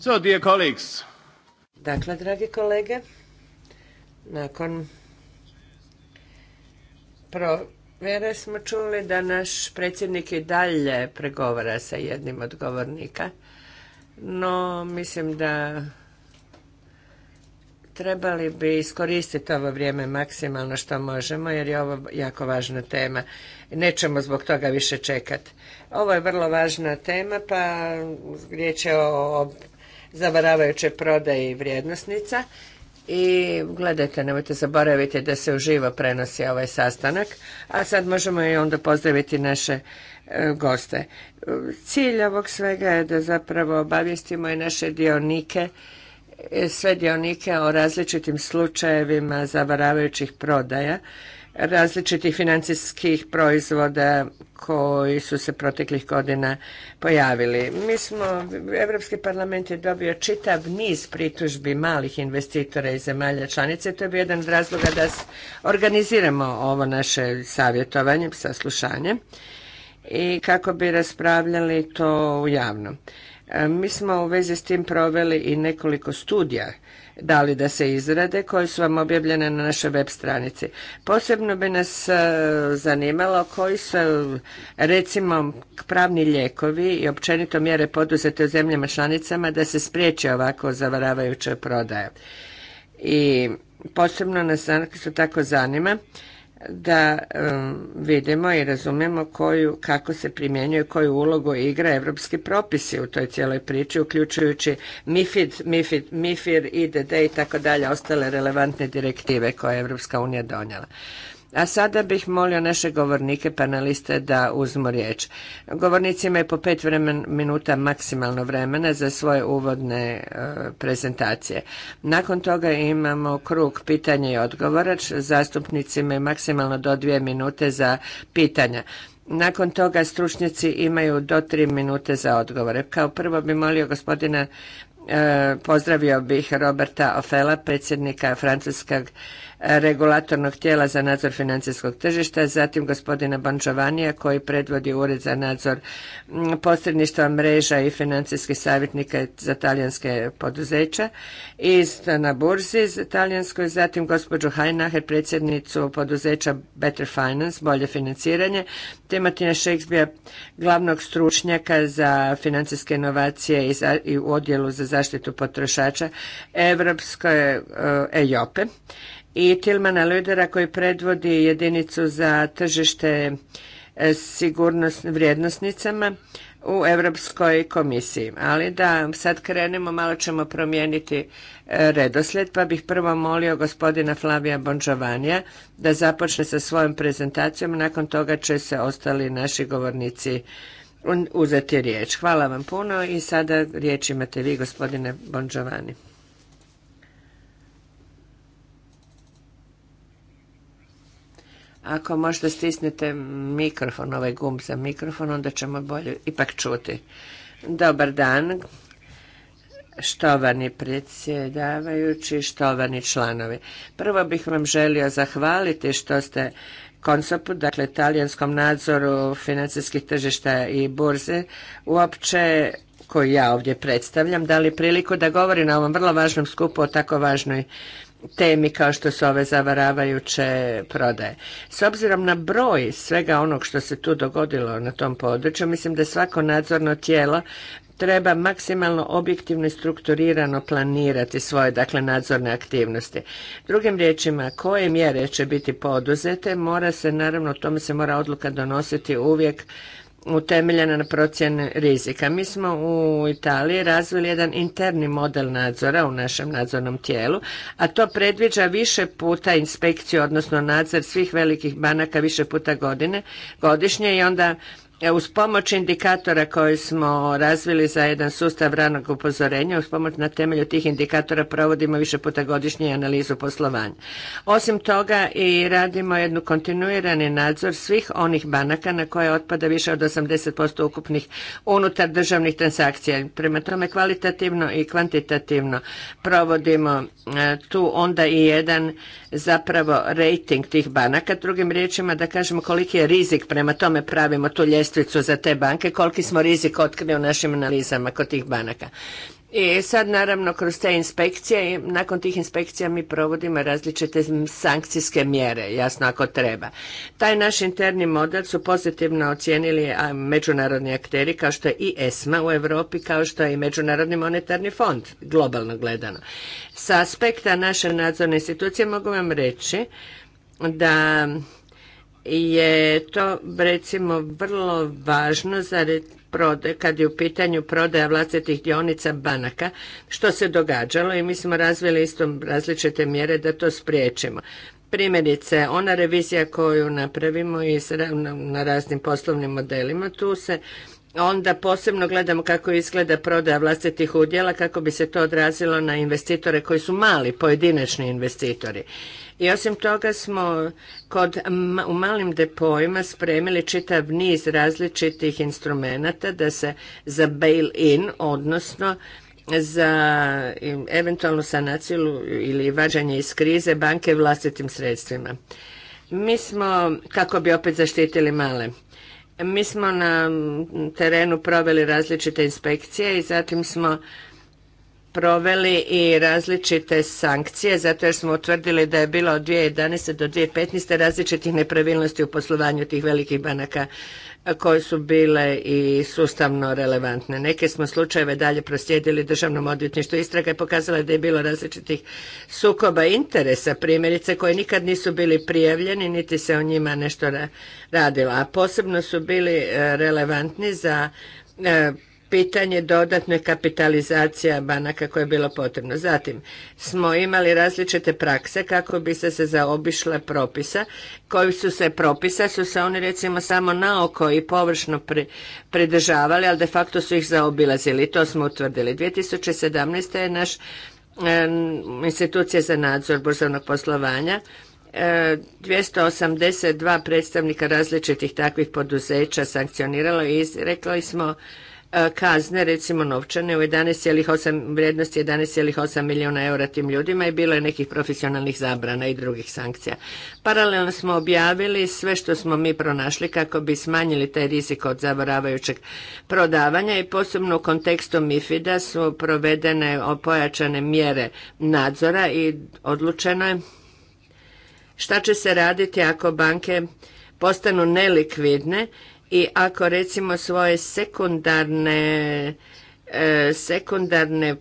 Speaker 2: So, dear colleagues. Dakle, dragi kolege, nakon provere smo čuli da naš predsjednik i dalje pregovara sa jednim od govornika, no mislim da trebali bi iskoristiti ovo vrijeme maksimalno što možemo jer je ovo jako važna tema. Nećemo zbog toga više čekati. Ovo je vrlo važna tema pa riječ je o zavaravajuće prodaje i vrijednosnica. I gledajte, nemojte zaboraviti da se uživo prenosi ovaj sastanak. A sad možemo i onda pozdraviti naše e, goste. Cilj ovog svega je da zapravo obavijestimo i naše dionike, e, sve dionike o različitim slučajevima zavaravajućih prodaja različitih financijskih proizvoda koji su se proteklih godina pojavili. Mi smo, Europski parlament je dobio čitav niz pritužbi malih investitora i zemalja članice. To je bio jedan od razloga da organiziramo ovo naše savjetovanje, saslušanje i kako bi raspravljali to javno. E, mi smo u vezi s tim proveli i nekoliko studija dali da se izrade koje su vam objavljene na našoj web stranici. Posebno bi nas e, zanimalo koji su e, recimo pravni lijekovi i općenito mjere poduzete u zemljama članicama da se spriječi ovako zavaravajuća prodaja. I posebno nas tako zanima da um, vidimo i razumemo koju, kako se primjenjuje, koju ulogu igra evropski propisi u toj cijeloj priči, uključujući MIFID, MIFID, MIFIR, IDD i tako dalje, ostale relevantne direktive koje je Evropska unija donijela. A sada bih molio naše govornike, paneliste, da uzmu riječ. Govornici imaju po pet minuta maksimalno vremena za svoje uvodne e, prezentacije. Nakon toga imamo krug pitanja i odgovora. Zastupnici imaju maksimalno do dvije minute za pitanja. Nakon toga stručnjaci imaju do tri minute za odgovore. Kao prvo bih molio gospodina, e, pozdravio bih Roberta Ofela, predsjednika Francuskog regulatornog tijela za nadzor financijskog tržišta, zatim gospodina Bančovanija koji predvodi Ured za nadzor posredništva mreža i financijskih savjetnika za talijanske poduzeća i na burzi za talijanskoj, zatim gospođu Hajnaher, predsjednicu poduzeća Better Finance, bolje financiranje, te Martina glavnog stručnjaka za financijske inovacije i, u odjelu za zaštitu potrošača Evropske eiope e, i Tilmana Ludera koji predvodi jedinicu za tržište e, sigurnost vrijednosnicama u Europskoj komisiji. Ali da sad krenemo, malo ćemo promijeniti e, redoslijed, pa bih prvo molio gospodina Flavija bonžovanja da započne sa svojom prezentacijom, nakon toga će se ostali naši govornici uzeti riječ. Hvala vam puno i sada riječ imate vi gospodine Bonžovani. Ako možda stisnete mikrofon, ovaj gumb za mikrofon, onda ćemo bolje ipak čuti. Dobar dan, štovani predsjedavajući, štovani članovi. Prvo bih vam želio zahvaliti što ste konsopu, dakle talijanskom nadzoru financijskih tržišta i burze, uopće koju ja ovdje predstavljam, dali priliku da govori na ovom vrlo važnom skupu o tako važnoj temi kao što su ove zavaravajuće prodaje. S obzirom na broj svega onog što se tu dogodilo na tom području, mislim da svako nadzorno tijelo treba maksimalno objektivno i strukturirano planirati svoje dakle nadzorne aktivnosti. Drugim riječima, koje mjere će biti poduzete, mora se naravno o tome se mora odluka donositi uvijek utemeljena na procjen rizika. Mi smo u Italiji razvili jedan interni model nadzora u našem nadzornom tijelu, a to predviđa više puta inspekciju, odnosno nadzor svih velikih banaka više puta godine, godišnje i onda E, uz pomoć indikatora koje smo razvili za jedan sustav ranog upozorenja, uz pomoć na temelju tih indikatora provodimo više puta godišnje analizu poslovanja. Osim toga i radimo jednu kontinuirani nadzor svih onih banaka na koje otpada više od 80% ukupnih unutar državnih transakcija. Prema tome kvalitativno i kvantitativno provodimo e, tu onda i jedan zapravo rating tih banaka. Drugim riječima da kažemo koliki je rizik prema tome pravimo tu ljestvicu za te banke, koliki smo rizik otkrili u našim analizama kod tih banaka. I sad naravno kroz te inspekcije, nakon tih inspekcija mi provodimo različite sankcijske mjere, jasno ako treba. Taj naš interni model su pozitivno ocijenili međunarodni akteri kao što je i ESMA u Europi, kao što je i Međunarodni monetarni fond, globalno gledano. Sa aspekta naše nadzorne institucije mogu vam reći da je to recimo vrlo važno za prode, kad je u pitanju prodaja vlastitih dionica banaka, što se događalo i mi smo razvili isto različite mjere da to spriječimo. Primjerice, ona revizija koju napravimo i na raznim poslovnim modelima, tu se onda posebno gledamo kako izgleda prodaja vlastitih udjela kako bi se to odrazilo na investitore koji su mali pojedinačni investitori i osim toga smo kod, u malim depojima spremili čitav niz različitih instrumenata da se za bail-in, odnosno za eventualnu sanaciju ili vađanje iz krize banke vlastitim sredstvima. Mi smo, kako bi opet zaštitili male, mi smo na terenu proveli različite inspekcije i zatim smo proveli i različite sankcije zato jer smo utvrdili da je bilo od 2011. do 2015. različitih nepravilnosti u poslovanju tih velikih banaka koje su bile i sustavno relevantne. Neke smo slučajeve dalje proslijedili državnom odvjetništvu. Istraga je pokazala da je bilo različitih sukoba interesa, primjerice koji nikad nisu bili prijavljeni, niti se o njima nešto radilo. A posebno su bili e, relevantni za e, pitanje dodatne kapitalizacija banaka koje je bilo potrebno. Zatim smo imali različite prakse kako bi se se zaobišle propisa, koji su se propisa, su se oni recimo samo naoko i površno pridržavali, ali de facto su ih zaobilazili. To smo utvrdili. 2017. je naš institucija za nadzor burzovnog poslovanja 282 e, predstavnika različitih takvih poduzeća sankcioniralo i rekli smo E, kazne, recimo novčane, u 11,8 vrijednosti 11,8 milijuna eura tim ljudima i bilo je nekih profesionalnih zabrana i drugih sankcija. Paralelno smo objavili sve što smo mi pronašli kako bi smanjili taj rizik od zavaravajućeg prodavanja i posebno u kontekstu MIFID-a su provedene pojačane mjere nadzora i odlučeno je šta će se raditi ako banke postanu nelikvidne i ako recimo svoje sekundarne e, sekundarne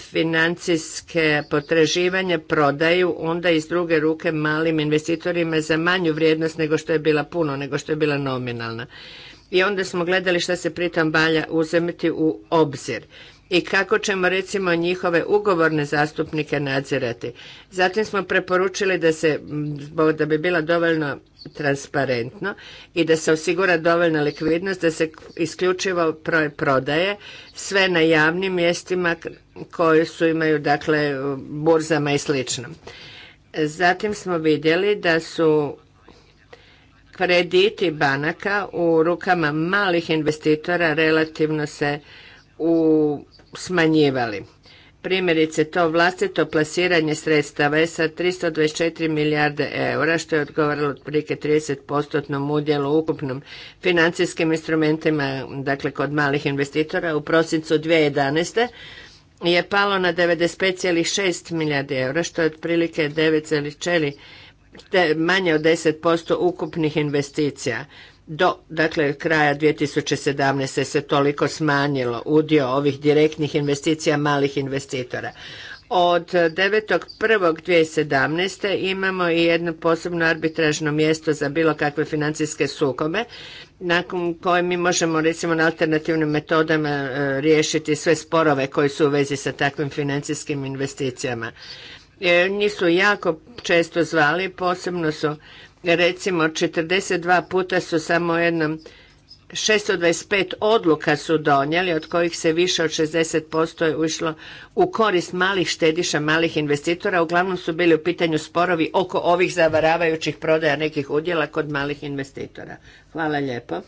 Speaker 2: financijske potraživanje prodaju onda iz druge ruke malim investitorima za manju vrijednost nego što je bila puno, nego što je bila nominalna. I onda smo gledali što se pritom valja uzemiti u obzir i kako ćemo recimo njihove ugovorne zastupnike nadzirati. Zatim smo preporučili da se, da bi bila dovoljno transparentno i da se osigura dovoljna likvidnost, da se isključivo prodaje sve na javnim mjestima koje su imaju, dakle, burzama i slično. Zatim smo vidjeli da su krediti banaka u rukama malih investitora relativno se u smanjivali. Primjerice to vlastito plasiranje sredstava je sa 324 milijarde eura, što je odgovaralo otprilike 30% udjelu u ukupnom financijskim instrumentima, dakle kod malih investitora u prosincu 2011 je palo na 95,6 milijardi eura, što je otprilike 9,4 manje od 10% ukupnih investicija do dakle kraja 2017. se toliko smanjilo udio ovih direktnih investicija malih investitora. Od 9.1.2017. imamo i jedno posebno arbitražno mjesto za bilo kakve financijske sukobe, nakon koje mi možemo recimo na alternativnim metodama e, riješiti sve sporove koji su u vezi sa takvim financijskim investicijama. E, nisu jako često zvali, posebno su recimo 42 puta su samo jednom 625 odluka su donijeli, od kojih se više od 60% je ušlo u korist malih štediša, malih investitora. Uglavnom su bili u pitanju sporovi oko ovih zavaravajućih prodaja nekih udjela kod malih investitora. Hvala lijepo.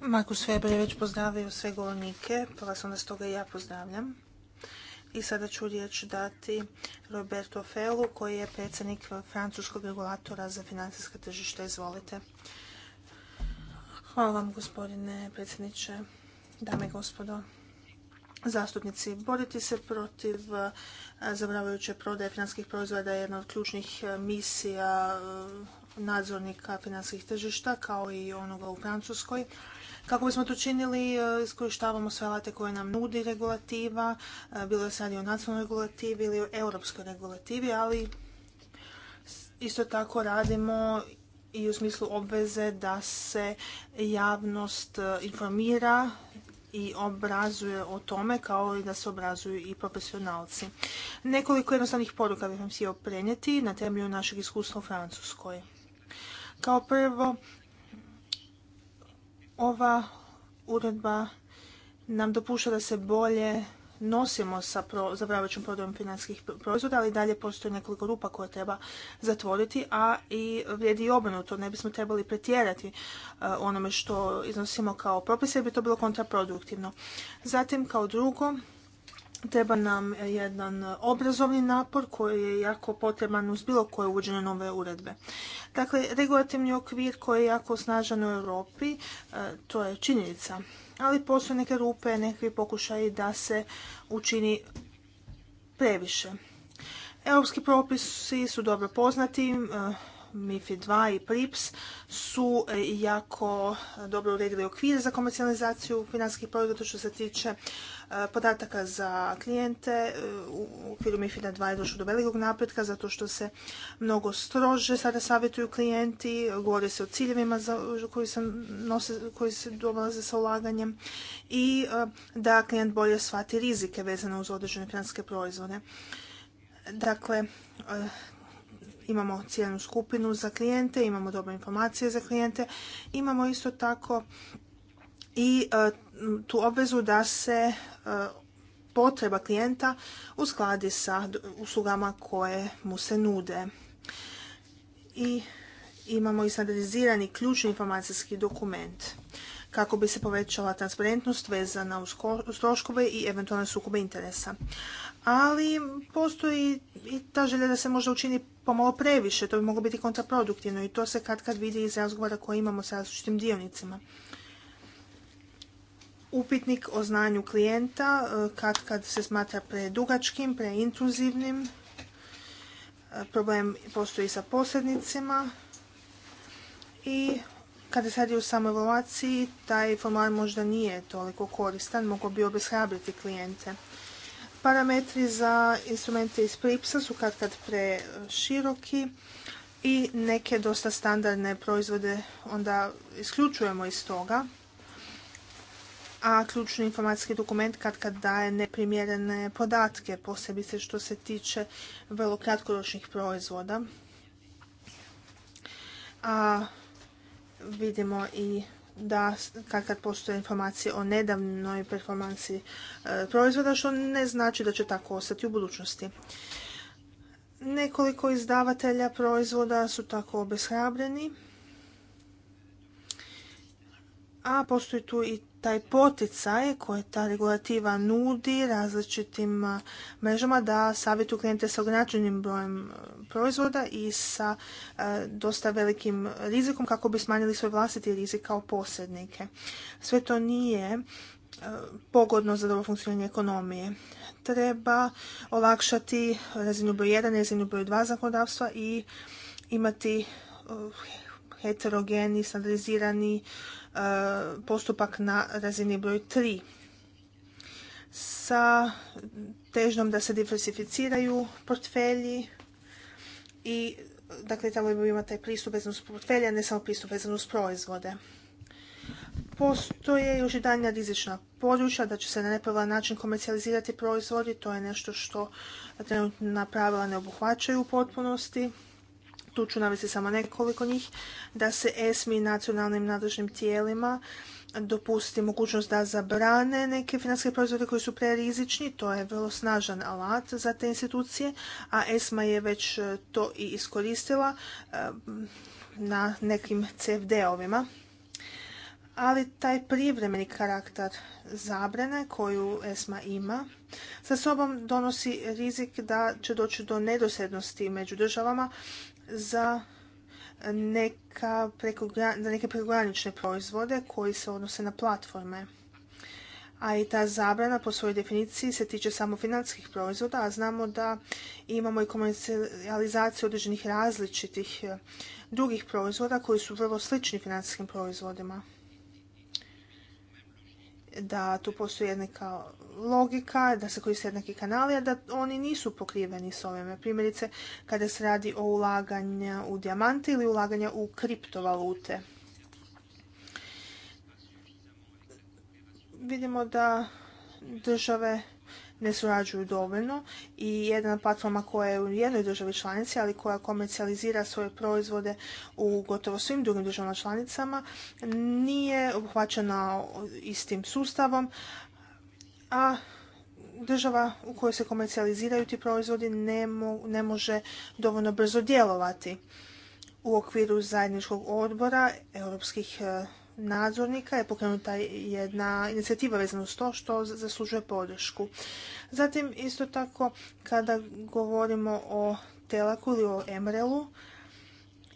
Speaker 3: Markus Weber je već pozdravio sve govornike, pa vas onda stoga ja pozdravljam. I sada ću riječ dati Roberto Felu koji je predsjednik francuskog regulatora za financijske tržište. Izvolite. Hvala vam gospodine predsjedniče, dame i gospodo zastupnici. Boriti se protiv eh, zabravajuće prodaje financijskih proizvoda je jedna od ključnih eh, misija eh, nadzornika financijskih tržišta kao i onoga u Francuskoj. Kako bismo to činili, e, iskorištavamo sve alate koje nam nudi regulativa, e, bilo sad i o nacionalnoj regulativi ili o europskoj regulativi, ali isto tako radimo i u smislu obveze da se javnost e, informira i obrazuje o tome kao i da se obrazuju i profesionalci. Nekoliko jednostavnih poruka bih vam htio prenijeti na temelju našeg iskustva u Francuskoj. Kao prvo, ova uredba nam dopušta da se bolje nosimo sa zabravačom prodajom financijskih proizvoda, ali dalje postoji nekoliko rupa koje treba zatvoriti, a i vrijedi i obrnuto. Ne bismo trebali pretjerati e, onome što iznosimo kao propise, jer bi to bilo kontraproduktivno. Zatim, kao drugo, Treba nam jedan obrazovni napor koji je jako potreban uz bilo koje uvođene nove uredbe. Dakle, regulativni okvir koji je jako snažan u Europi, e, to je činjenica. Ali postoje neke rupe, neki pokušaji da se učini previše. Europski propisi su dobro poznati, e, MIFI 2 i PRIPS su jako dobro uredili okvir za komercijalizaciju financijskih proizvoda što se tiče E, podataka za klijente. E, u okviru MIFID-a 2 je došlo do velikog napretka zato što se mnogo strože sada savjetuju klijenti, govore se o ciljevima koji, se nose, koji se dolaze sa ulaganjem i e, da klijent bolje shvati rizike vezane uz određene financijske proizvode. Dakle, imamo cijenu skupinu za klijente, imamo dobre informacije za klijente, imamo isto tako i tu obvezu da se e, potreba klijenta uskladi sa uslugama koje mu se nude. I imamo i standardizirani ključni informacijski dokument kako bi se povećala transparentnost vezana uz troškove i eventualne sukobe interesa. Ali postoji i ta želja da se možda učini pomalo previše, to bi moglo biti kontraproduktivno i to se kad kad vidi iz razgovora koje imamo sa različitim dionicima upitnik o znanju klijenta e, kad kad se smatra predugačkim, preintruzivnim. E, problem postoji sa posrednicima i kada se radi o samoevaluaciji, taj formular možda nije toliko koristan, mogao bi obeshrabriti klijente. Parametri za instrumente iz Pripsa su kad kad preširoki i neke dosta standardne proizvode onda isključujemo iz toga a ključni informacijski dokument kad kad daje neprimjerene podatke, posebice što se tiče vrlo kratkoročnih proizvoda. A vidimo i da kad kad postoje informacije o nedavnoj performansi e, proizvoda, što ne znači da će tako ostati u budućnosti. Nekoliko izdavatelja proizvoda su tako obeshrabreni, a postoji tu i taj poticaj koje ta regulativa nudi različitim mrežama da savjetu klijente sa ograničenim brojem proizvoda i sa dosta velikim rizikom kako bi smanjili svoj vlastiti rizik kao posrednike. Sve to nije pogodno za dobro funkcioniranje ekonomije. Treba olakšati razinu broj 1, razinu broj 2 zakonodavstva i imati uh, heterogeni, standardizirani E, postupak na razini broj 3 sa težnom da se diversificiraju portfelji i dakle trebali bi imati taj pristup vezan uz portfelje, ne samo pristup vezan uz proizvode. Postoje još i daljnja rizična područja da će se na nepravilan način komercijalizirati proizvodi, to je nešto što trenutna pravila ne obuhvaćaju u potpunosti tu ću navesti samo nekoliko njih, da se ESMI nacionalnim nadležnim tijelima dopusti mogućnost da zabrane neke financijske proizvode koji su prerizični, to je vrlo snažan alat za te institucije, a ESMA je već e, to i iskoristila e, na nekim CFD-ovima. Ali taj privremeni karakter zabrane koju ESMA ima sa sobom donosi rizik da će doći do nedosljednosti među državama za neka neke prekogranične proizvode koji se odnose na platforme. A i ta zabrana po svojoj definiciji se tiče samo financijskih proizvoda, a znamo da imamo i komercijalizaciju određenih različitih e, drugih proizvoda koji su vrlo slični financijskim proizvodima da tu postoji jedna kao logika, da se koriste jednaki kanali, a da oni nisu pokriveni s ovime. Primjerice, kada se radi o ulaganja u dijamante ili ulaganja u kriptovalute. Vidimo da države ne surađuju dovoljno i jedna platforma koja je u jednoj državi članici, ali koja komercijalizira svoje proizvode u gotovo svim drugim državama članicama, nije obuhvaćena istim sustavom, a država u kojoj se komercijaliziraju ti proizvodi ne, može dovoljno brzo djelovati u okviru zajedničkog odbora europskih e, nadzornika je pokrenuta jedna inicijativa vezana uz to što zaslužuje podršku. Zatim isto tako kada govorimo o Telaku ili o Emrelu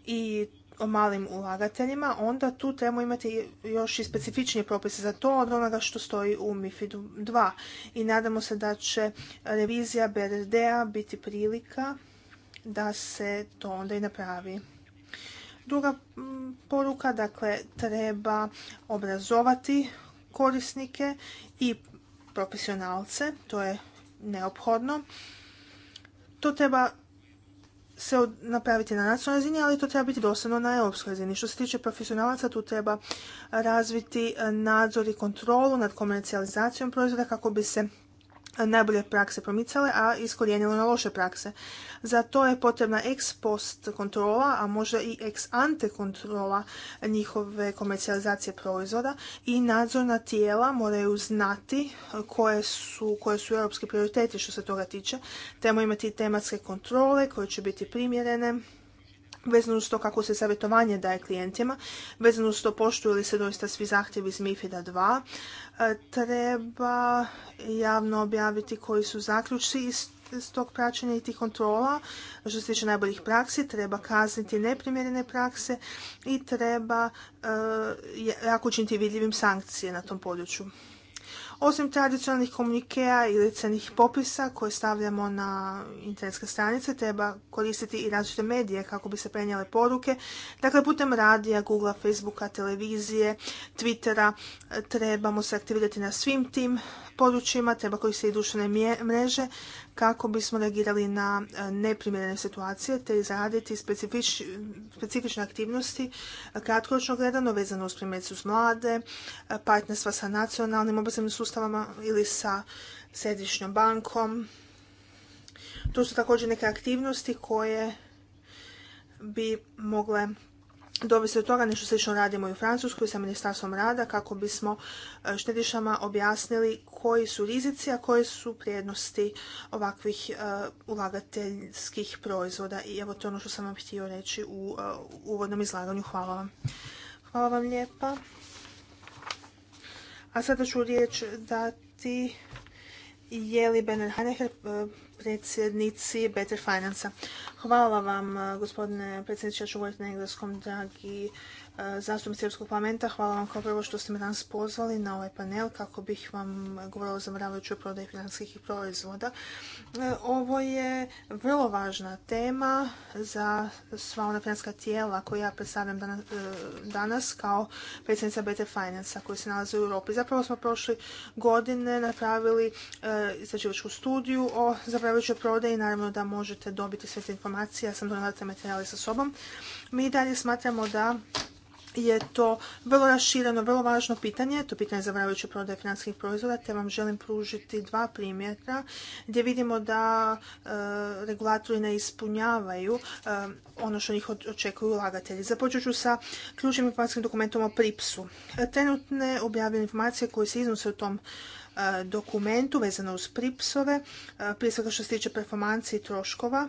Speaker 3: i o malim ulagateljima, onda tu trebamo imati još i specifičnije propise za to od onoga što stoji u mifid 2. I nadamo se da će revizija BRD-a biti prilika da se to onda i napravi. Druga poruka, dakle, treba obrazovati korisnike i profesionalce, to je neophodno. To treba se napraviti na nacionalnoj razini, ali to treba biti dosadno na europskoj razini. Što se tiče profesionalaca, tu treba razviti eh, nadzor i kontrolu nad komercijalizacijom proizvoda kako bi se najbolje prakse promicale, a iskorijenilo na loše prakse. Za to je potrebna ex post kontrola, a možda i ex ante kontrola njihove komercijalizacije proizvoda i nadzorna tijela moraju znati koje su, koje su europski prioriteti što se toga tiče. Trebamo imati tematske kontrole koje će biti primjerene, vezano uz to kako se savjetovanje daje klijentima, vezano uz to poštuju li se doista svi zahtjevi iz MIFID-a 2, treba javno objaviti koji su zaključci iz tog praćenja i tih kontrola. Što se tiče najboljih praksi, treba kazniti neprimjerene prakse i treba eh, jako učiniti vidljivim sankcije na tom području. Osim tradicionalnih komunikeja i licenih popisa koje stavljamo na internetske stranice, treba koristiti i različite medije kako bi se prenijele poruke. Dakle, putem radija, Google, Facebooka, televizije, Twittera e, trebamo se aktivirati na svim tim područjima, treba koristiti i društvene mreže kako bismo reagirali na e, neprimjerene situacije te izraditi specifične aktivnosti e, kratkoročno gledano vezano uz primjericu s mlade, e, partnerstva sa nacionalnim obrazovnim sustavama ili sa središnjom bankom. To su također neke aktivnosti koje bi mogle dovesti do toga nešto slično radimo i u Francuskoj sa Ministarstvom rada kako bismo e, štedišama objasnili koji su rizici, a koje su prijednosti ovakvih e, ulagateljskih proizvoda. I evo to je ono što sam vam htio reći e, u uvodnom izlaganju. Hvala vam. Hvala vam lijepa. A sada ću riječ dati Jeli Benen predsjednici Better Finance-a. Hvala vam, gospodine predsjedniče, ja ću govoriti na engleskom, dragi zastupnici srpskog parlamenta, hvala vam kao prvo što ste me danas pozvali na ovaj panel kako bih vam govorila o zamravljajućoj prodaji financijskih proizvoda. E, ovo je vrlo važna tema za sva ona finanska tijela koja ja predstavljam e, danas kao predsjednica BT Finance koji se nalaze u Europi. Zapravo smo prošle godine napravili e, istraživačku studiju o zamravljajućoj prodaji. Naravno da možete dobiti sve te informacije, ja sam donala te materijale sa sobom. Mi dalje smatramo da je to vrlo rašireno, vrlo važno pitanje, to pitanje zavaravajuće prodaje financijskih proizvoda, te vam želim pružiti dva primjera gdje vidimo da e, regulatori ne ispunjavaju e, ono što njih očekuju ulagatelji. Započet ću sa ključnim informacijskim dokumentom o PRIPS-u. E, trenutne objavljene informacije koje se iznose u tom dokumentu vezano uz pripsove, prije svega što se tiče performanci i troškova,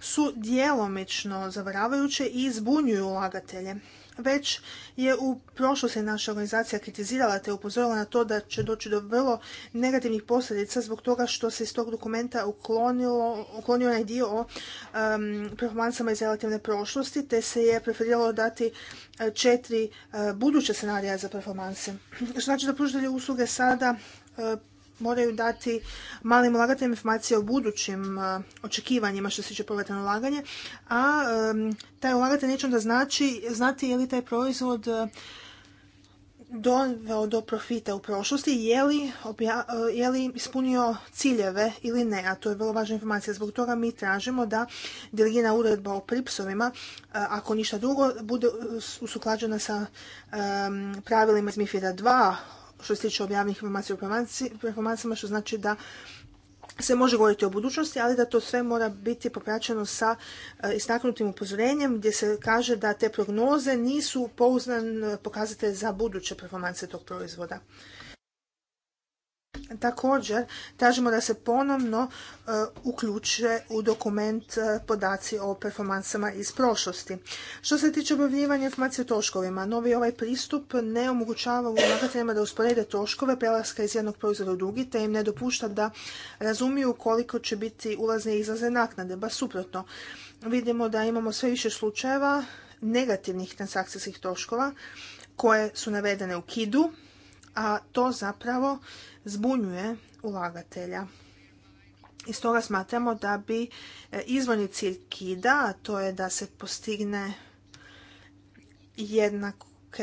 Speaker 3: su djelomično zavaravajuće i zbunjuju ulagatelje. Već je u prošlosti naša organizacija kritizirala te upozorila na to da će doći do vrlo negativnih posljedica zbog toga što se iz tog dokumenta uklonio onaj dio o um, performansama iz relativne prošlosti, te se je preferiralo dati e, četiri e, buduće buduća scenarija za performanse. Što znači da pružitelji usluge sada e, moraju dati malim ulagateljima informacije o budućim e, očekivanjima što se tiče povrata na ulaganje, a taj ulagatelj neće onda znači, znati je li taj proizvod e, doveo do profita u prošlosti, je li, e, je li ispunio ciljeve ili ne, a to je vrlo važna informacija. Zbog toga mi tražimo da delegina uredba o pripsovima, ako ništa drugo, bude usuklađena sa pravilima iz MIFIDA 2 što se tiče objavnih informacija o što znači da se može govoriti o budućnosti, ali da to sve mora biti popraćeno sa e, istaknutim upozorenjem gdje se kaže da te prognoze nisu pouznan e, pokazatelj za buduće performanse tog proizvoda. Također, tražimo da se ponovno e, uključe u dokument e, podaci o performansama iz prošlosti. Što se tiče objavljivanja informacije o troškovima, novi ovaj pristup ne omogućava ulagateljima da usporede troškove prelaska iz jednog proizvoda u drugi, te im ne dopušta da razumiju koliko će biti ulazne i izlaze naknade. Ba suprotno, vidimo da imamo sve više slučajeva negativnih transakcijskih troškova koje su navedene u KID-u, a to zapravo zbunjuje ulagatelja. I stoga smatramo da bi e, izvorni cilj KIDA, a to je da se postigne jednake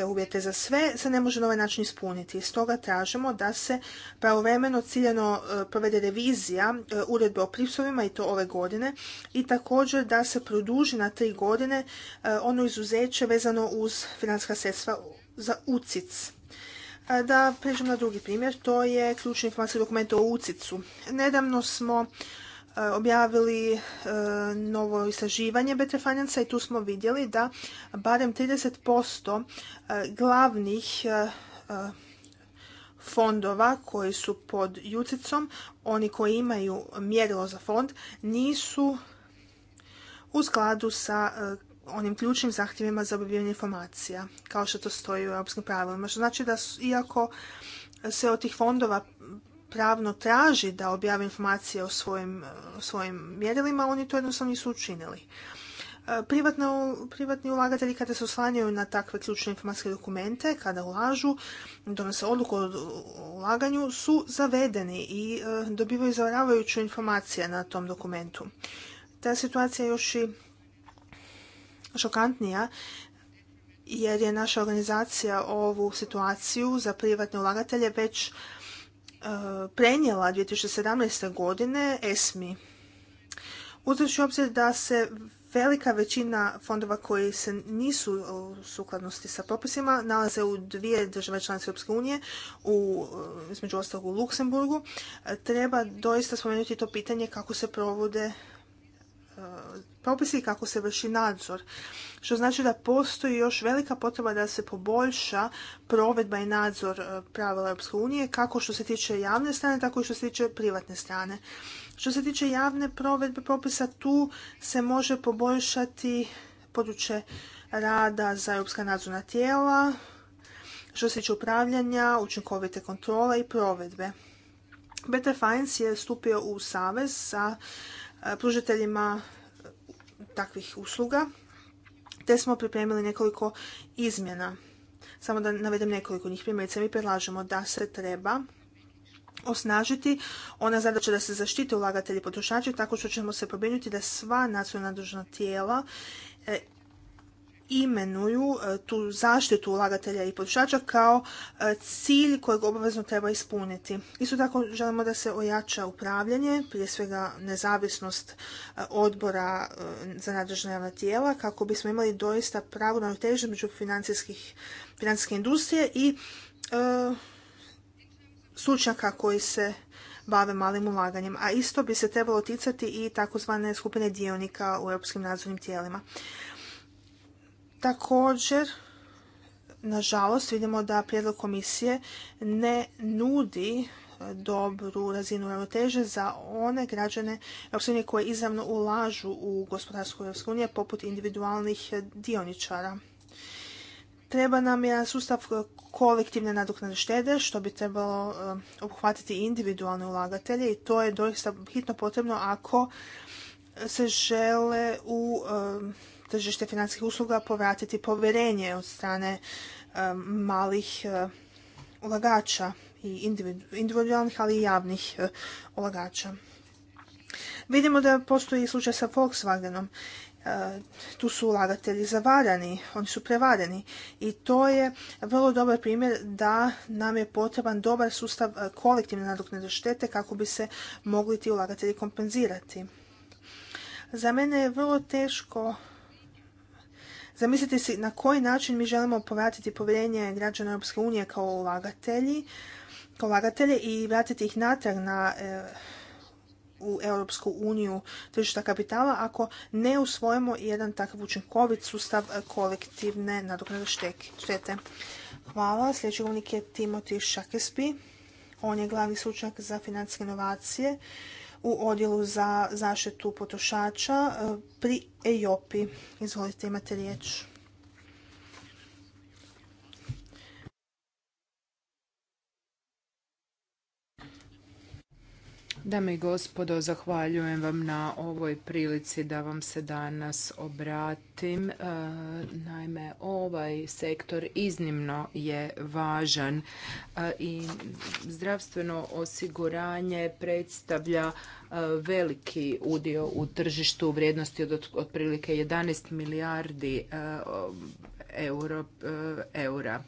Speaker 3: uvjete za sve, se ne može na ovaj način ispuniti. Stoga tražimo da se pravovremeno ciljeno e, provede revizija e, uredbe o pripsovima i to ove godine i također da se produži na tri godine ono izuzeće vezano uz financijska sredstva za UCIC. Da pređemo na drugi primjer, to je ključni informacijski dokument o UCIC-u. Nedavno smo e, objavili e, novo istraživanje Better Finance i tu smo vidjeli da barem 30% e, glavnih fondova koji su pod UCIC-om, oni koji imaju mjerilo za fond, nisu u skladu sa onim ključnim zahtjevima za objavljivanje informacija, kao što to stoji u europskim pravilima. Što znači da, iako se od tih fondova pravno traži da objave informacije o svojim, svojim mjerilima, oni to jednostavno nisu učinili. E, privatno, privatni ulagatelji kada se oslanjaju na takve ključne informacijske dokumente, kada ulažu, donose odluku o ulaganju, su zavedeni i e, dobivaju zavaravajuću informacije na tom dokumentu. Ta situacija je još i šokantnija jer je naša organizacija ovu situaciju za privatne ulagatelje već e, prenijela 2017. godine ESMI. Uzreći obzir da se velika većina fondova koji se nisu u sukladnosti sa propisima nalaze u dvije države članice Europske unije, u, e, između ostalog u Luksemburgu, e, treba doista spomenuti to pitanje kako se provode propisi i kako se vrši nadzor. Što znači da postoji još velika potreba da se poboljša provedba i nadzor e, pravila Europske unije, kako što se tiče javne strane, tako i što se tiče privatne strane. Što se tiče javne provedbe propisa, tu se može poboljšati područje rada za europska nadzorna tijela, što se tiče upravljanja, učinkovite kontrole i provedbe. Better Finance je stupio u savez sa e, pružiteljima takvih usluga, te smo pripremili nekoliko izmjena. Samo da navedem nekoliko njih. Primjerice, mi predlažemo da se treba osnažiti ona zadaća da se zaštite ulagatelji potrošači tako što ćemo se pobrinuti da sva nacionalna državna tijela e, imenuju e, tu zaštitu ulagatelja i potrošača kao e, cilj kojeg obavezno treba ispuniti. Isto tako želimo da se ojača upravljanje, prije svega nezavisnost e, odbora za nadležna javna tijela, kako bismo imali doista pravu ravnotežu među financijske industrije i e, koji se bave malim ulaganjem, a isto bi se trebalo ticati i takozvane skupine dionika u europskim nadzornim tijelima. Također, nažalost, vidimo da prijedlog komisije ne nudi e, dobru razinu ravnoteže za one građane EU koje izravno ulažu u gospodarstvo EU poput individualnih dioničara. Treba nam je sustav e, kolektivne nadoknade štede, što bi trebalo e, obuhvatiti individualne ulagatelje i to je doista hitno potrebno ako se žele u tržište financijskih usluga povratiti povjerenje od strane e, malih e, ulagača i individualnih, ali i javnih e, ulagača. Vidimo da postoji slučaj sa Volkswagenom. Tu su ulagatelji zavarani, oni su prevareni i to je vrlo dobar primjer da nam je potreban dobar sustav kolektivne nadoknade štete kako bi se mogli ti ulagatelji kompenzirati. Za mene je vrlo teško Zamislite si na koji način mi želimo povratiti povjerenje građana Europske unije kao ulagatelji, kao ulagatelje i vratiti ih natrag na e, u Europsku uniju tržišta kapitala ako ne usvojimo jedan takav učinkovit sustav kolektivne nadoknade štete. Hvala. Sljedeći govornik je Timothy Shakespeare. On je glavni stručnjak za financijske inovacije u odjelu za zaštitu potrošača e, pri EJOPI. Izvolite, imate riječ.
Speaker 1: Dame i gospodo, zahvaljujem vam na ovoj prilici da vam se danas obratim. E, naime, ovaj sektor iznimno je važan e, i zdravstveno osiguranje predstavlja e, veliki udio u tržištu u vrijednosti od otprilike 11 milijardi eura.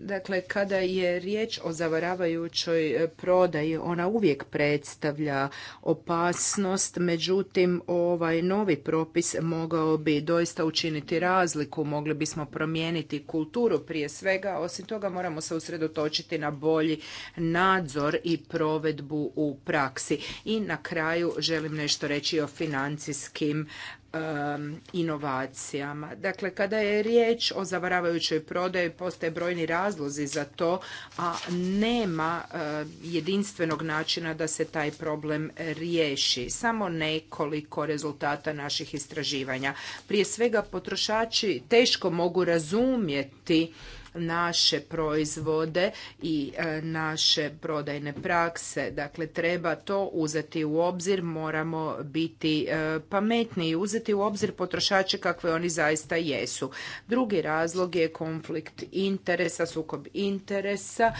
Speaker 1: Dakle, kada je riječ o zavaravajućoj e, prodaji, ona uvijek predstavlja opasnost, međutim ovaj novi propis mogao bi doista učiniti razliku, mogli bismo promijeniti kulturu prije svega, osim toga moramo se usredotočiti na bolji nadzor i provedbu u praksi. I na kraju želim nešto reći o financijskim Um, inovacijama. Dakle, kada je riječ o zavaravajućoj prodaji, postoje brojni razlozi za to, a nema uh, jedinstvenog načina da se taj problem riješi. Samo nekoliko rezultata naših istraživanja. Prije svega, potrošači teško mogu razumjeti naše proizvode i e, naše prodajne prakse. Dakle, treba to uzeti u obzir, moramo biti e, pametni i uzeti u obzir potrošače kakve oni zaista jesu. Drugi razlog je konflikt interesa, sukob interesa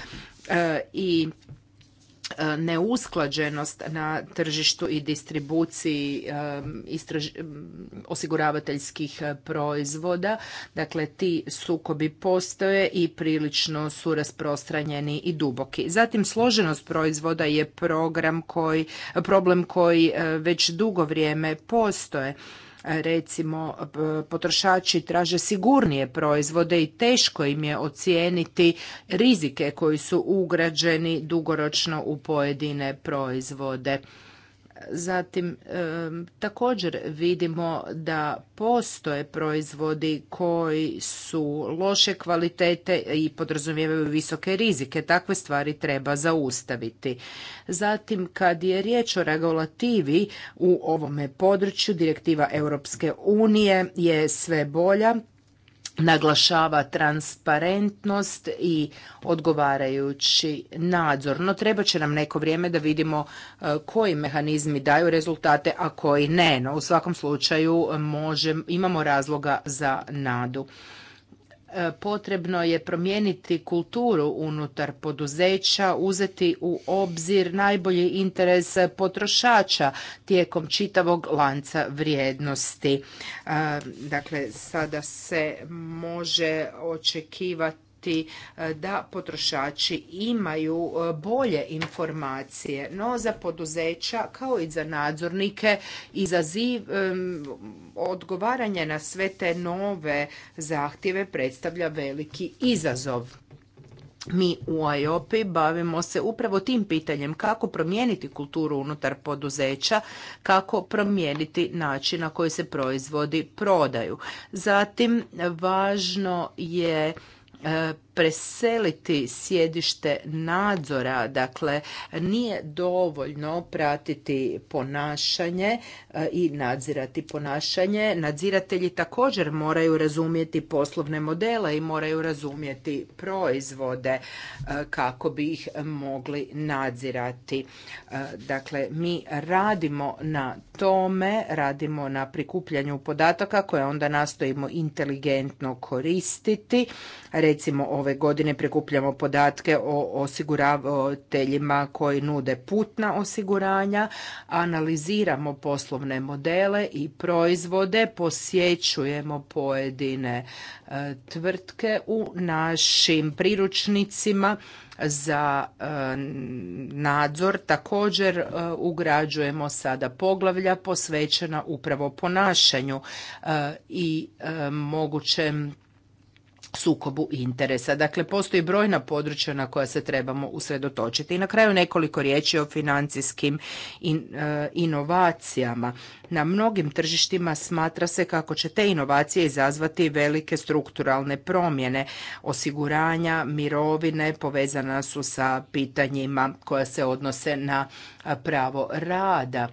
Speaker 1: e, i E, neusklađenost na tržištu i distribuciji e, osiguravateljskih e, proizvoda. Dakle, ti sukobi postoje i prilično su rasprostranjeni i duboki. Zatim, složenost proizvoda je program koji, problem koji već dugo vrijeme postoje recimo potrošači traže sigurnije proizvode i teško im je ocijeniti rizike koji su ugrađeni dugoročno u pojedine proizvode Zatim također vidimo da postoje proizvodi koji su loše kvalitete i podrazumijevaju visoke rizike. Takve stvari treba zaustaviti. Zatim kad je riječ o regulativi u ovome području direktiva Europske unije je sve bolja naglašava transparentnost i odgovarajući nadzor. No treba će nam neko vrijeme da vidimo e, koji mehanizmi daju rezultate, a koji ne. No u svakom slučaju e, imamo razloga za nadu. E, potrebno je promijeniti kulturu unutar poduzeća, uzeti u obzir najbolji interes potrošača tijekom čitavog lanca vrijednosti. E, dakle, sada se može očekivati E, da potrošači imaju e, bolje informacije, no za poduzeća kao i za nadzornike e, odgovaranje na sve te nove zahtjeve predstavlja veliki izazov. Mi u iop bavimo se upravo tim pitanjem kako promijeniti kulturu unutar poduzeća, kako promijeniti način na koji se proizvodi prodaju. Zatim, važno je e preseliti sjedište nadzora, dakle nije dovoljno pratiti ponašanje e, i nadzirati ponašanje. Nadziratelji također moraju razumjeti poslovne modele i moraju razumjeti proizvode e, kako bi ih mogli nadzirati. E, dakle, mi radimo na tome, radimo na prikupljanju podataka koje onda nastojimo inteligentno koristiti. Recimo ove godine prikupljamo podatke o osiguravateljima koji nude putna osiguranja, analiziramo poslovne modele i proizvode, posjećujemo pojedine e, tvrtke u našim priručnicima za e, nadzor također e, ugrađujemo sada poglavlja posvećena upravo ponašanju i mogućem sukobu interesa. Dakle, postoji brojna područja na koja se trebamo usredotočiti. I na kraju nekoliko riječi o financijskim e, inovacijama. Na mnogim tržištima smatra se kako će te inovacije izazvati velike strukturalne promjene. Osiguranja, mirovine povezana su sa pitanjima koja se odnose na pravo rada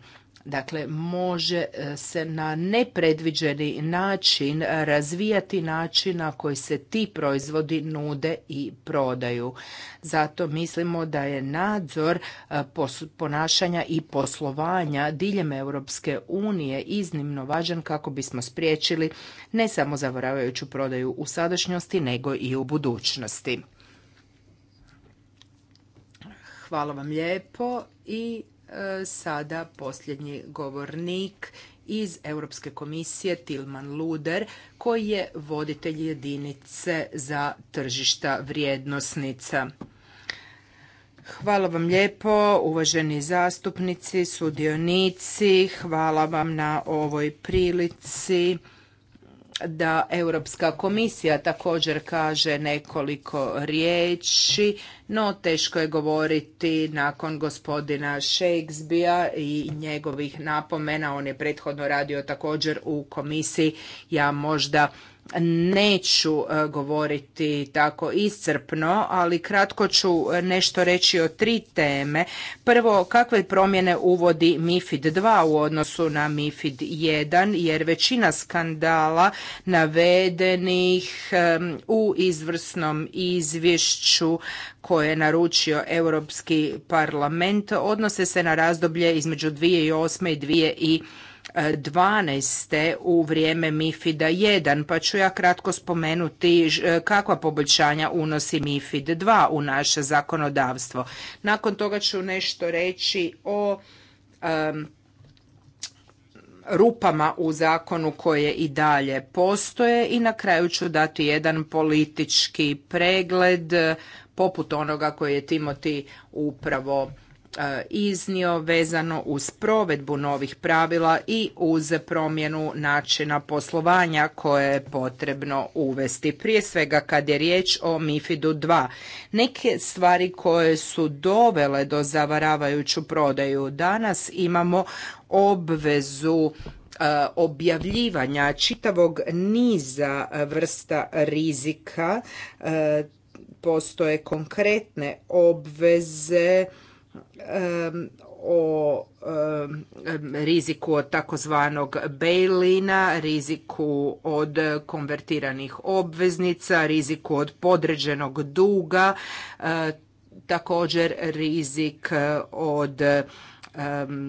Speaker 1: Dakle, može e, se na nepredviđeni način razvijati način na koji se ti proizvodi nude i prodaju. Zato mislimo da je nadzor e, ponašanja i poslovanja diljem Europske unije iznimno važan kako bismo spriječili ne samo zavaravajuću prodaju u sadašnjosti, nego i u budućnosti. Hvala vam lijepo i sada posljednji govornik iz Europske komisije Tilman Luder koji je voditelj jedinice za tržišta vrijednosnica. Hvala vam lijepo, uvaženi zastupnici, sudionici, hvala vam na ovoj prilici da Europska komisija također kaže nekoliko riječi, no teško je govoriti nakon gospodina Shakespearea i njegovih napomena. On je prethodno radio također u komisiji. Ja možda neću e, govoriti tako iscrpno, ali kratko ću nešto reći o tri teme. Prvo, kakve promjene uvodi MIFID 2 u odnosu na MIFID 1, jer većina skandala navedenih u izvrsnom izvješću koje je naručio Europski parlament odnose se na razdoblje između 2008. i 2008 12. u vrijeme MIFID-a 1, pa ću ja kratko spomenuti e, kakva poboljšanja unosi MIFID 2 u naše zakonodavstvo. Nakon toga ću nešto reći o rupama u zakonu koje i dalje postoje i na kraju ću dati jedan politički pregled poput onoga koji je Timoti upravo E, iznio vezano uz provedbu novih pravila i uz promjenu načina poslovanja koje je potrebno uvesti. Prije svega kad je riječ o MIFIDu 2. Neke stvari koje su dovele do zavaravajuću prodaju danas imamo obvezu e, objavljivanja čitavog niza vrsta rizika e, postoje konkretne obveze o riziku od takozvanog bailina, riziku od konvertiranih obveznica, riziku od podređenog duga, e, također rizik od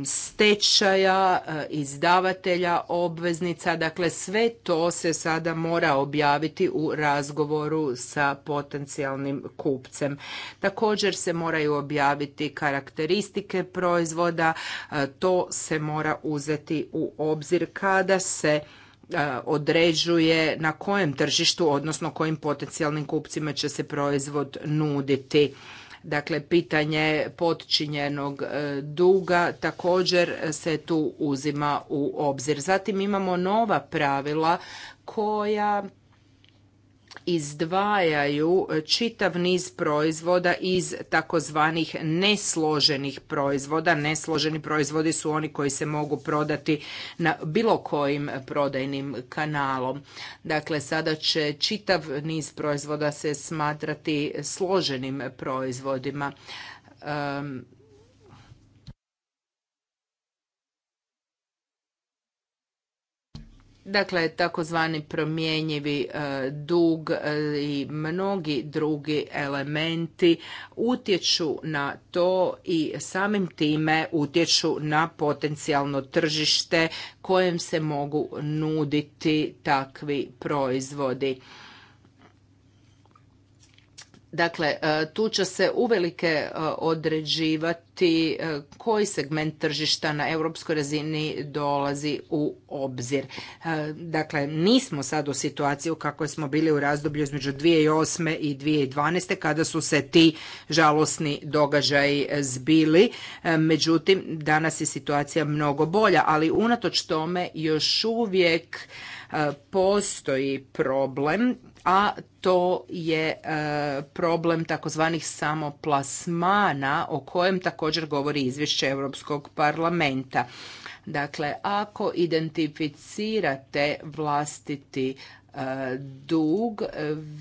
Speaker 1: stečaja, e, izdavatelja obveznica, dakle sve to se sada mora objaviti u razgovoru sa potencijalnim kupcem. Također se moraju objaviti karakteristike proizvoda, e, to se mora uzeti u obzir kada se e, određuje na kojem tržištu, odnosno kojim potencijalnim kupcima će se proizvod nuditi. Dakle, pitanje potčinjenog e, duga također se tu uzima u obzir. Zatim imamo nova pravila koja izdvajaju čitav niz proizvoda iz takozvanih nesloženih proizvoda. Nesloženi proizvodi su oni koji se mogu prodati na bilo kojim prodajnim kanalom. Dakle, sada će čitav niz proizvoda se smatrati složenim proizvodima. Dakle, takozvani promjenjivi e, dug e, i mnogi drugi elementi utječu na to i samim time utječu na potencijalno tržište kojem se mogu nuditi takvi proizvodi. Dakle, e, tu će se uvelike e, određivati e, koji segment tržišta na europskoj razini dolazi u obzir. Dakle, nismo sad u situaciji u kakvoj smo bili u razdoblju između 2008. i 2012. kada su se ti žalosni događaji zbili. Međutim, danas je situacija mnogo bolja, ali unatoč tome još uvijek postoji problem a to je e, problem takozvanih samoplasmana o kojem također govori izvješće Europskog parlamenta. Dakle, ako identificirate vlastiti e, dug,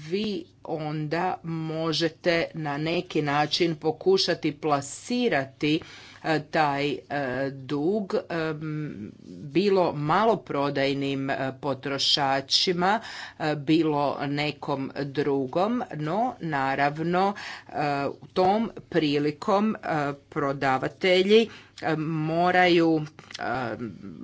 Speaker 1: vi onda možete na neki način pokušati plasirati E, taj e, dug e, bilo maloprodajnim potrošačima, bilo nekom drugom, no naravno tom prilikom prodavatelji moraju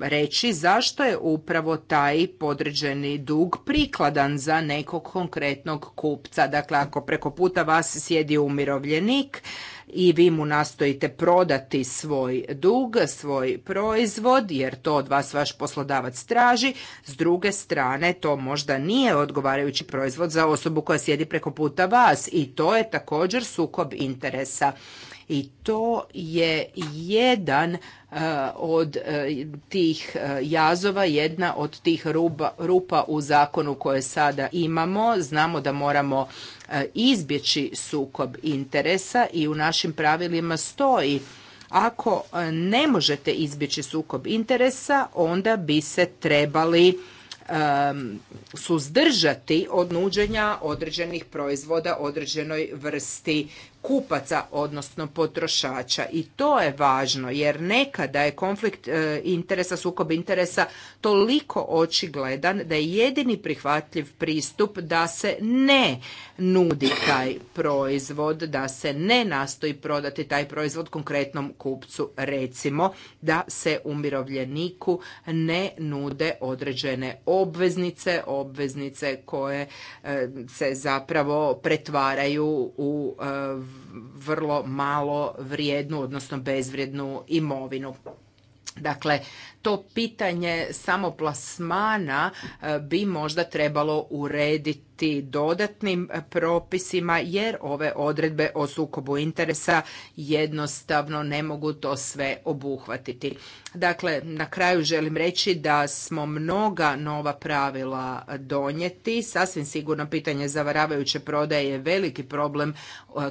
Speaker 1: reći zašto je upravo taj podređeni dug prikladan za nekog konkretnog kupca. Dakle, ako preko puta vas sjedi umirovljenik, i vi mu nastojite prodati svoj dug, svoj proizvod jer to od vas vaš poslodavac traži. S druge strane to možda nije odgovarajući proizvod za osobu koja sjedi preko puta vas i to je također sukob interesa. I to je jedan e, od e, tih e, jazova, jedna od tih rupa u zakonu koje sada imamo. Znamo da moramo E, izbjeći sukob interesa i u našim pravilima stoji ako e, ne možete izbjeći sukob interesa onda bi se trebali e, suzdržati od nuđenja određenih proizvoda određenoj vrsti kupaca, odnosno potrošača. I to je važno, jer nekada je konflikt e, interesa, sukob interesa toliko očigledan da je jedini prihvatljiv pristup da se ne nudi taj proizvod, da se ne nastoji prodati taj proizvod konkretnom kupcu, recimo da se umirovljeniku ne nude određene obveznice, obveznice koje e, se zapravo pretvaraju u e, vrlo malo vrijednu, odnosno bezvrijednu imovinu. Dakle, to pitanje samoplasmana e, bi možda trebalo urediti dodatnim e, propisima jer ove odredbe o sukobu interesa jednostavno ne mogu to sve obuhvatiti. Dakle, na kraju želim reći da smo mnoga nova pravila donijeti. Sasvim sigurno pitanje zavaravajuće prodaje je veliki problem e,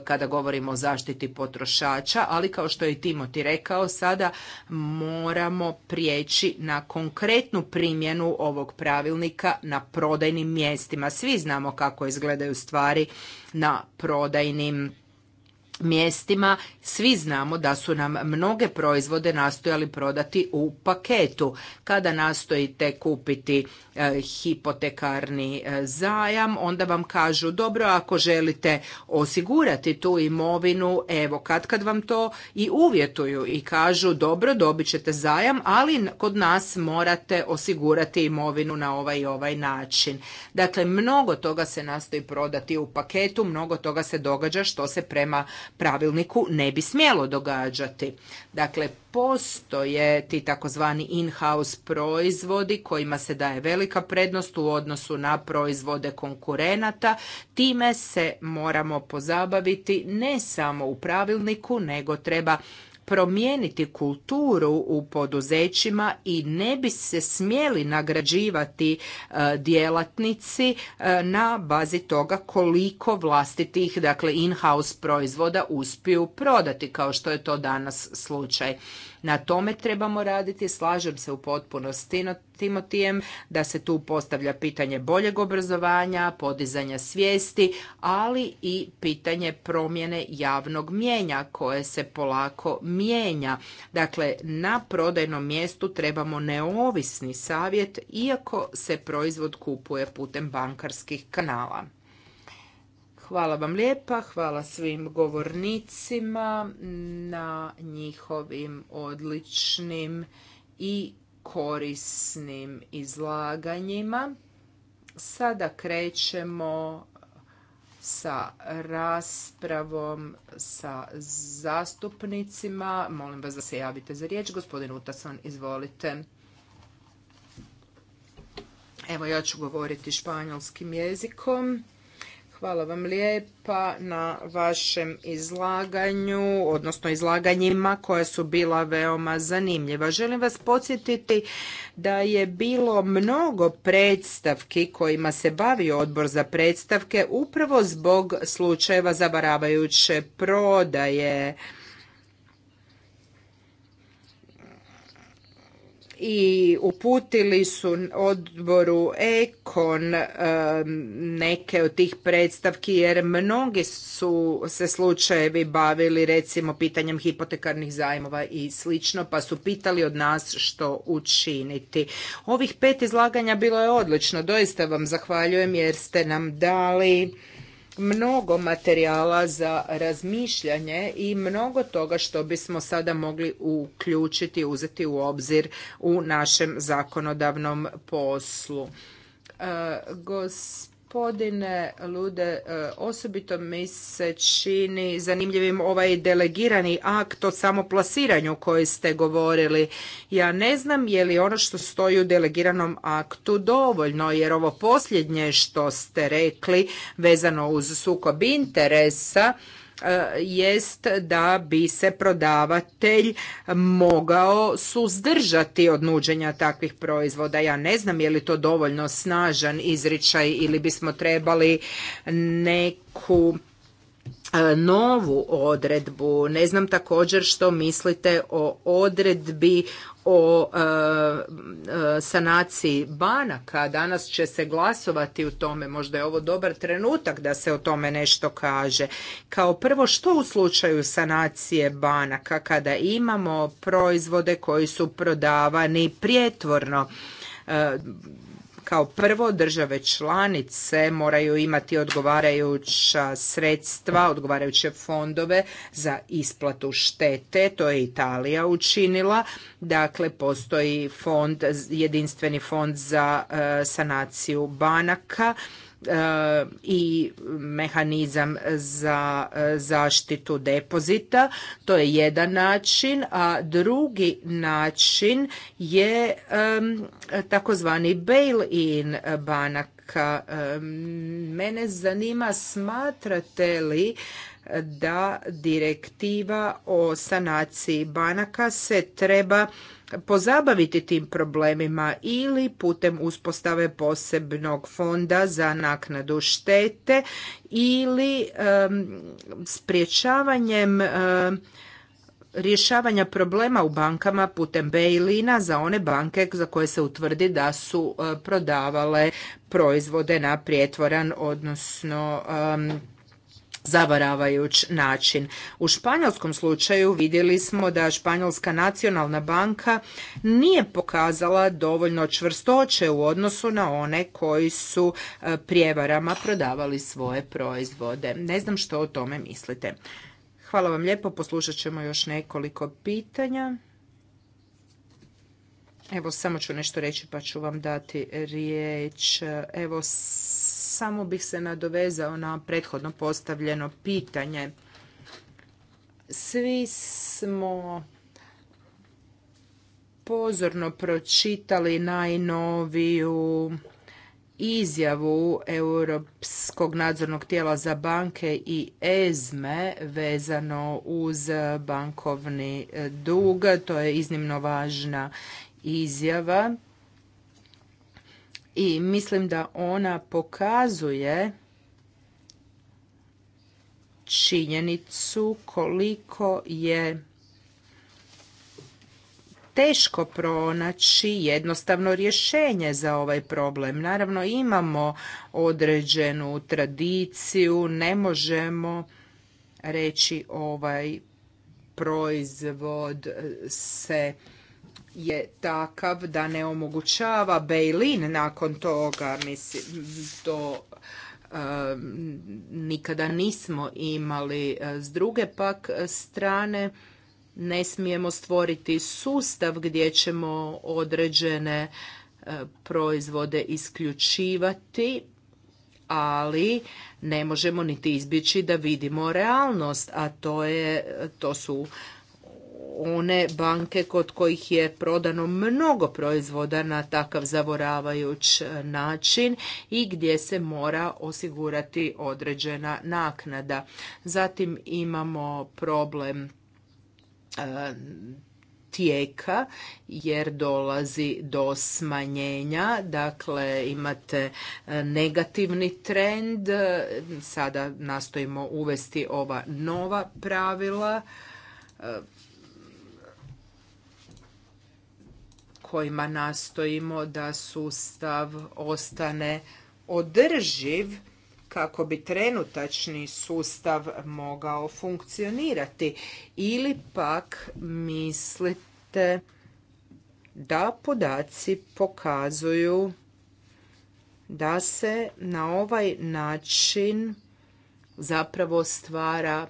Speaker 1: kada govorimo o zaštiti potrošača, ali kao što je Timoti rekao, sada moramo prijeći preći na konkretnu primjenu ovog pravilnika na prodajnim mjestima. Svi znamo kako izgledaju stvari na prodajnim mjestima svi znamo da su nam mnoge proizvode nastojali prodati u paketu kada nastojite kupiti e, hipotekarni e, zajam onda vam kažu dobro ako želite osigurati tu imovinu evo kad kad vam to i uvjetuju i kažu dobro dobit ćete zajam ali kod nas morate osigurati imovinu na ovaj i ovaj način dakle mnogo toga se nastoji prodati u paketu mnogo toga se događa što se prema pravilniku ne bi smjelo događati. Dakle, postoje ti takozvani in-house proizvodi kojima se daje velika prednost u odnosu na proizvode konkurenata. Time se moramo pozabaviti ne samo u pravilniku, nego treba promijeniti kulturu u poduzećima i ne bi se smjeli nagrađivati e, djelatnici e, na bazi toga koliko vlastitih dakle in-house proizvoda uspiju prodati kao što je to danas slučaj. Na tome trebamo raditi, slažem se u potpunosti Timotijem da se tu postavlja pitanje boljeg obrazovanja, podizanja svijesti, ali i pitanje promjene javnog mijenja koje se polako mijenja. Dakle, na prodajnom mjestu trebamo neovisni savjet iako se proizvod kupuje putem bankarskih kanala. Hvala vam lijepa, hvala svim govornicima na njihovim odličnim i korisnim izlaganjima. Sada krećemo sa raspravom sa zastupnicima. Molim vas da se javite za riječ. Gospodin Utason, izvolite. Evo ja ću govoriti španjolskim jezikom. Hvala vam lijepa na vašem izlaganju, odnosno izlaganjima koja su bila veoma zanimljiva. Želim vas podsjetiti da je bilo mnogo predstavki kojima se bavio odbor za predstavke upravo zbog slučajeva zavaravajuće prodaje i uputili su odboru Ekon e, neke od tih predstavki jer mnogi su se slučajevi bavili recimo pitanjem hipotekarnih zajmova i slično pa su pitali od nas što učiniti. Ovih pet izlaganja bilo je odlično, doista vam zahvaljujem jer ste nam dali mnogo materijala za razmišljanje i mnogo toga što bismo sada mogli uključiti, uzeti u obzir u našem zakonodavnom poslu. E, Gospodine Lude, e, osobito mi se čini zanimljivim ovaj delegirani akt o samoplasiranju koji ste govorili. Ja ne znam je li ono što stoji u delegiranom aktu dovoljno, jer ovo posljednje što ste rekli vezano uz sukob interesa, E, jest da bi se prodavatelj mogao suzdržati od nuđenja takvih proizvoda. Ja ne znam je li to dovoljno snažan izričaj ili bismo trebali neku E, novu odredbu. Ne znam također što mislite o odredbi o e, e, sanaciji banaka. Danas će se glasovati u tome. Možda je ovo dobar trenutak da se o tome nešto kaže. Kao prvo, što u slučaju sanacije banaka kada imamo proizvode koji su prodavani prijetvorno? Kao prvo, države članice moraju imati odgovarajuća sredstva, odgovarajuće fondove za isplatu štete, to je Italija učinila. Dakle, postoji fond, jedinstveni fond za e, sanaciju banaka E, i mehanizam za e, zaštitu depozita. To je jedan način, a drugi način je e, takozvani bail-in banaka. Mene zanima smatrate li da direktiva o sanaciji banaka se treba pozabaviti tim problemima ili putem uspostave posebnog fonda za naknadu štete ili sprječavanjem rješavanja problema u bankama putem bailina za one banke za koje se utvrdi da su eh, prodavale proizvode na prijetvoran odnosno zavaravajuć način. U španjolskom slučaju vidjeli smo da Španjolska nacionalna banka nije pokazala dovoljno čvrstoće u odnosu na one koji su e, prijevarama prodavali svoje proizvode. Ne znam što o tome mislite. Hvala vam lijepo, poslušat ćemo još nekoliko pitanja. Evo, samo ću nešto reći pa ću vam dati riječ. Evo, samo bih se nadovezao na prethodno postavljeno pitanje. Svi smo pozorno pročitali najnoviju izjavu Europskog nadzornog tijela za banke i EZME vezano uz bankovni dug. To je iznimno važna izjava i mislim da ona pokazuje činjenicu koliko je teško pronaći jednostavno rješenje za ovaj problem. Naravno imamo određenu tradiciju, ne možemo reći ovaj proizvod se je takav da ne omogućava Bejlin nakon toga. Mislim, to nikada nismo imali. E, s druge pak strane, ne smijemo stvoriti sustav gdje ćemo određene e, proizvode isključivati, ali ne možemo niti izbjeći da vidimo realnost, a to, je, to su one banke kod kojih je prodano mnogo proizvoda na takav zavoravajuć način i gdje se mora osigurati određena naknada. Zatim imamo problem e, tijeka jer dolazi do smanjenja, dakle imate e, negativni trend, sada nastojimo uvesti ova nova pravila e, kojima nastojimo da sustav ostane održiv kako bi trenutačni sustav mogao funkcionirati ili pak mislite da podaci pokazuju da se na ovaj način zapravo stvara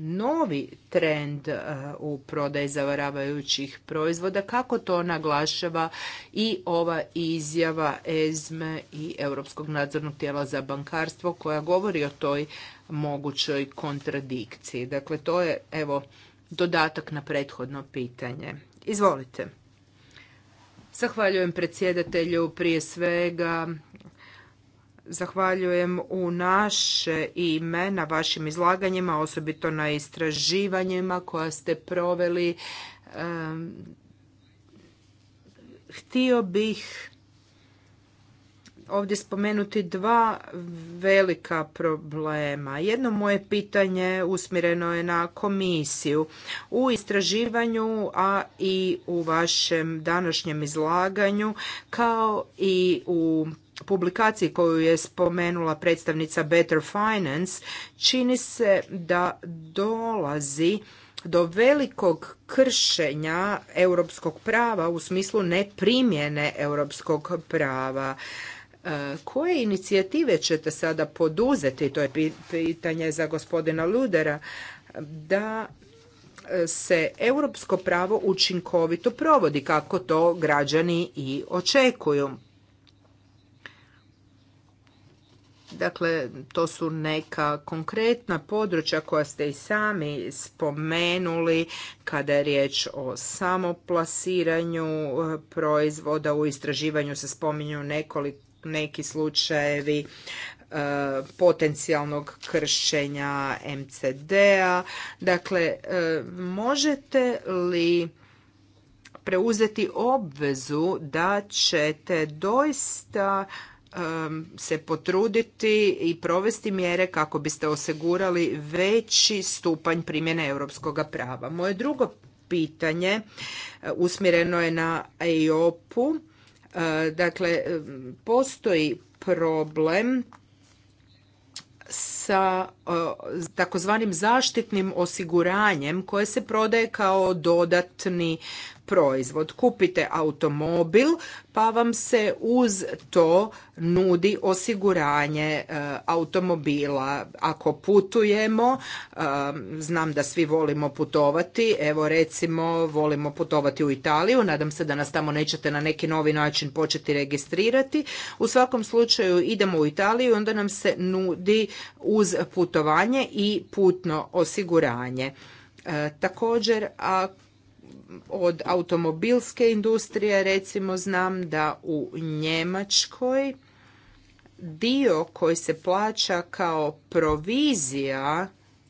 Speaker 1: novi trend e, u prodaji zavaravajućih proizvoda, kako to naglašava i ova izjava EZME e i Europskog nadzornog tijela za bankarstvo koja govori o toj mogućoj kontradikciji. Dakle, to je evo dodatak na prethodno pitanje. Izvolite. Zahvaljujem predsjedatelju prije svega Zahvaljujem u naše ime na vašim izlaganjima, osobito na istraživanjima koja ste proveli. Htio bih ovdje spomenuti dva velika problema. Jedno moje pitanje usmjereno je na komisiju. U istraživanju, a i u vašem današnjem izlaganju, kao i u publikaciji koju je spomenula predstavnica Better Finance, čini se da dolazi do velikog kršenja europskog prava u smislu neprimjene europskog prava. E, koje inicijative ćete sada poduzeti, to je pitanje za gospodina Ludera, da e, se europsko pravo učinkovito provodi kako to građani i očekuju. Dakle, to su neka konkretna područja koja ste i sami spomenuli kada je riječ o samoplasiranju e, proizvoda. U istraživanju se spominju neki slučajevi e, potencijalnog kršenja MCD-a. Dakle, e, možete li preuzeti obvezu da ćete doista Um, se potruditi i provesti mjere kako biste osigurali veći stupanj primjene europskog prava. Moje drugo pitanje uh, usmjereno je na EIOP-u. Uh, dakle, um, postoji problem sa uh, takozvanim zaštitnim osiguranjem koje se prodaje kao dodatni proizvod. Kupite automobil pa vam se uz to nudi osiguranje e, automobila. Ako putujemo, e, znam da svi volimo putovati, evo recimo volimo putovati u Italiju, nadam se da nas tamo nećete na neki novi način početi registrirati. U svakom slučaju idemo u Italiju, i onda nam se nudi uz putovanje i putno osiguranje. E, također, ako od automobilske industrije recimo znam da u Njemačkoj dio koji se plaća kao provizija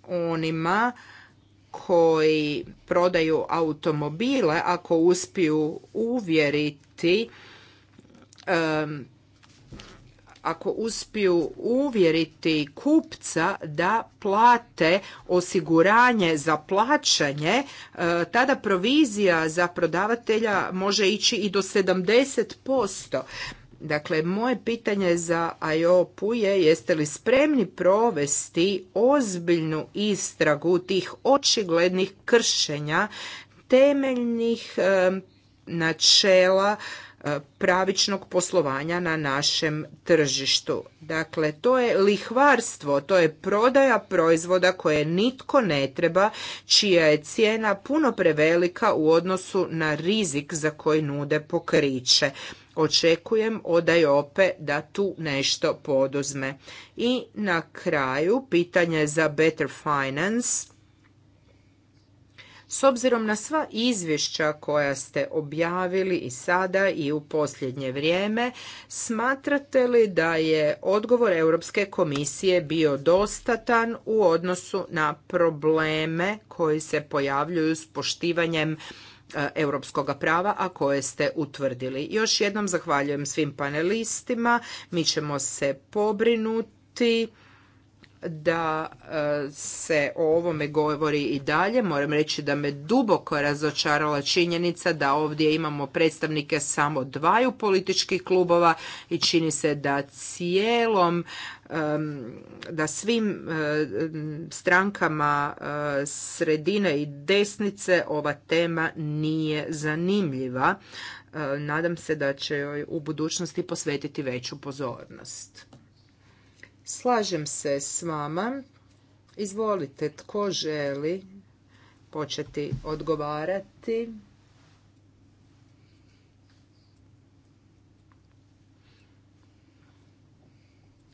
Speaker 1: onima koji prodaju automobile ako uspiju uvjeriti ako uspiju uvjeriti kupca da plate osiguranje za plaćanje, e, tada provizija za prodavatelja može ići i do 70%. Dakle, moje pitanje za IOP-u je jeste li spremni provesti ozbiljnu istragu tih očiglednih kršenja temeljnih e, načela E, pravičnog poslovanja na našem tržištu. Dakle, to je lihvarstvo, to je prodaja proizvoda koje nitko ne treba, čija je cijena puno prevelika u odnosu na rizik za koji nude pokriće. Očekujem od Ajope da tu nešto poduzme. I na kraju, pitanje za Better Finance s obzirom na sva izvješća koja ste objavili i sada i u posljednje vrijeme, smatrate li da je odgovor Europske komisije bio dostatan u odnosu na probleme koji se pojavljuju s poštivanjem e, europskog prava, a koje ste utvrdili. Još jednom zahvaljujem svim panelistima, mi ćemo se pobrinuti da e, se o ovome govori i dalje. Moram reći da me duboko razočarala činjenica da ovdje imamo predstavnike samo dvaju političkih klubova i čini se da cijelom da svim e, strankama e, sredine i desnice ova tema nije zanimljiva. Nadam se da će joj u budućnosti posvetiti veću pozornost. Slažem se s vama. Izvolite, tko želi početi odgovarati?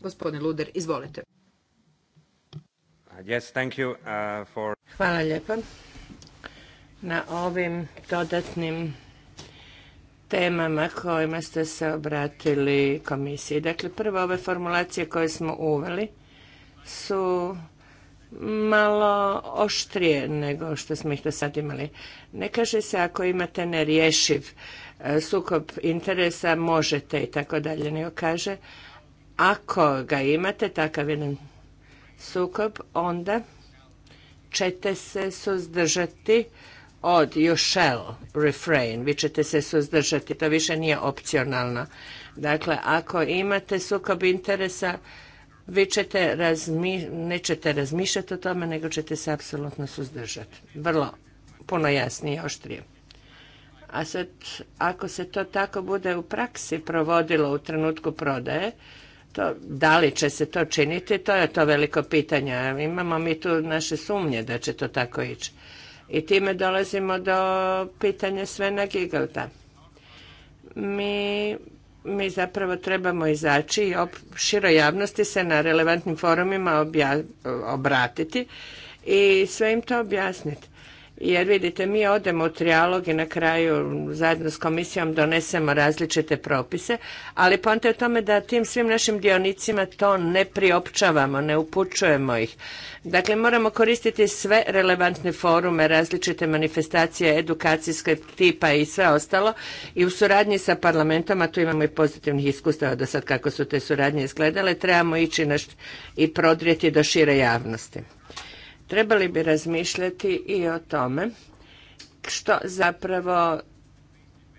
Speaker 1: Gospodin Luder, izvolite.
Speaker 2: Uh, uh, Hvala lijepa na ovim dodatnim temama kojima ste se obratili komisiji. Dakle, prvo ove formulacije koje smo uveli su malo oštrije nego što smo ih do sad imali. Ne kaže se ako imate nerješiv e, sukob interesa možete i tako dalje, nego kaže ako ga imate, takav jedan sukob, onda ćete se suzdržati od you shall refrain, vi ćete se suzdržati, to više nije opcionalno. Dakle, ako imate sukob interesa, vi ćete razmi, nećete razmišljati o tome, nego ćete se apsolutno suzdržati. Vrlo puno jasnije i oštrije. A sad, ako se to tako bude u praksi provodilo u trenutku prodaje, to, da li će se to činiti, to je to veliko pitanje. Imamo mi tu naše sumnje da će to tako ići. I time dolazimo do pitanja Svena Gigelda. Mi, mi zapravo trebamo izaći i široj javnosti se na relevantnim forumima obja, obratiti i sve im to objasniti jer vidite mi odemo u trijalog i na kraju zajedno s komisijom donesemo različite propise, ali ponte je tome da tim svim našim dionicima to ne priopćavamo, ne upućujemo ih. Dakle, moramo koristiti sve relevantne forume, različite manifestacije edukacijske tipa i sve ostalo i u suradnji sa parlamentom, a tu imamo i pozitivnih iskustava do sad kako su te suradnje izgledale, trebamo ići i prodrijeti do šire javnosti trebali bi razmišljati i o tome što zapravo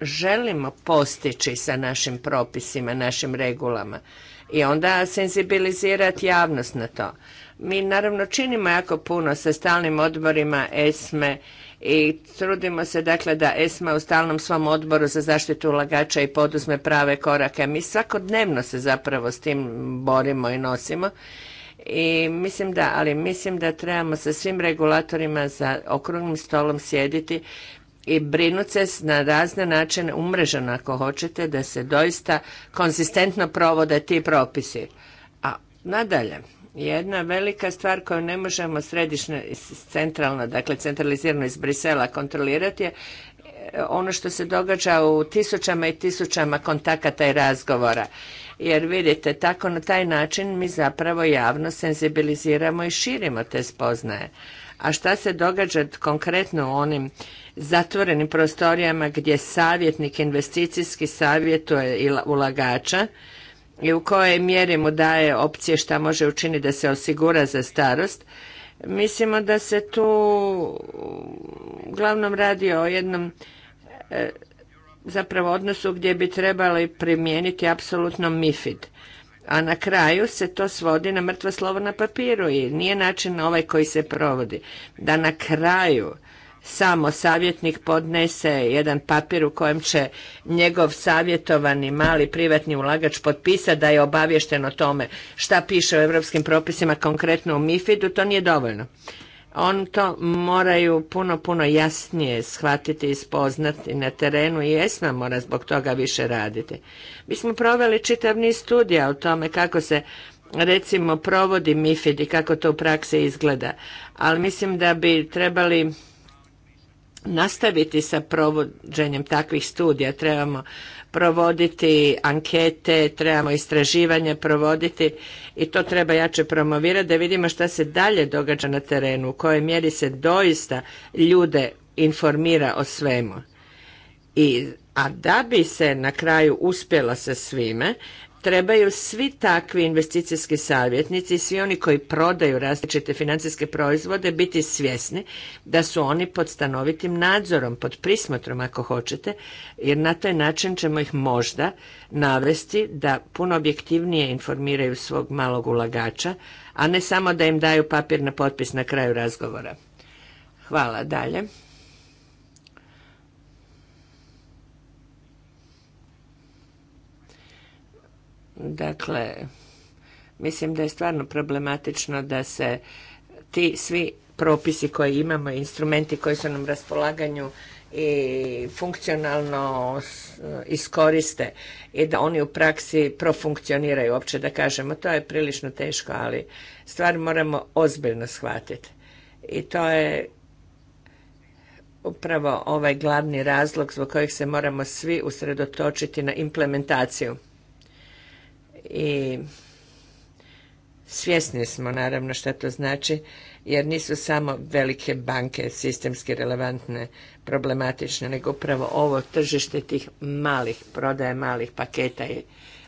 Speaker 2: želimo postići sa našim propisima, našim regulama i onda senzibilizirati javnost na to. Mi naravno činimo jako puno sa stalnim odborima ESME i trudimo se dakle da ESMA u stalnom svom odboru za zaštitu ulagača i poduzme prave korake. Mi svakodnevno se zapravo s tim borimo i nosimo i mislim da, ali mislim da trebamo sa svim regulatorima za okrugnim stolom sjediti i brinuti se na razne načine, umreženo ako hoćete, da se doista konzistentno provode ti propisi. A nadalje, jedna velika stvar koju ne možemo središnje, centralno, dakle centralizirano iz Brisela kontrolirati je e, ono što se događa u tisućama i tisućama kontakata i razgovora jer vidite, tako na taj način mi zapravo javno senzibiliziramo i širimo te spoznaje. A šta se događa konkretno u onim zatvorenim prostorijama gdje savjetnik investicijski savjetuje ulagača i u kojoj mjeri mu daje opcije šta može učiniti da se osigura za starost, mislimo da se tu uglavnom radi o jednom e, zapravo odnosu gdje bi trebali primijeniti apsolutno MIFID. A na kraju se to svodi na mrtvo slovo na papiru i nije način ovaj koji se provodi. Da na kraju samo savjetnik podnese jedan papir u kojem će njegov savjetovani mali privatni ulagač potpisati da je obavješten o tome šta piše u europskim propisima, konkretno u MIFID-u, to nije dovoljno on to moraju puno, puno jasnije shvatiti i spoznati na terenu i ESMA mora zbog toga više raditi. Mi smo proveli čitav niz studija o tome kako se recimo provodi MIFID i kako to u praksi izgleda, ali mislim da bi trebali nastaviti sa provođenjem takvih studija. Trebamo provoditi ankete, trebamo istraživanje provoditi i to treba jače promovirati da vidimo šta se dalje događa na terenu, u kojoj mjeri se doista ljude informira o svemu. I, a da bi se na kraju uspjelo sa svime, trebaju svi takvi investicijski savjetnici i svi oni koji prodaju različite financijske proizvode biti svjesni da su oni pod stanovitim nadzorom, pod prismotrom ako hoćete, jer na taj način ćemo ih možda navesti da puno objektivnije informiraju svog malog ulagača, a ne samo da im daju papir na potpis na kraju razgovora. Hvala, dalje. Dakle, mislim da je stvarno problematično da se ti svi propisi koje imamo, instrumenti koji su nam raspolaganju i funkcionalno e, iskoriste i da oni u praksi profunkcioniraju uopće da kažemo. To je prilično teško, ali stvar moramo ozbiljno shvatiti. I to je upravo ovaj glavni razlog zbog kojeg se moramo svi usredotočiti na implementaciju i svjesni smo naravno što to znači jer nisu samo velike banke sistemski relevantne, problematične, nego upravo ovo tržište tih malih prodaje, malih paketa i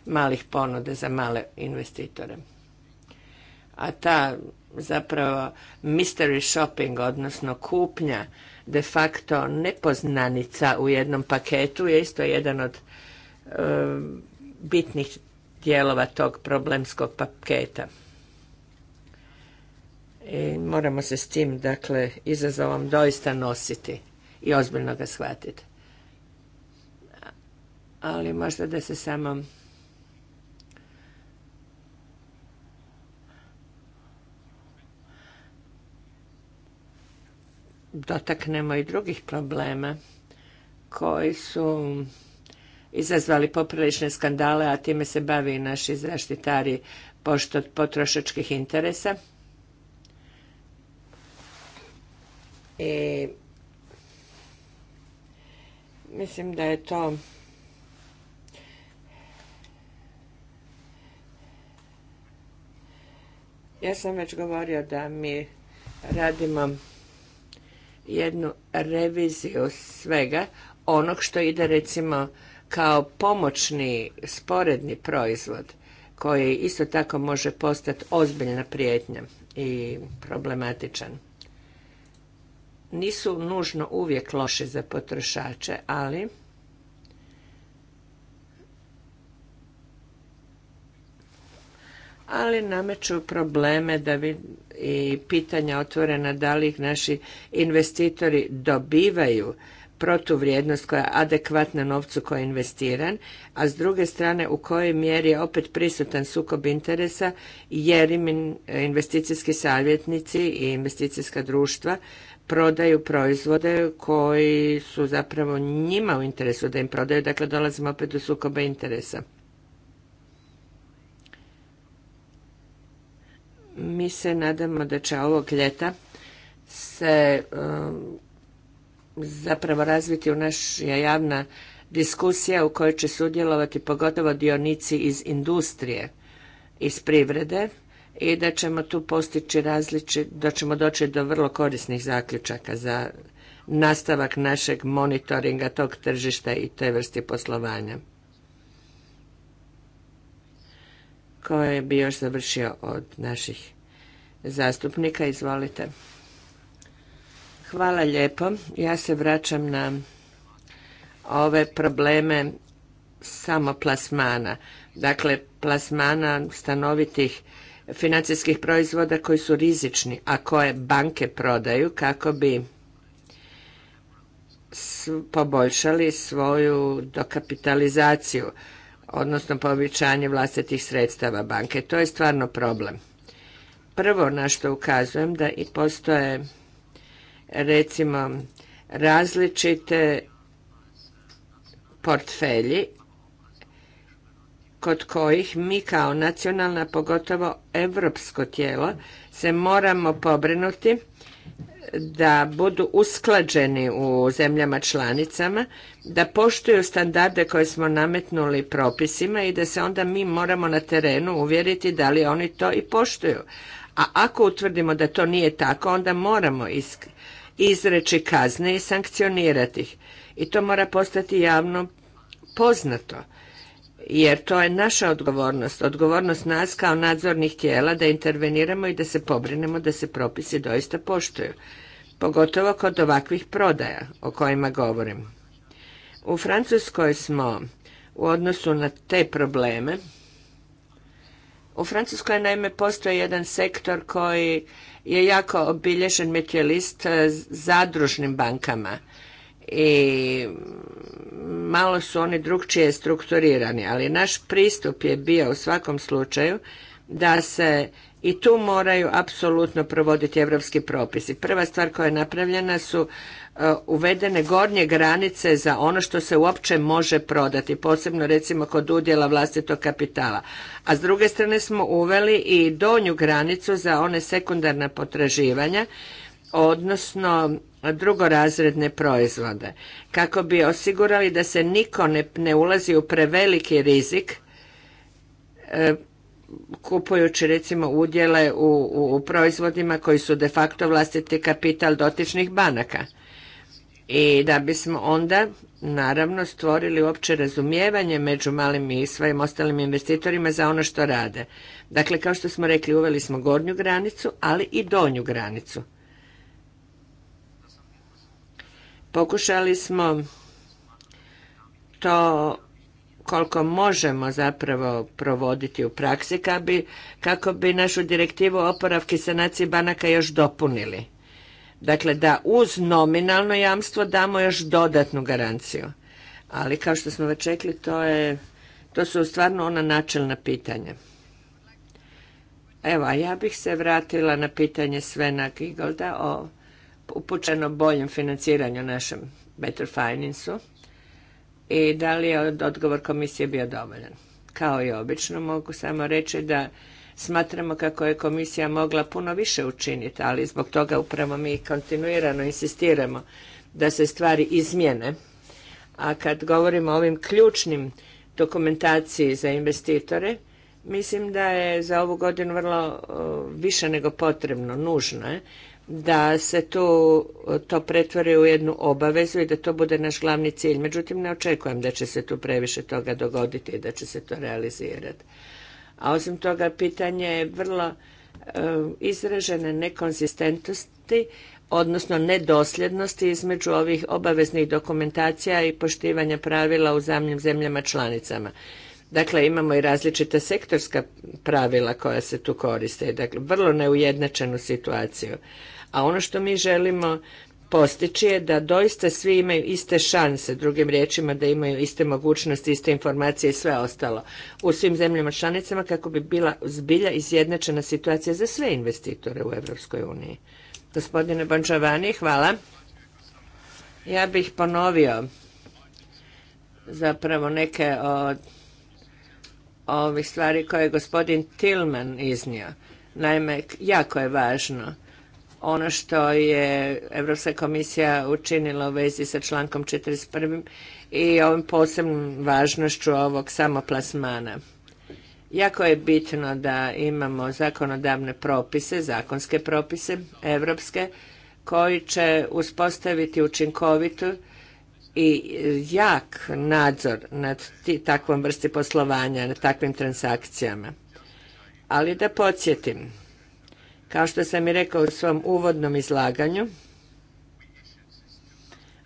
Speaker 2: malih ponude za male investitore. A ta zapravo mystery shopping, odnosno kupnja de facto nepoznanica u jednom paketu je isto jedan od e, bitnih dijelova tog problemskog paketa. I moramo se s tim, dakle, izazovom doista nositi i ozbiljno ga shvatiti. Ali možda da se samo dotaknemo i drugih problema koji su izazvali poprilične skandale, a time se bavi i naši zaštitari pošto potrošačkih interesa. I mislim da je to Ja sam već govorio da mi radimo jednu reviziju svega onog što ide recimo kao pomoćni sporedni proizvod koji isto tako može postati ozbiljna prijetnja i problematičan. Nisu nužno uvijek loši za potrošače, ali ali nameću probleme da i pitanja otvorena da li ih naši investitori dobivaju protuvrijednost koja je adekvatna novcu koji je investiran, a s druge strane u kojoj mjeri je opet prisutan sukob interesa jer im investicijski savjetnici i investicijska društva prodaju proizvode koji su zapravo njima u interesu da im prodaju, dakle dolazimo opet do sukoba interesa. Mi se nadamo da će ovog ljeta se um, zapravo razviti u naša javna diskusija u kojoj će sudjelovati pogotovo dionici iz industrije, iz privrede i da ćemo tu postići različit, da ćemo doći do vrlo korisnih zaključaka za nastavak našeg monitoringa tog tržišta i te vrsti poslovanja. Koje bi još završio od naših zastupnika, izvolite. Hvala lijepo. Ja se vraćam na ove probleme samo plasmana. Dakle, plasmana stanovitih financijskih proizvoda koji su rizični, a koje banke prodaju kako bi poboljšali svoju dokapitalizaciju, odnosno povećanje vlastitih sredstava banke. To je stvarno problem. Prvo na što ukazujem da i postoje recimo različite portfelji kod kojih mi kao nacionalna, pogotovo europsko tijelo, se moramo pobrinuti da budu usklađeni u zemljama članicama, da poštuju standarde koje smo nametnuli propisima i da se onda mi moramo na terenu uvjeriti da li oni to i poštuju. A ako utvrdimo da to nije tako, onda moramo isk izreći kazne i sankcionirati ih. I to mora postati javno poznato jer to je naša odgovornost, odgovornost nas kao nadzornih tijela da interveniramo i da se pobrinemo da se propisi doista poštuju, pogotovo kod ovakvih prodaja o kojima govorim. U Francuskoj smo u odnosu na te probleme, u Francuskoj naime postoji jedan sektor koji je jako obilježen metilist e, zadružnim bankama i malo su oni drugčije strukturirani, ali naš pristup je bio u svakom slučaju da se i tu moraju apsolutno provoditi evropski propisi. Prva stvar koja je napravljena su E, uvedene gornje granice za ono što se uopće može prodati, posebno recimo kod udjela vlastitog kapitala. A s druge strane smo uveli i donju granicu za one sekundarna potraživanja, odnosno drugorazredne proizvode, kako bi osigurali da se niko ne, ulazi u preveliki rizik e, kupujući recimo udjele u, u proizvodima koji su de facto vlastiti kapital dotičnih banaka i da bismo onda naravno stvorili uopće razumijevanje među malim i svojim ostalim investitorima za ono što rade. Dakle, kao što smo rekli, uveli smo gornju granicu, ali i donju granicu. Pokušali smo to koliko možemo zapravo provoditi u praksi kako bi, kako bi našu direktivu oporavke sanacije banaka još dopunili. Dakle, da uz nominalno jamstvo damo još dodatnu garanciju. Ali kao što smo već rekli, to, je, to su stvarno ona načelna pitanja. Evo, a ja bih se vratila na pitanje Svena Gigolda o upućeno boljem financiranju našem Better i da li je odgovor komisije bio dovoljan. Kao i obično mogu samo reći da Smatramo kako je komisija mogla puno više učiniti, ali zbog toga upravo mi kontinuirano insistiramo da se stvari izmjene. A kad govorimo o ovim ključnim dokumentaciji za investitore, mislim da je za ovu godinu vrlo više nego potrebno, nužno je, da se to, to pretvori u jednu obavezu i da to bude naš glavni cilj. Međutim, ne očekujem da će se tu previše toga dogoditi i da će se to realizirati. A osim toga, pitanje je vrlo e, izražene nekonzistentnosti, odnosno nedosljednosti između ovih obaveznih dokumentacija i poštivanja pravila u zamljim zemljama članicama. Dakle, imamo i različita sektorska pravila koja se tu koriste. Dakle, vrlo neujednačenu situaciju. A ono što mi želimo postići je da doista svi imaju iste šanse, drugim riječima da imaju iste mogućnosti, iste informacije i sve ostalo u svim zemljama članicama kako bi bila zbilja izjednačena situacija za sve investitore u Europskoj uniji. Gospodine Bončavani, hvala. Ja bih ponovio zapravo neke od ovih stvari koje je gospodin Tillman iznio. Naime, jako je važno ono što je Europska komisija učinila u vezi sa člankom 41. i ovom posebnom važnošću ovog samoplasmana. Jako je bitno da imamo zakonodavne propise, zakonske propise, evropske, koji će uspostaviti učinkovitu i jak nadzor nad takvom vrsti poslovanja, nad takvim transakcijama. Ali da podsjetim, kao što sam i rekao u svom uvodnom izlaganju,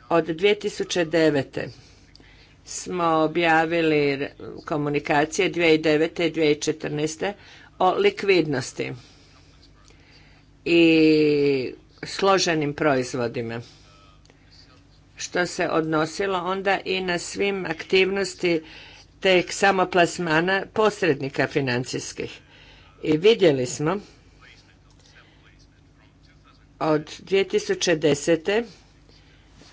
Speaker 2: od 2009. smo objavili komunikacije 2009. i 2014. o likvidnosti i složenim proizvodima što se odnosilo onda i na svim aktivnosti tek samoplasmana posrednika financijskih. I vidjeli smo od 2010.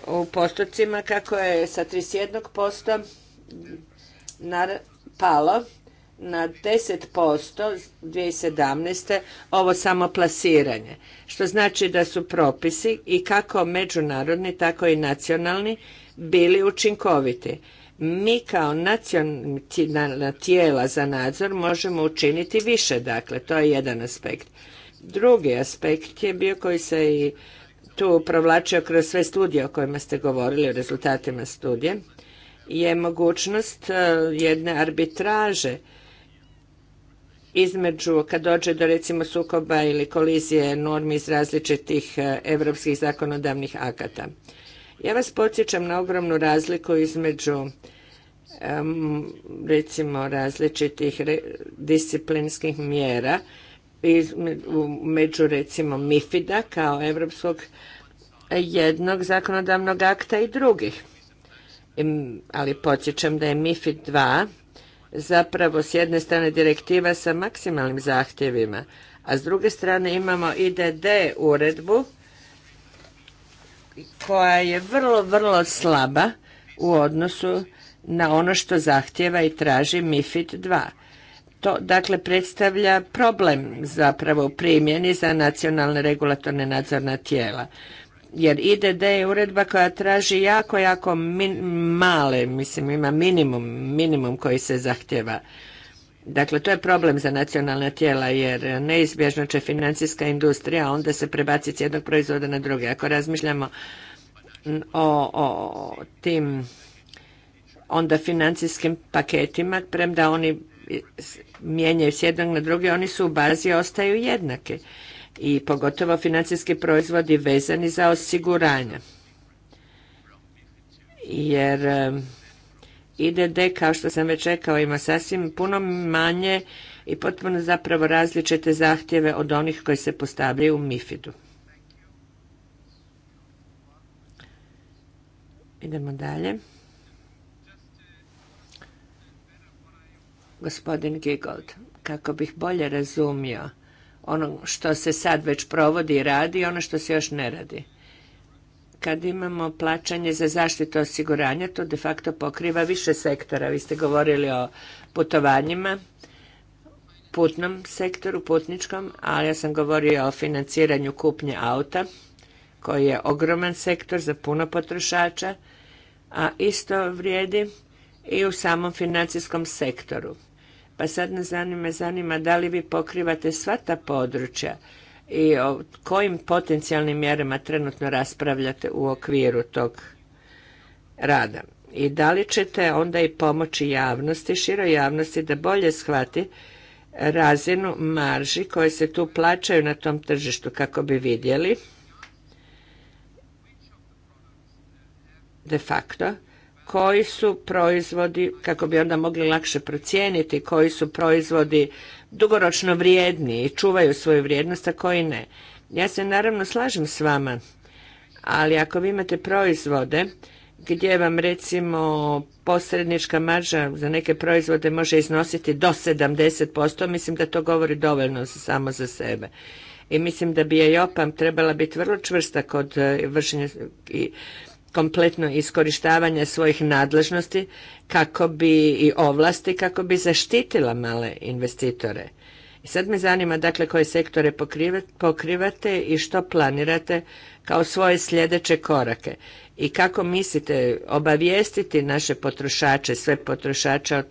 Speaker 2: u postocima kako je sa 31% posto palo na 10% 2017. ovo samo plasiranje, što znači da su propisi i kako međunarodni, tako i nacionalni bili učinkoviti. Mi kao nacionalna tijela za nadzor možemo učiniti više, dakle, to je jedan aspekt. Drugi aspekt je bio koji se i tu provlačio kroz sve studije o kojima ste govorili, o rezultatima studije, je mogućnost e, jedne arbitraže između, kad dođe do recimo sukoba ili kolizije normi iz različitih europskih zakonodavnih akata. Ja vas podsjećam na ogromnu razliku između recimo različitih disciplinskih mjera među recimo MIFID-a kao evropskog jednog zakonodavnog akta i drugih. Ali podsjećam da je MIFID 2 zapravo s jedne strane direktiva sa maksimalnim zahtjevima, a s druge strane imamo IDD uredbu koja je vrlo, vrlo slaba u odnosu na ono što zahtjeva i traži MIFID 2 to dakle predstavlja problem zapravo u primjeni za nacionalne regulatorne nadzorna tijela. Jer IDD je uredba koja traži jako, jako male, mislim ima minimum, minimum koji se zahtjeva. Dakle, to je problem za nacionalna tijela jer neizbježno će financijska industrija onda se prebaciti s jednog proizvoda na drugi. Ako razmišljamo o, o tim onda financijskim paketima, premda oni mijenjaju s jednog na drugi, oni su u bazi ostaju jednake i pogotovo financijski proizvodi vezani za osiguranja. Jer IDD, kao što sam već rekao, ima sasvim puno manje i potpuno zapravo različite zahtjeve od onih koji se postavljaju u MIFID-u. Idemo dalje. gospodin Gigold, kako bih bolje razumio ono što se sad već provodi i radi i ono što se još ne radi. Kad imamo plaćanje za zaštitu osiguranja, to de facto pokriva više sektora. Vi ste govorili o putovanjima, putnom sektoru, putničkom, ali ja sam govorio o financiranju kupnje auta, koji je ogroman sektor za puno potrošača, a isto vrijedi i u samom financijskom sektoru. Pa sad nas zanima, zanima da li vi pokrivate sva ta područja i o kojim potencijalnim mjerama trenutno raspravljate u okviru tog rada. I da li ćete onda i pomoći javnosti, široj javnosti da bolje shvati razinu marži koje se tu plaćaju na tom tržištu kako bi vidjeli de facto koji su proizvodi, kako bi onda mogli lakše procijeniti koji su proizvodi dugoročno vrijedni i čuvaju svoju vrijednost, a koji ne. Ja se naravno slažem s vama, ali ako vi imate proizvode gdje vam recimo posrednička marža za neke proizvode može iznositi do 70%, mislim da to govori dovoljno samo za sebe. I mislim da bi je OPAM trebala biti vrlo čvrsta kod e, vršenja i kompletno iskorištavanje svojih nadležnosti kako bi i ovlasti kako bi zaštitila male investitore. I sad me zanima dakle koje sektore pokrivate i što planirate kao svoje sljedeće korake i kako mislite obavijestiti naše potrošače, sve potrošače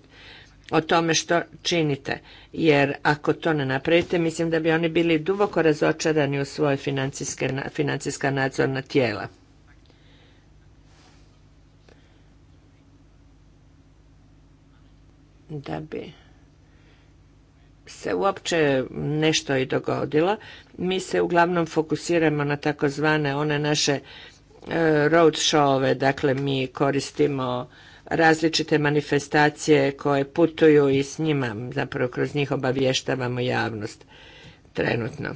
Speaker 2: o, tome što činite. Jer ako to ne napravite, mislim da bi oni bili duboko razočarani u svoje financijska nadzorna tijela. da bi se uopće nešto i dogodilo, mi se uglavnom fokusiramo na takozvane one naše e, road showove, dakle mi koristimo različite manifestacije koje putuju i s njima, zapravo kroz njih obavještavamo javnost trenutno.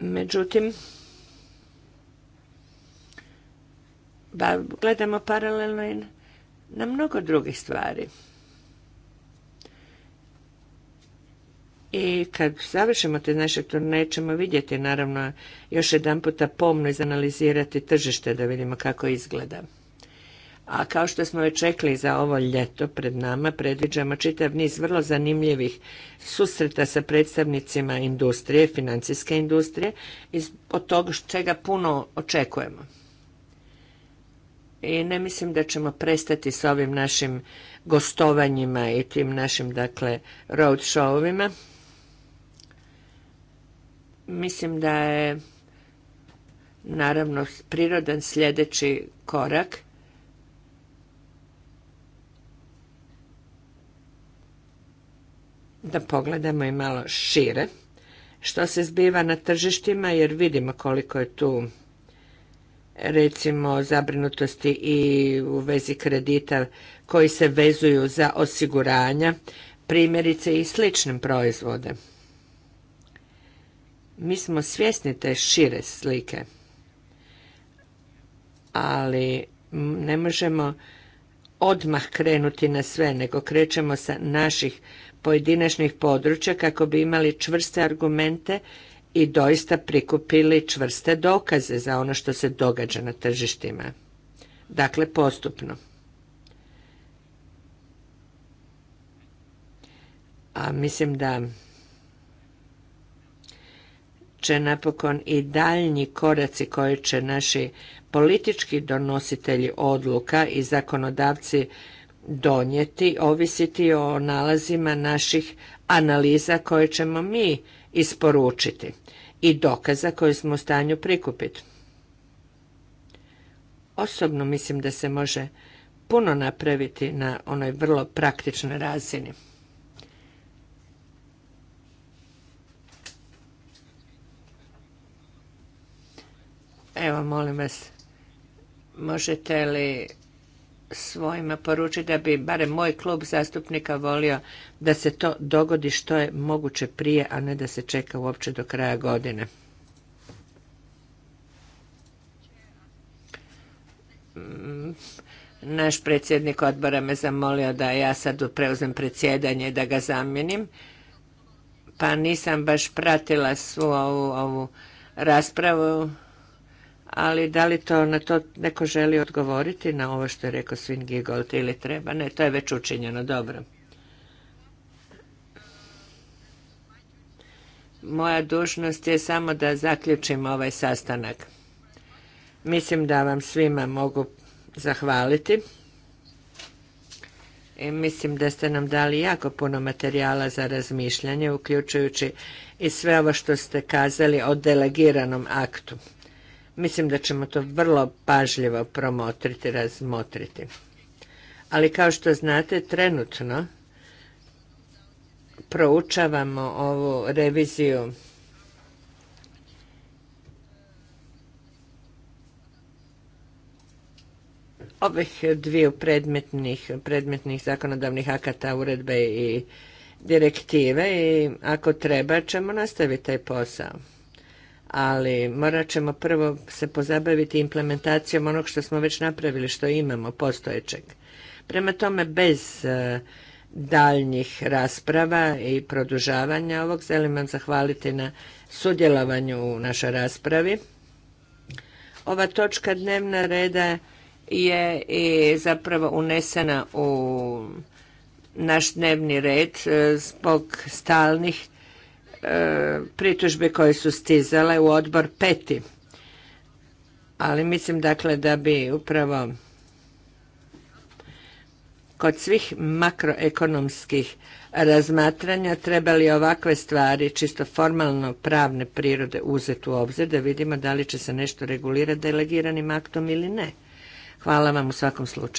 Speaker 2: Međutim, gledamo paralelno i na mnogo drugih stvari. I kad završimo te naše turne ćemo vidjeti naravno još jedan puta pomno izanalizirati tržište da vidimo kako izgleda. A kao što smo već rekli za ovo ljeto pred nama predviđamo čitav niz vrlo zanimljivih susreta sa predstavnicima industrije, financijske industrije, od toga čega puno očekujemo i ne mislim da ćemo prestati s ovim našim gostovanjima i tim našim, dakle, road showovima. Mislim da je naravno prirodan sljedeći korak da pogledamo i malo šire što se zbiva na tržištima jer vidimo koliko je tu recimo zabrinutosti i u vezi kredita koji se vezuju za osiguranja, primjerice i slične proizvode. Mi smo svjesni te šire slike, ali ne možemo odmah krenuti na sve, nego krećemo sa naših pojedinačnih područja kako bi imali čvrste argumente i doista prikupili čvrste dokaze za ono što se događa na tržištima. Dakle, postupno. A mislim da će napokon i daljnji koraci koje će naši politički donositelji odluka i zakonodavci donijeti, ovisiti o nalazima naših analiza koje ćemo mi isporučiti i dokaza koje smo u stanju prikupiti. Osobno mislim da se može puno napraviti na onoj vrlo praktičnoj razini. Evo, molim vas, možete li svojima poručiti da bi barem moj klub zastupnika volio da se to dogodi što je moguće prije, a ne da se čeka uopće do kraja godine. Mm, naš predsjednik odbora me zamolio da ja sad preuzem predsjedanje i da ga zamjenim, pa nisam baš pratila svu ovu, ovu raspravu ali da li to na to neko želi odgovoriti na ovo što je rekao Svin Gigolt ili treba? Ne, to je već učinjeno, dobro. Moja dužnost je samo da zaključim ovaj sastanak. Mislim da vam svima mogu zahvaliti. I mislim da ste nam dali jako puno materijala za razmišljanje, uključujući i sve ovo što ste kazali o delegiranom aktu. Mislim da ćemo to vrlo pažljivo promotriti, razmotriti. Ali kao što znate, trenutno proučavamo ovu reviziju ovih dviju predmetnih, zakonodavnih akata, uredbe i direktive i ako treba ćemo nastaviti taj posao ali morat ćemo prvo se pozabaviti implementacijom onog što smo već napravili, što imamo, postojećeg. Prema tome, bez e, daljnjih rasprava i produžavanja ovog, želim vam zahvaliti na sudjelovanju u našoj raspravi. Ova točka dnevna reda je zapravo unesena u naš dnevni red e, zbog stalnih pritužbe koje su stizale u odbor peti. Ali mislim dakle da bi upravo kod svih makroekonomskih razmatranja trebali ovakve stvari čisto formalno pravne prirode uzeti u obzir da vidimo da li će se nešto regulirati delegiranim aktom ili ne. Hvala vam u svakom slučaju.